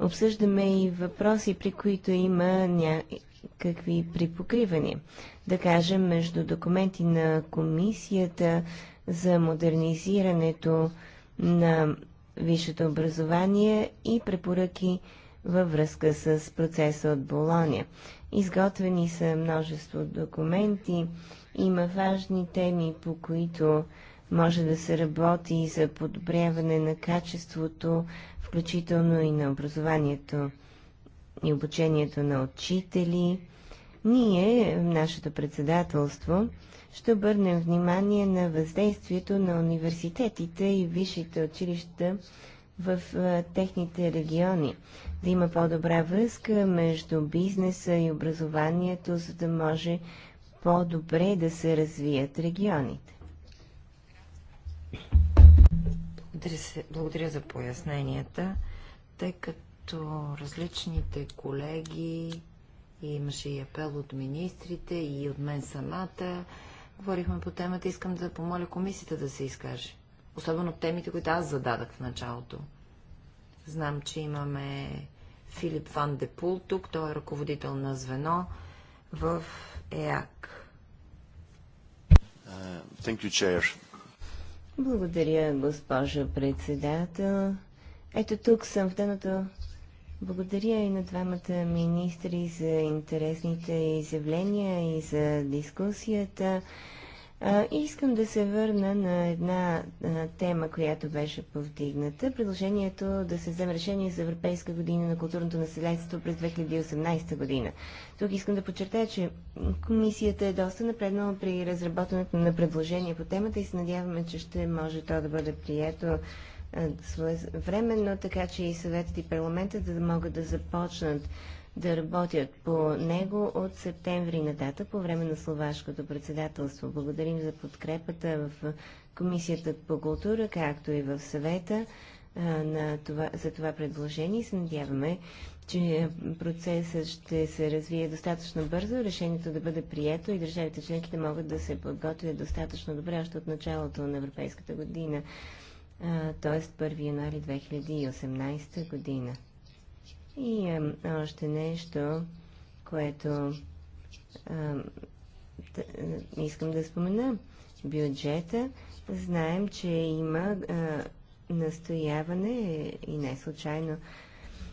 Обсъждаме и въпроси, при които има някакви припокривания. Да кажем, между документи на комисията за модернизирането на висшето образование и препоръки във връзка с процеса от Болония. Изготвени са множество документи има важни теми, по които може да се работи за подобряване на качеството, включително и на образованието и обучението на учители. Ние, нашето председателство, ще обърнем внимание на въздействието на университетите и висшите училища в техните региони. Да има по-добра връзка между бизнеса и образованието, за да може по-добре да се развият регионите. Благодаря, се, благодаря за поясненията, тъй като различните колеги и имаше и апел от министрите и от мен самата. Говорихме по темата, искам да помоля комисията да се изкаже. Особено темите, които аз зададах в началото. Знам, че имаме Филип Ван Депул тук, той е ръководител на звено в ЕАК. Uh, thank you, Chair. Благодаря, госпожо председател. Ето тук съм в дъното. Благодаря и на двамата министри за интересните изявления и за дискусията. И искам да се върна на една тема, която беше повдигната. Предложението да се вземе решение за Европейска година на културното наследство през 2018 година. Тук искам да подчертая, че комисията е доста напреднала при разработването на предложение по темата и се надяваме, че ще може то да бъде прието своевременно, така че и съветът и парламентът да могат да започнат да работят по него от септември нататък по време на словашкото председателство. Благодарим за подкрепата в Комисията по култура, както и в съвета на това, за това предложение се надяваме, че процесът ще се развие достатъчно бързо, решението да бъде прието и държавите членки да могат да се подготвят достатъчно добре още от началото на Европейската година, т.е. 1 януари 2018 година. И а, още нещо, което а, да, искам да спомена. Бюджета. Знаем, че има а, настояване и не случайно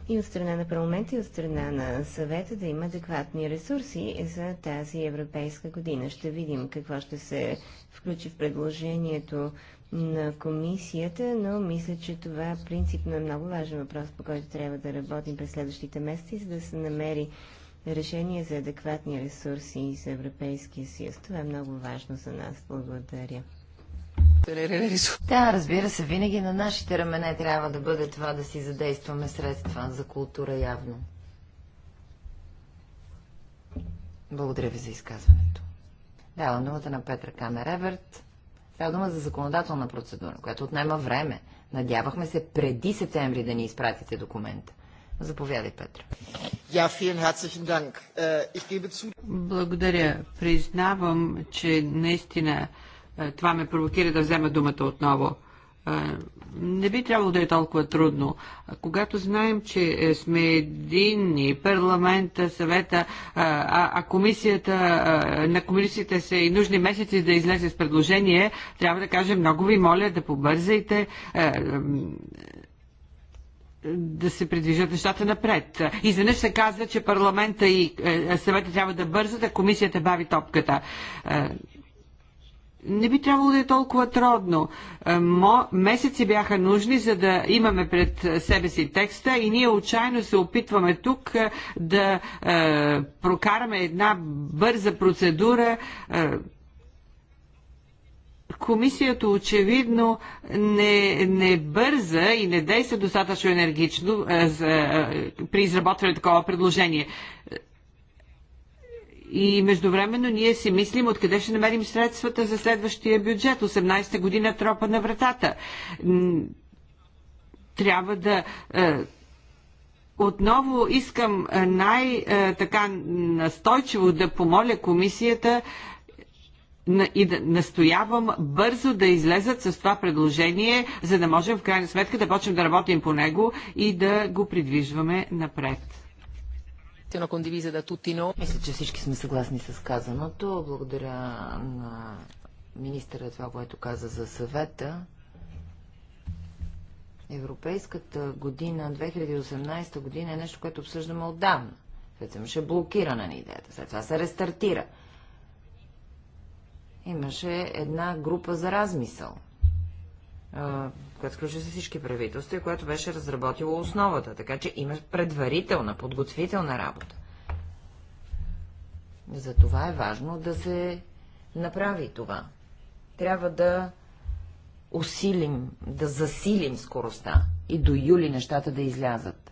и от страна на парламента, и от страна на съвета да има адекватни ресурси за тази европейска година. Ще видим какво ще се включи в предложението на комисията, но мисля, че това принципно е много важен въпрос, по който трябва да работим през следващите месеци, за да се намери решение за адекватни ресурси за Европейския съюз. Това е много важно за нас. Благодаря. Да, разбира се, винаги на нашите рамене трябва да бъде това да си задействаме средства за култура явно. Благодаря ви за изказването. Давам думата на Петра Еверт. Става дума за законодателна процедура, която отнема време. Надявахме се преди септември да ни изпратите документа. Заповядай, Петра. Ja, äh, Ich gebe zu... Благодаря. Признавам, че наистина е, това ме провокира да взема думата отново не би трябвало да е толкова трудно. Когато знаем, че е, сме единни, парламента, съвета, а, а комисията, а, на комисията са и нужни месеци да излезе с предложение, трябва да кажем, много ви моля да побързайте да се придвижат нещата напред. Изведнъж се казва, че парламента и е, съвета трябва да бързат, а комисията бави топката не би трябвало да е толкова трудно. Е, месеци бяха нужни, за да имаме пред себе си текста и ние отчаяно се опитваме тук е, да е, прокараме една бърза процедура. Комисията очевидно не, не бърза и не действа достатъчно енергично при изработване на такова предложение. И междувременно ние си мислим откъде ще намерим средствата за следващия бюджет. 18-та година тропа на вратата. Трябва да е, отново искам е, най-така е, настойчиво да помоля комисията и да настоявам бързо да излезат с това предложение, за да можем в крайна сметка да почнем да работим по него и да го придвижваме напред естествено condivise da tutti noi. Мисля, че всички сме съгласни с казаното. Благодаря на министъра това, което каза за съвета. Европейската година, 2018 година е нещо, което обсъждаме отдавна. След имаше блокиране на идеята, след това се рестартира. Имаше една група за размисъл която за всички правителства и която беше разработила основата, така че има предварителна, подготвителна работа. За това е важно да се направи това. Трябва да усилим, да засилим скоростта и до юли нещата да излязат.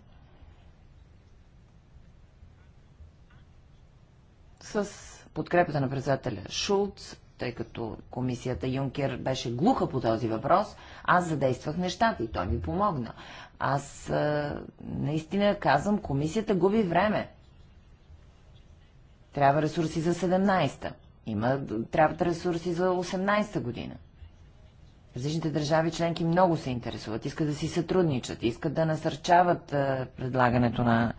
С подкрепата на председателя Шулц тъй като комисията Юнкер беше глуха по този въпрос, аз задействах нещата и той ми помогна. Аз наистина казвам, комисията губи време. Трябва ресурси за 17-та. Има, трябват ресурси за 18-та година. Различните държави членки много се интересуват, искат да си сътрудничат, искат да насърчават предлагането на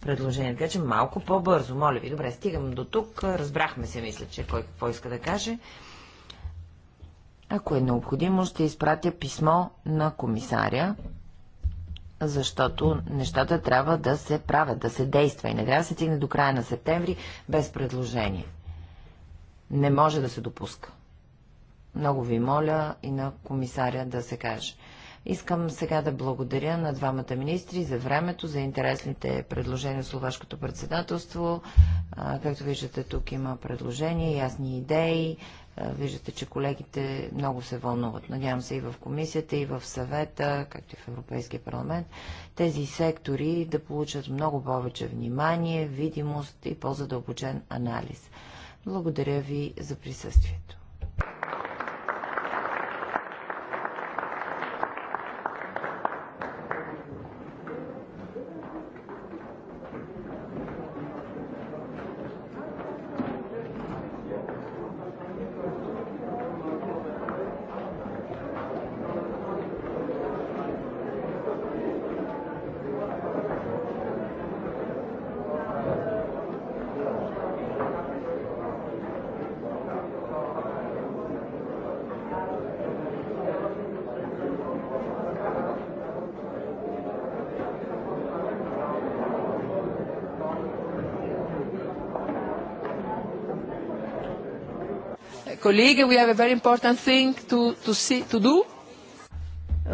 предложение. Така че малко по-бързо, моля ви. Добре, стигам до тук. Разбрахме се, мисля, че кой какво иска да каже. Ако е необходимо, ще изпратя писмо на комисаря, защото нещата трябва да се правят, да се действа и не трябва да се стигне до края на септември без предложение. Не може да се допуска. Много ви моля и на комисаря да се каже. Искам сега да благодаря на двамата министри за времето, за интересните предложения от Словашкото председателство. Както виждате, тук има предложения, ясни идеи. Виждате, че колегите много се вълнуват. Надявам се и в комисията, и в съвета, както и в Европейския парламент, тези сектори да получат много повече внимание, видимост и по-задълбочен анализ. Благодаря ви за присъствието. колеги, we have a very important thing to, to, see, to do.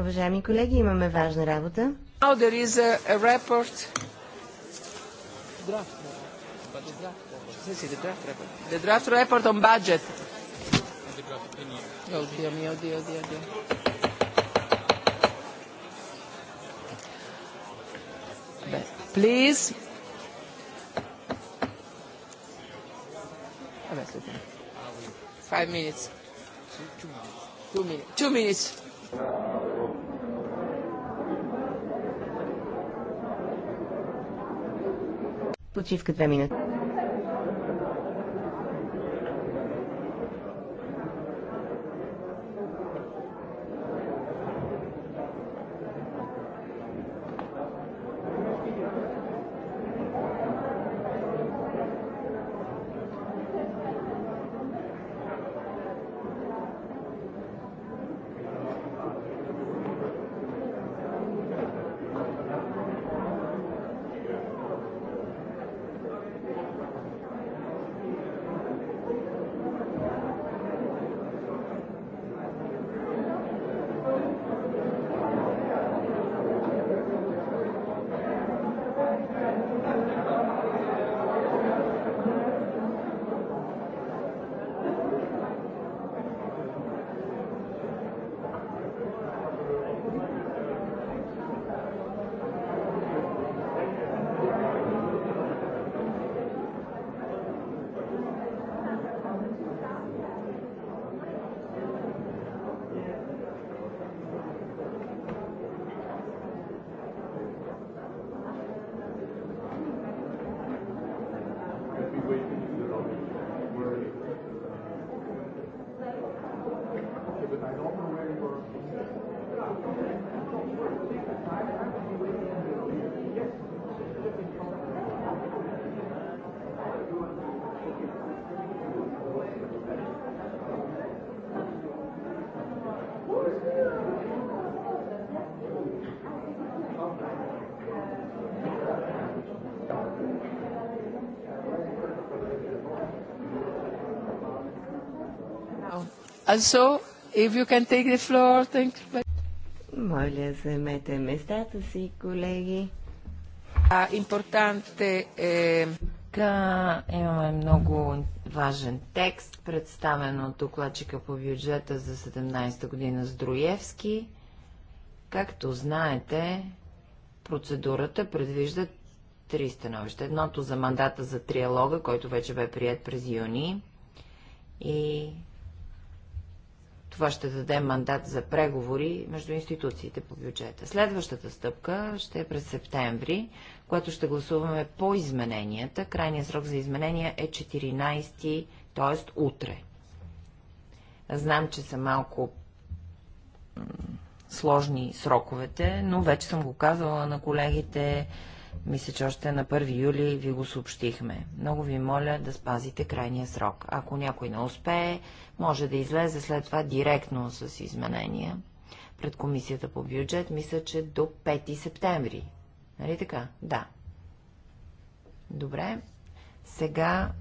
Уважаеми колеги, имаме важна работа. Now there is a, a report. the draft report. The draft report on budget. Oddio mio, oddio, oddio, oddio. Beh, please. Vabbè, aspetta. Five minutes. Two minutes. Two minutes. Почивка две минути. Also, if you can take the floor, thank you. Моля, заемете местата си, колеги. А, импортанте е... Така, имаме много важен текст, представен от докладчика по бюджета за 17-та година с Друевски. Както знаете, процедурата предвижда три становища. Едното за мандата за триалога, който вече бе прият през юни и това ще даде мандат за преговори между институциите по бюджета. Следващата стъпка ще е през септември, когато ще гласуваме по измененията. Крайният срок за изменения е 14, т.е. утре. Знам, че са малко сложни сроковете, но вече съм го казала на колегите мисля, че още на 1 юли ви го съобщихме. Много ви моля да спазите крайния срок. Ако някой не успее, може да излезе след това директно с изменения пред комисията по бюджет. Мисля, че до 5 септември. Нали така? Да. Добре. Сега...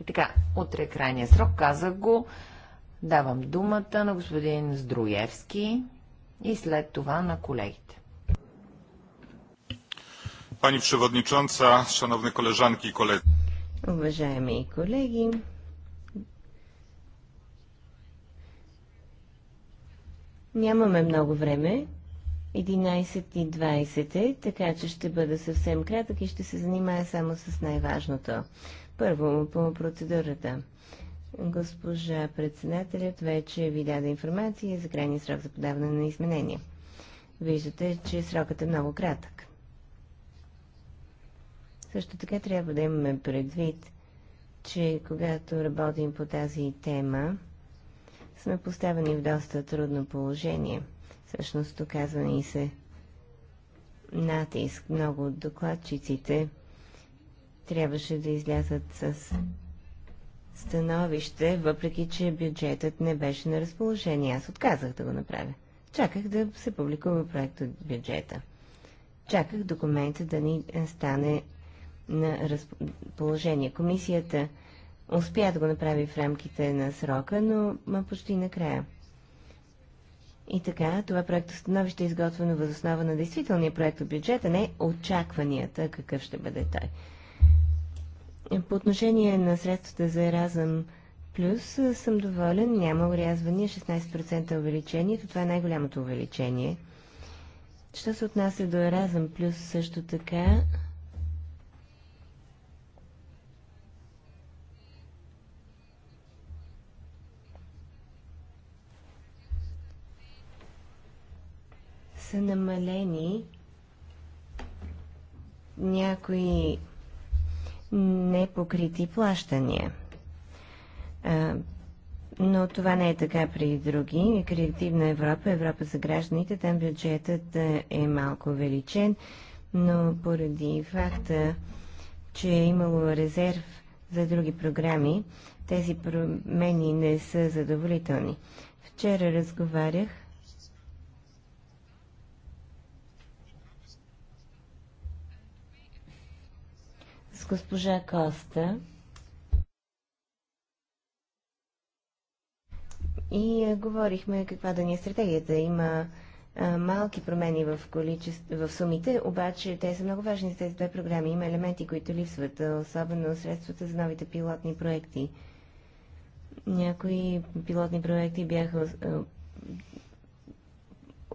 И така, утре е крайния срок, казах го. Давам думата на господин Здруевски и след това на колегите. Пани przewodnicząca, шановни колежанки и колеги. Уважаеми колеги, нямаме много време. 11.20 е, така че ще бъда съвсем кратък и ще се занимая само с най-важното. Първо, по процедурата. Госпожа председателят вече ви даде информация за крайния срок за подаване на изменения. Виждате, че срокът е много кратък. Също така трябва да имаме предвид, че когато работим по тази тема, сме поставени в доста трудно положение. Всъщност, оказва ни се натиск. Много от докладчиците трябваше да излязат с становище, въпреки че бюджетът не беше на разположение. Аз отказах да го направя. Чаках да се публикува проект от бюджета. Чаках документа да ни стане на разположение. Комисията успя да го направи в рамките на срока, но почти накрая. И така, това проекто становище е изготвено възоснова на действителния проект от бюджета, не очакванията, какъв ще бъде той. По отношение на средствата за Еразъм Плюс съм доволен, няма урязвания, 16% увеличението, това е най-голямото увеличение. Що се отнася до Еразъм Плюс също така, са намалени някои непокрити плащания. А, но това не е така при други. Креативна Европа, Европа за гражданите, там бюджетът е малко увеличен, но поради факта, че е имало резерв за други програми, тези промени не са задоволителни. Вчера разговарях с госпожа Коста. И а, е, говорихме каква да ни е стратегията. Има а, е, малки промени в, количество, в сумите, обаче те са много важни за тези две програми. Има елементи, които липсват, особено средствата за новите пилотни проекти. Някои пилотни проекти бяха а, е,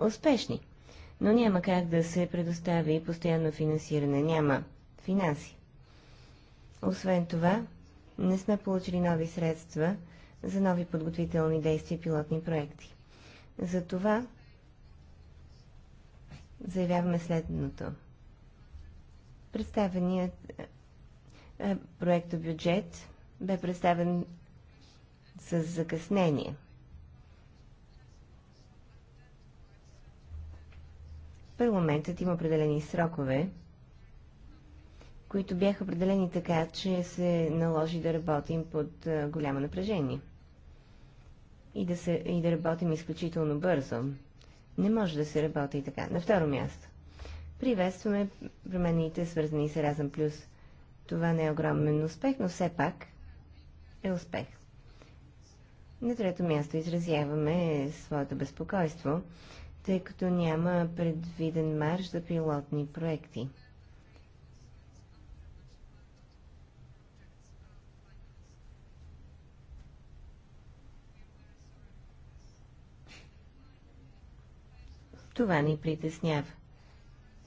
успешни, но няма как да се предостави постоянно финансиране. Няма финанси. Освен това, не сме получили нови средства за нови подготвителни действия и пилотни проекти. Затова заявяваме следното. Представеният е, проекто бюджет бе представен с закъснение. Парламентът има определени срокове, които бяха определени така, че се наложи да работим под голямо напрежение и да, се, и да работим изключително бързо. Не може да се работи и така. На второ място. Приветстваме промените, свързани с Еразъм Плюс. Това не е огромен успех, но все пак е успех. На трето място изразяваме своето безпокойство, тъй като няма предвиден марш за пилотни проекти. Това ни притеснява.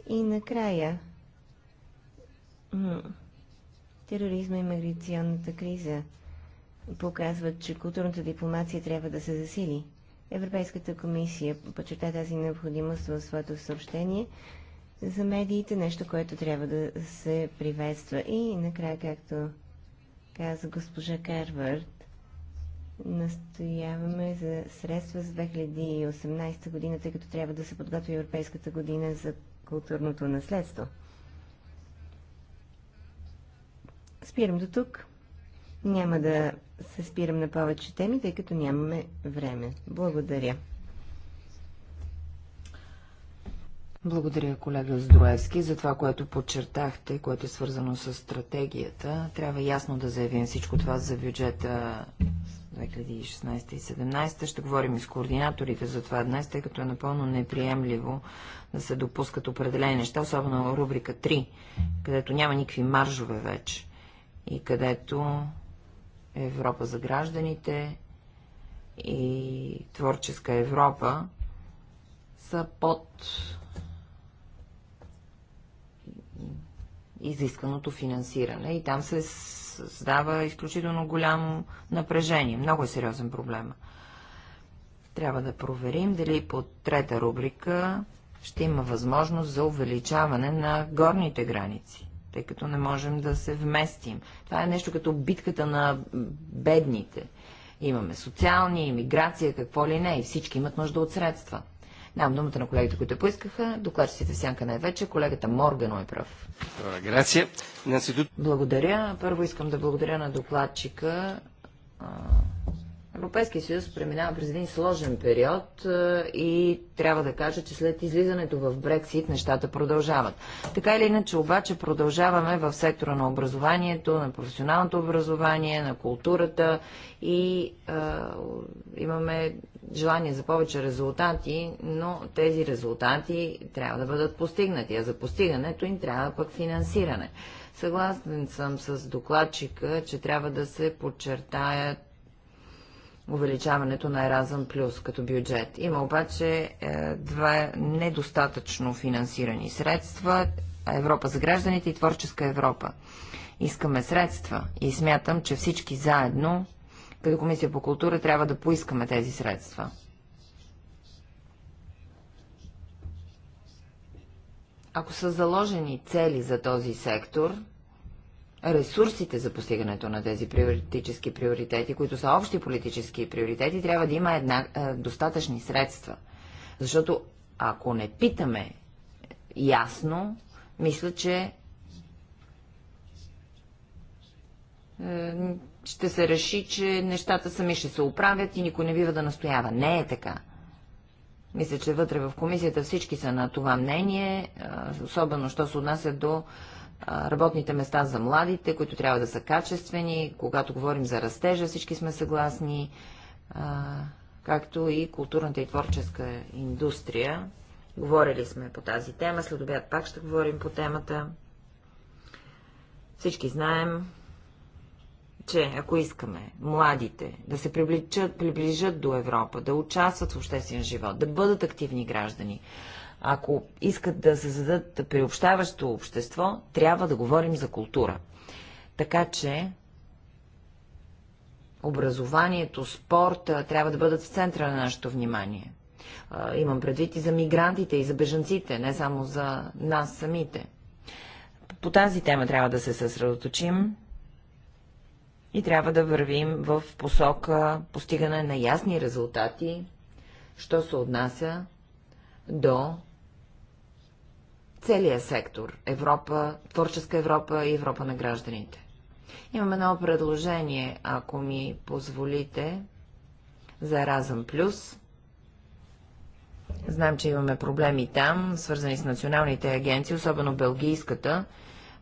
И накрая, тероризма и миграционната криза показват, че културната дипломация трябва да се засили. Европейската комисия подчерта тази необходимост в своето съобщение за медиите, нещо, което трябва да се приветства. И накрая, както каза госпожа Карвард, настояваме за средства за 2018 година, тъй като трябва да се подготви Европейската година за културното наследство. Спирам до тук. Няма да се спирам на повече теми, тъй като нямаме време. Благодаря. Благодаря, колега Здроевски, за това, което подчертахте, което е свързано с стратегията. Трябва ясно да заявим всичко това за бюджета 2016 и 2017. Ще говорим и с координаторите за това днес, тъй като е напълно неприемливо да се допускат определени неща, особено рубрика 3, където няма никакви маржове вече и където Европа за гражданите и творческа Европа са под изисканото финансиране и там се създава изключително голямо напрежение. Много е сериозен проблем. Трябва да проверим дали по трета рубрика ще има възможност за увеличаване на горните граници, тъй като не можем да се вместим. Това е нещо като битката на бедните. Имаме социални, иммиграция, какво ли не, и всички имат нужда от средства. Давам думата на колегите, които поискаха. Докладчиците сянка най-вече. Колегата Моргано е прав. Благодаря. Първо искам да благодаря на докладчика Европейския съюз преминава през един сложен период е, и трябва да кажа, че след излизането в Брексит нещата продължават. Така или иначе обаче продължаваме в сектора на образованието, на професионалното образование, на културата и е, имаме желание за повече резултати, но тези резултати трябва да бъдат постигнати, а за постигането им трябва пък финансиране. Съгласен съм с докладчика, че трябва да се подчертаят увеличаването на Еразъм Плюс като бюджет. Има обаче е, два недостатъчно финансирани средства Европа за гражданите и Творческа Европа. Искаме средства и смятам, че всички заедно, като Комисия по култура, трябва да поискаме тези средства. Ако са заложени цели за този сектор, ресурсите за постигането на тези приоритически приоритети, които са общи политически приоритети, трябва да има една, е, достатъчни средства. Защото ако не питаме ясно, мисля, че е, ще се реши, че нещата сами ще се оправят и никой не бива да настоява. Не е така. Мисля, че вътре в комисията всички са на това мнение, особено що се отнася до работните места за младите, които трябва да са качествени, когато говорим за растежа, всички сме съгласни, както и културната и творческа индустрия. Говорили сме по тази тема, след обяд пак ще говорим по темата. Всички знаем, че ако искаме младите да се приближат, приближат до Европа, да участват в обществен живот, да бъдат активни граждани, ако искат да създадат приобщаващо общество, трябва да говорим за култура. Така че образованието, спорта трябва да бъдат в центъра на нашето внимание. Имам предвид и за мигрантите, и за бежанците, не само за нас самите. По тази тема трябва да се съсредоточим и трябва да вървим в посока постигане на ясни резултати, що се отнася до целия сектор – Европа, творческа Европа и Европа на гражданите. Имам едно предложение, ако ми позволите, за Еразъм Плюс. Знам, че имаме проблеми там, свързани с националните агенции, особено белгийската,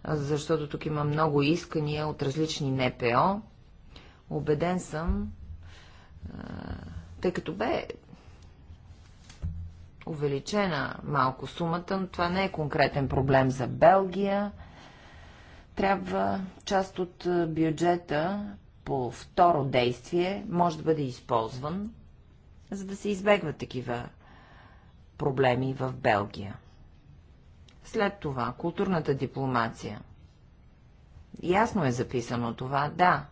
защото тук има много искания от различни НПО. Обеден съм, тъй като бе увеличена малко сумата, но това не е конкретен проблем за Белгия. Трябва част от бюджета по второ действие може да бъде използван, за да се избегват такива проблеми в Белгия. След това културната дипломация. Ясно е записано това, да.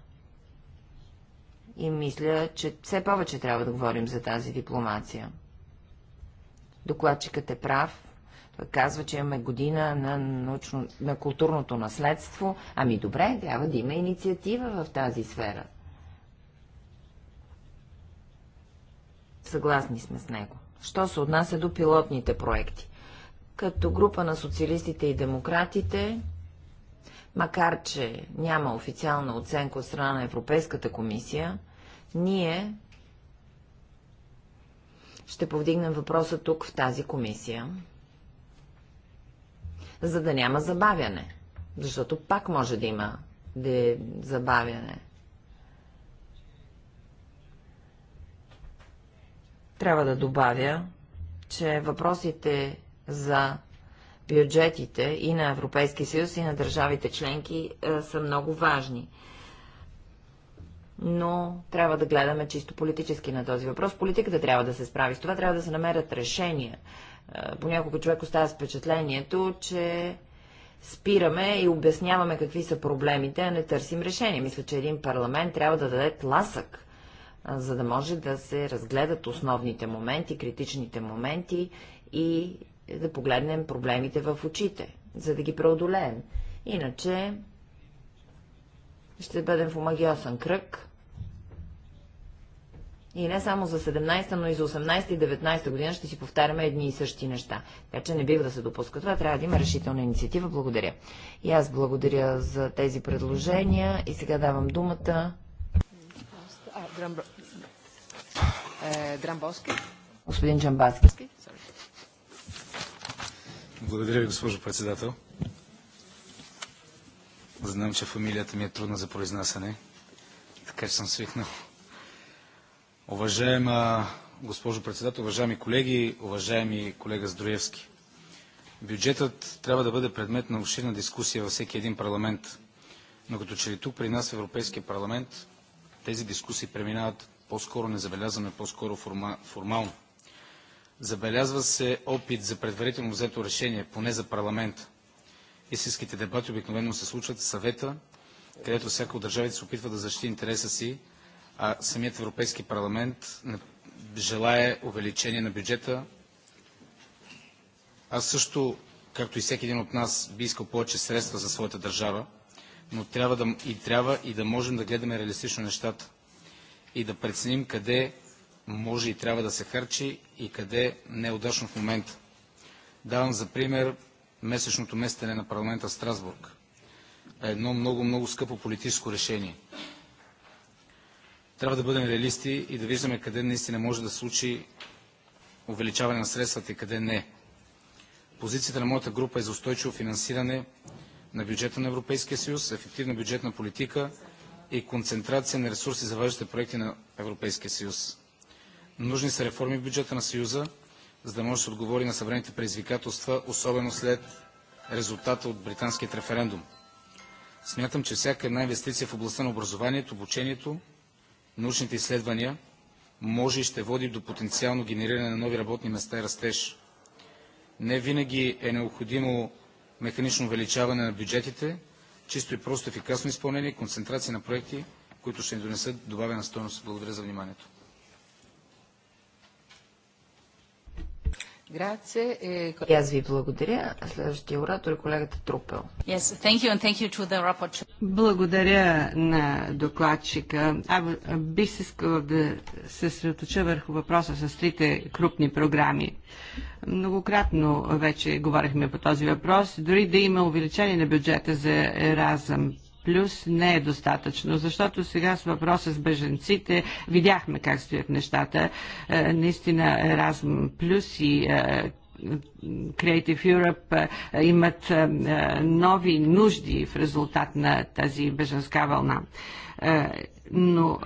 И мисля, че все повече трябва да говорим за тази дипломация. Докладчикът е прав. Той казва, че имаме година на, научно, на културното наследство. Ами добре, трябва да има инициатива в тази сфера. Съгласни сме с него. Що се отнася до пилотните проекти? Като група на социалистите и демократите, макар че няма официална оценка от страна на Европейската комисия, ние ще повдигнем въпроса тук в тази комисия, за да няма забавяне, защото пак може да има да е забавяне. Трябва да добавя, че въпросите за бюджетите и на Европейския съюз, и на държавите членки е, са много важни но трябва да гледаме чисто политически на този въпрос. Политиката трябва да се справи с това, трябва да се намерят решения. Е, понякога човек оставя с впечатлението, че спираме и обясняваме какви са проблемите, а не търсим решение. Мисля, че един парламент трябва да даде тласък, е, за да може да се разгледат основните моменти, критичните моменти и да погледнем проблемите в очите, за да ги преодолеем. Иначе ще бъдем в омагиосен кръг и не само за 17-та, но и за 18-та и 19-та година ще си повтаряме едни и същи неща. Така че не бива да се допуска това. Трябва да има решителна инициатива. Благодаря. И аз благодаря за тези предложения. И сега давам думата. Е, Господин Джамбаски. Благодаря ви, госпожо председател. Знам, че фамилията ми е трудна за произнасяне, така че съм свикнал. Уважаема госпожо председател, уважаеми колеги, уважаеми колега Здруевски. Бюджетът трябва да бъде предмет на обширна дискусия във всеки един парламент. Но като че ли тук при нас в Европейския парламент тези дискусии преминават по-скоро незабелязано и по-скоро форма, формално. Забелязва се опит за предварително взето решение, поне за парламент. Истинските дебати обикновено се случват в съвета, където всяка от държавите се опитва да защити интереса си а самият Европейски парламент желае увеличение на бюджета. Аз също, както и всеки един от нас, би искал повече средства за своята държава, но трябва да, и трябва и да можем да гледаме реалистично нещата и да преценим къде може и трябва да се харчи и къде не е удачно в момента. Давам за пример месечното местене на парламента в Страсбург. Едно много-много скъпо политическо решение. Трябва да бъдем реалисти и да виждаме къде наистина може да случи увеличаване на средствата и къде не. Позицията на моята група е за устойчиво финансиране на бюджета на Европейския съюз, ефективна бюджетна политика и концентрация на ресурси за важните проекти на Европейския съюз. Нужни са реформи в бюджета на Съюза, за да може да се отговори на съвременните предизвикателства, особено след резултата от британският референдум. Смятам, че всяка една инвестиция в областта на образованието, обучението, научните изследвания може и ще води до потенциално генериране на нови работни места и растеж. Не винаги е необходимо механично увеличаване на бюджетите, чисто и просто ефикасно изпълнение и концентрация на проекти, които ще ни донесат добавена стойност. Благодаря за вниманието. Е И аз ви благодаря. Следващия оратор е колегата Трупел. Yes, thank you and thank you to the rapporteur. Благодаря на докладчика. А, бих искала да се средоточа върху въпроса с трите крупни програми. Многократно вече говорихме по този въпрос. Дори да има увеличение на бюджета за Еразъм плюс не е достатъчно, защото сега с въпроса с беженците видяхме как стоят нещата. Е, наистина Еразм плюс и е, Creative Europe е, имат нови нужди в резултат на тази беженска вълна но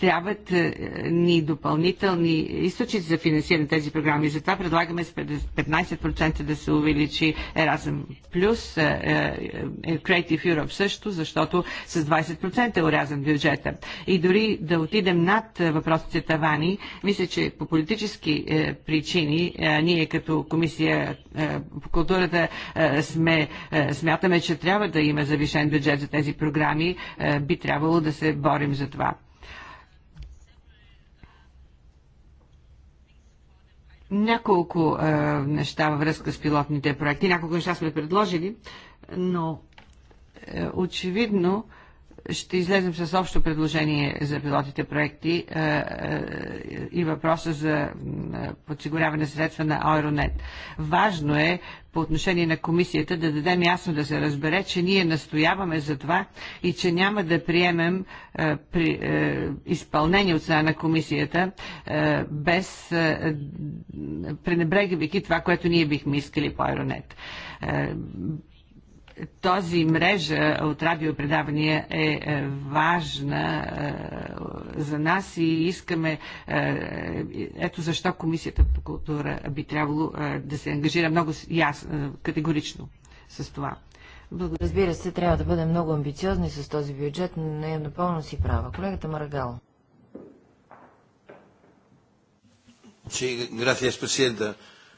трябват е, ни допълнителни източници за финансиране на тези програми. Затова предлагаме с 15% да се увеличи Erasmus+, е, е, Creative Europe също, защото с 20% е урязан бюджета. И дори да отидем над въпросните тавани, мисля, че по политически причини ние като комисия по културата сме, смятаме, че трябва да има завишен бюджет за тези програми. Би трябвало да се борим за това. Няколко а, е, неща във връзка с пилотните проекти. Няколко неща сме предложили, но е, очевидно ще излезем с общо предложение за пилотите проекти е, е, и въпроса за подсигуряване средства на Euronет. Важно е по отношение на комисията да дадем ясно да се разбере, че ние настояваме за това и че няма да приемем е, при, е, изпълнение от страна на комисията е, без е, пренебрегвайки това, което ние бихме искали по Euronет тази мрежа от радиопредавания е, е важна е, за нас и искаме, е, ето защо Комисията по култура би трябвало да се ангажира много ясно, категорично с това. Благодаря. Разбира се, трябва да бъдем много амбициозни с този бюджет, но не е напълно си права. Колегата Марагал. Sí, gracias, presidenta.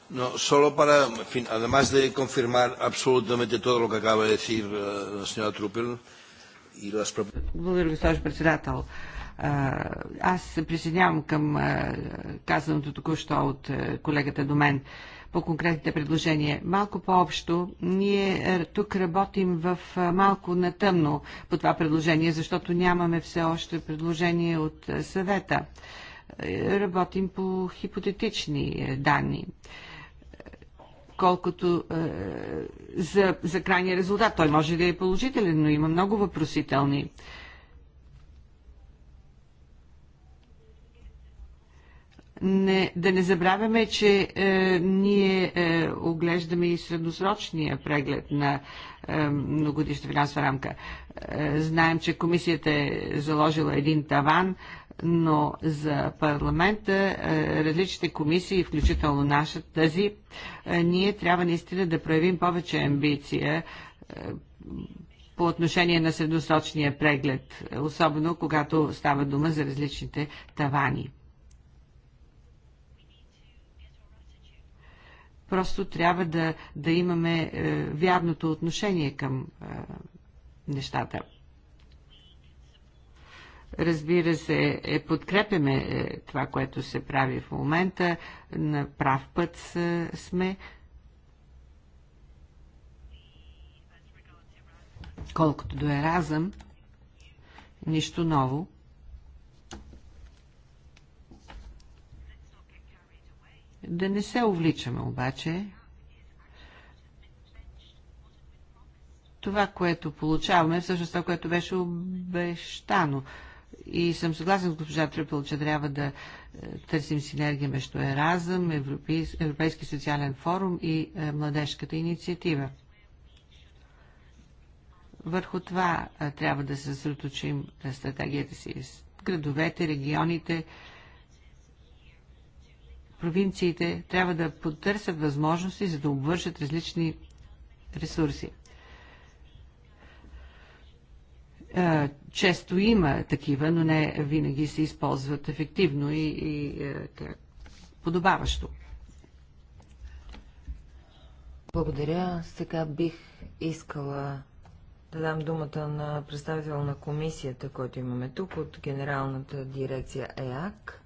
No, solo para, en fin, además de confirmar absolutamente todo lo que acaba de decir eh, la señora Truppel y las Благодаря, председател. Аз се присъединявам към казаното току-що от колегата до мен по конкретните предложения. Малко по-общо, ние е, тук работим в малко натъмно по това предложение, защото нямаме все още предложение от съвета. Е, работим по хипотетични е, данни отколкото е, за, за крайния резултат. Той може да е положителен, но има много въпросителни. Не, да не забравяме, че е, ние е, оглеждаме и средносрочния преглед на е, многодишна финансова рамка. Е, знаем, че комисията е заложила един таван но за парламента, е, различните комисии, включително нашата тази, е, ние трябва наистина да проявим повече амбиция е, по отношение на средносрочния преглед, особено когато става дума за различните тавани. Просто трябва да, да имаме е, вярното отношение към е, нещата. Разбира се, е, подкрепяме е, това, което се прави в момента. На прав път е, сме. Колкото до еразъм, нищо ново. Да не се увличаме обаче. Това, което получаваме, всъщност това, което беше обещано – и съм съгласен с госпожа Трюпел, че трябва да е, търсим синергия между Еразъм, Европейски, Европейски социален форум и е, младежката инициатива. Върху това е, трябва да се съсредоточим стратегията си. Градовете, регионите, провинциите трябва да потърсят възможности, за да обвържат различни ресурси. Е, често има такива, но не винаги се използват ефективно и, и е, подобаващо. Благодаря. Сега бих искала да дам думата на представител на комисията, който имаме тук от Генералната дирекция ЕАК.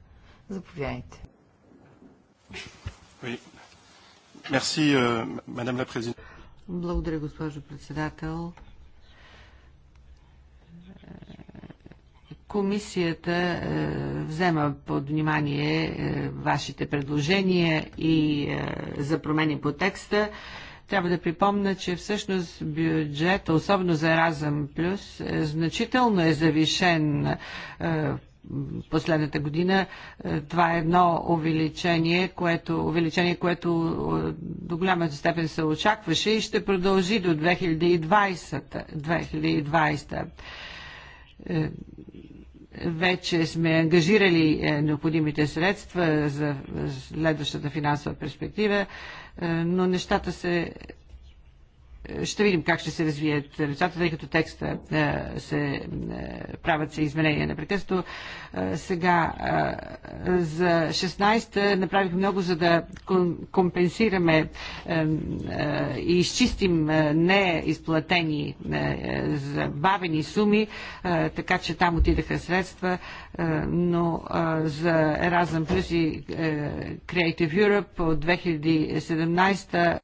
Заповядайте. Euh, Благодаря, госпожо председател. Комисията е, взема под внимание е, вашите предложения и е, за промени по текста. Трябва да припомна, че всъщност бюджет, особено за Разъм Плюс, е, значително е завишен е, последната година. Е, това е едно увеличение, което, увеличение, което е, до голяма степен се очакваше и ще продължи до 2020. 2020 вече сме ангажирали е, необходимите средства за следващата финансова перспектива, е, но нещата се ще видим как ще се развият нещата, тъй като текста е, се е, правят се изменения непрекъснато. Е, сега за 16-та направих много, за да компенсираме и изчистим неизплатени забавени суми, така че там отидаха средства, но за Erasmus Plus и Creative Europe от 2017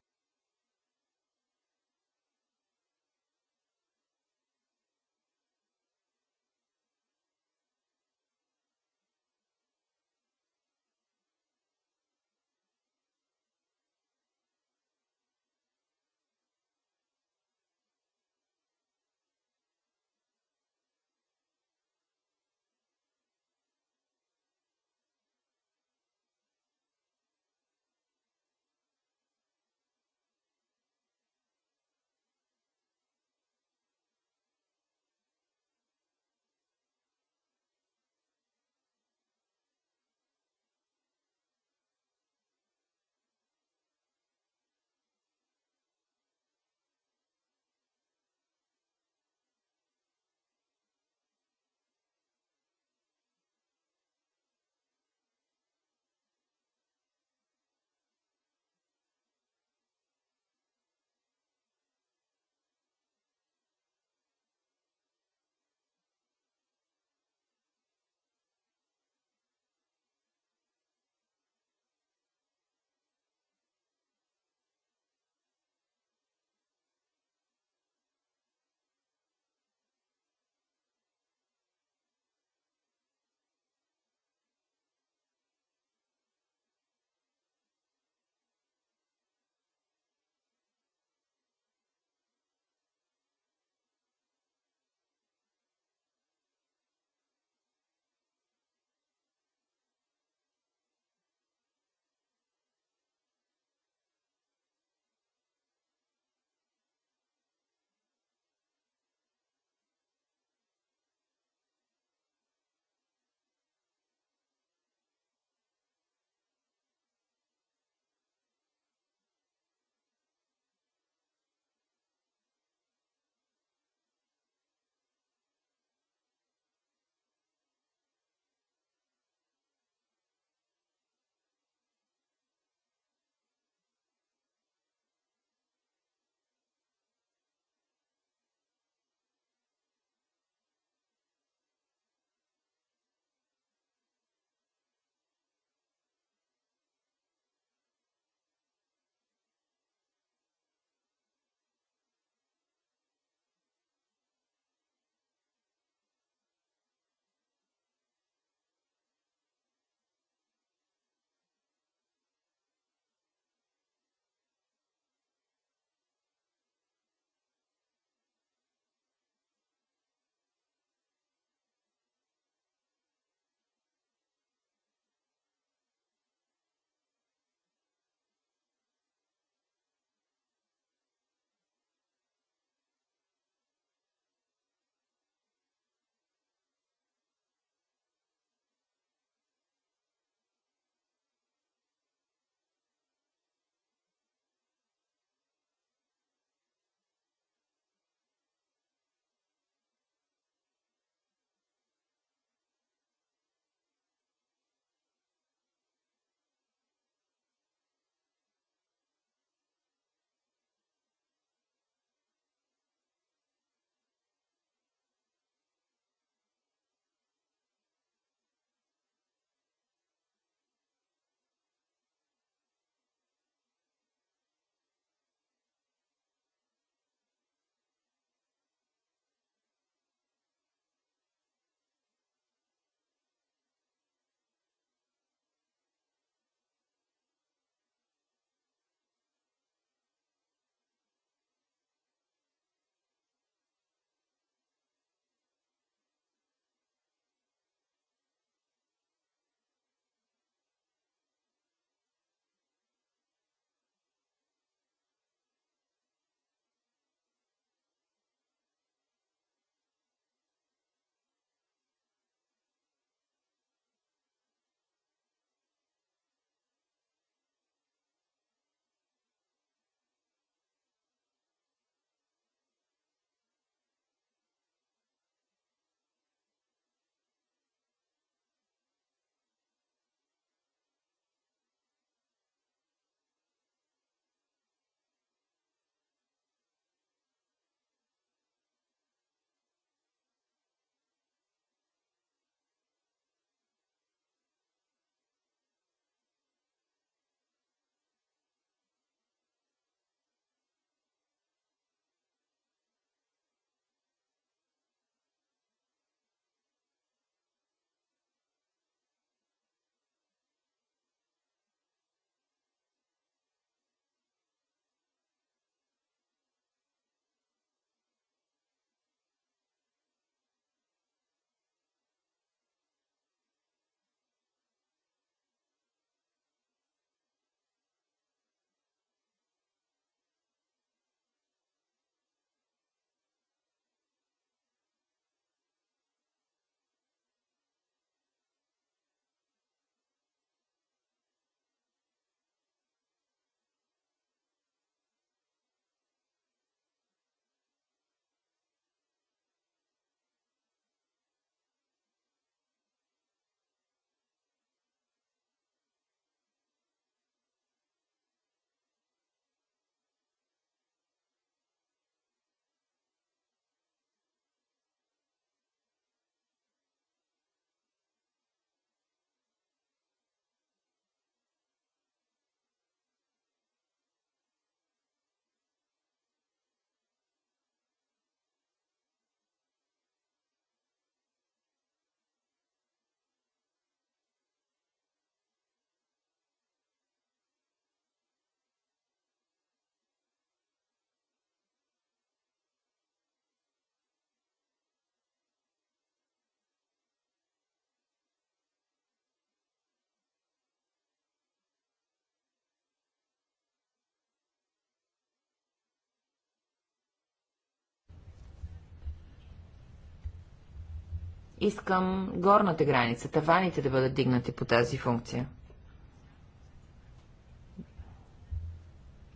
Искам горната граница, таваните да бъдат дигнати по тази функция.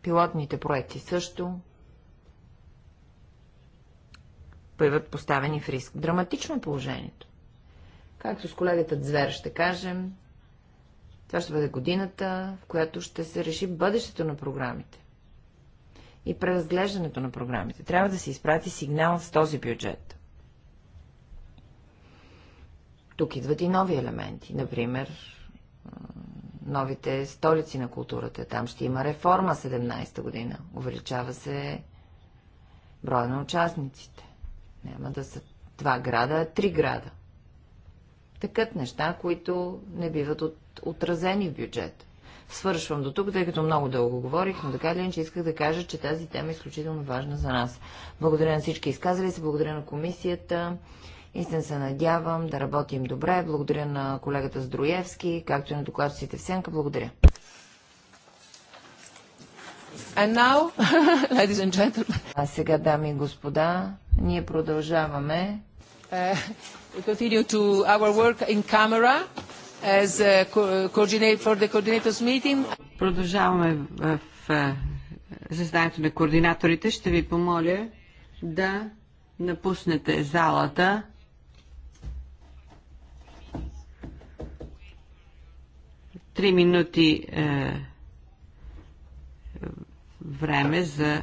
Пилотните проекти също бъдат поставени в риск. Драматично е положението. Както с колегата Звер ще кажем, това ще бъде годината, в която ще се реши бъдещето на програмите и преразглеждането на програмите. Трябва да се изпрати сигнал с този бюджет. Тук идват и нови елементи, например новите столици на културата. Там ще има реформа 17-та година. Увеличава се броя на участниците. Няма да са два града, а три града. Такът неща, които не биват от, отразени в бюджет. Свършвам до тук, тъй като много дълго говорих, но така ли, че исках да кажа, че тази тема е изключително важна за нас. Благодаря на всички изказали се, благодаря на комисията. Истин се надявам да работим добре. Благодаря на колегата Здроевски, както и на докладчиците в Сенка. Благодаря. And now, ladies and gentlemen. А сега, дами и господа, ние продължаваме. Uh, we continue to our work in camera as uh, a for the coordinators meeting. Продължаваме в, в заседанието на координаторите. Ще ви помоля да напуснете залата. три минути е, време за